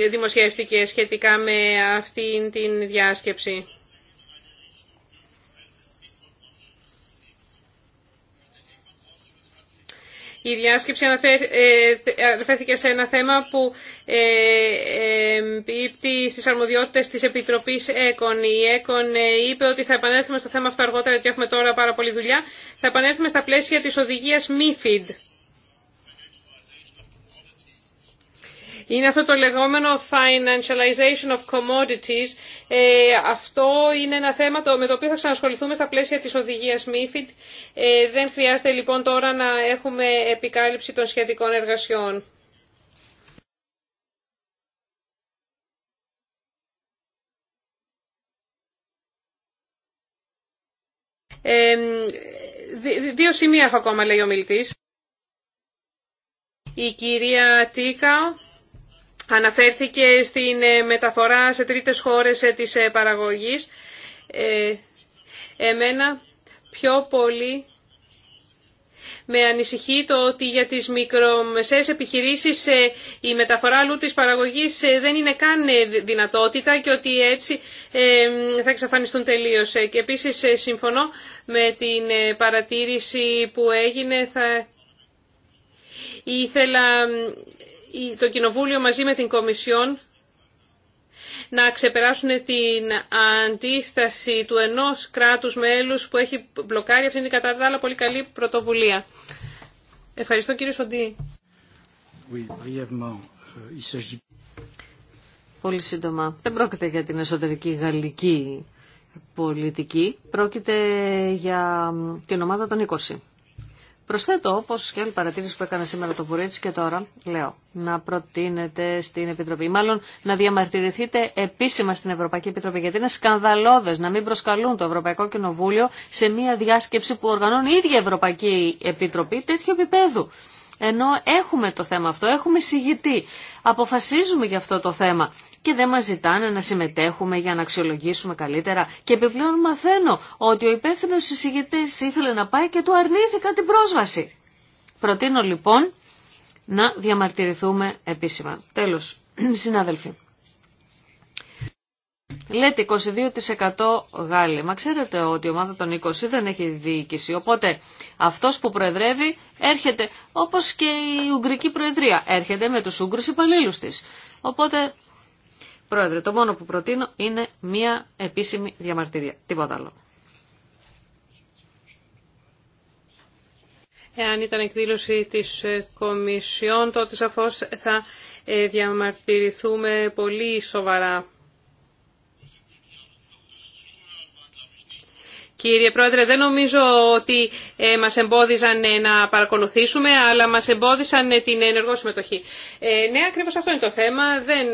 δημοσιεύτηκε σχετικά με αυτήν την διάσκεψη. Η διάσκεψη ε, αναφέρθηκε σε ένα θέμα που ε, πίπτει στις αρμοδιότητες της Επιτροπής ΕΚΟΝ. Η ΕΚΟΝ ε, είπε ότι θα επανέλθουμε στο θέμα αυτό αργότερα, γιατί έχουμε τώρα πάρα πολλή δουλειά. Θα επανέλθουμε στα πλαίσια της οδηγίας MIFID. Είναι αυτό το λεγόμενο financialization of commodities. Ε, αυτό είναι ένα θέμα το, με το οποίο θα ξανασχοληθούμε στα πλαίσια της οδηγίας MIFID. Ε, δεν χρειάζεται λοιπόν τώρα να έχουμε επικάλυψη των σχετικών εργασιών. Ε, δύο σημεία έχω ακόμα, λέει ο μιλητής. Η κυρία Τίκα Αναφέρθηκε στην ε, μεταφορά σε τρίτες χώρες ε, της ε, παραγωγής. Εμένα πιο πολύ με ανησυχεί το ότι για τις μικρομεσαίες επιχειρήσεις η μεταφορά αλλού της παραγωγής δεν είναι καν δυνατότητα και ότι έτσι θα εξαφανιστούν τελείως. Και επίσης συμφωνώ με την παρατήρηση που έγινε. Θα ήθελα το Κοινοβούλιο μαζί με την Κομισιόν να ξεπεράσουν την αντίσταση του ενός κράτους μέλους που έχει μπλοκάρει αυτήν την κατά άλλα πολύ καλή πρωτοβουλία. Ευχαριστώ κύριε Σοντή. Euh, πολύ σύντομα. Δεν πρόκειται για την εσωτερική γαλλική πολιτική. Πρόκειται για την ομάδα των 20. Προσθέτω, όπω και όλη παρατήρηση που έκανα σήμερα το πρωί και τώρα, λέω, να προτείνετε στην Επιτροπή, μάλλον να διαμαρτυρηθείτε επίσημα στην Ευρωπαϊκή Επιτροπή, γιατί είναι σκανδαλώδε να μην προσκαλούν το Ευρωπαϊκό Κοινοβούλιο σε μια διάσκεψη που οργανώνει η ίδια Ευρωπαϊκή Επιτροπή τέτοιου επίπεδου. Ενώ έχουμε το θέμα αυτό, έχουμε συγητή, αποφασίζουμε για αυτό το θέμα και δεν μας ζητάνε να συμμετέχουμε για να αξιολογήσουμε καλύτερα. Και επιπλέον μαθαίνω ότι ο υπεύθυνο εισηγητής ήθελε να πάει και του αρνήθηκα την πρόσβαση. Προτείνω λοιπόν να διαμαρτυρηθούμε επίσημα. Τέλος, συνάδελφοι. Λέτε 22% Γάλλοι. Μα ξέρετε ότι η ομάδα των 20 δεν έχει διοίκηση. Οπότε αυτός που προεδρεύει έρχεται, όπως και η Ουγγρική Προεδρία, έρχεται με τους Ούγγρους υπαλλήλους της. Οπότε Πρόεδρε, το μόνο που προτείνω είναι μία επίσημη διαμαρτυρία. Τίποτα άλλο. Εάν ήταν εκδήλωση της ε, Κομισιόν, τότε σαφώς θα ε, διαμαρτυρηθούμε πολύ σοβαρά. Κύριε Πρόεδρε, δεν νομίζω ότι ε, μας εμπόδιζαν να παρακολουθήσουμε, αλλά μας εμπόδισαν την ενεργό συμμετοχή. Ναι, ακριβώς αυτό είναι το θέμα. Δεν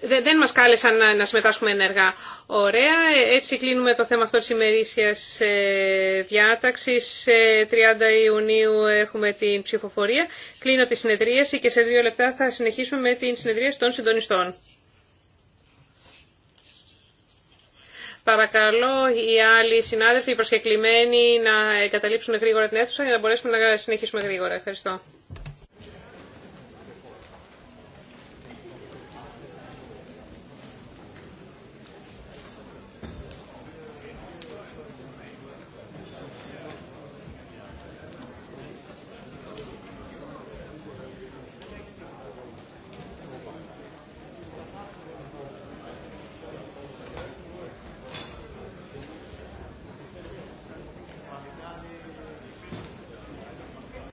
δεν μας κάλεσαν να συμμετάσχουμε ενεργά. Ωραία, ε, έτσι κλείνουμε το θέμα αυτό της ημερήσιας ε, διάταξης. 30 Ιουνίου έχουμε την ψηφοφορία. Κλείνω τη συνεδρίαση και σε δύο λεπτά θα συνεχίσουμε με την συνεδρίαση των συντονιστών. Παρακαλώ οι άλλοι συνάδελφοι, οι προσκεκλημένοι, να εγκαταλείψουν γρήγορα την αίθουσα για να μπορέσουμε να συνεχίσουμε γρήγορα. Ευχαριστώ.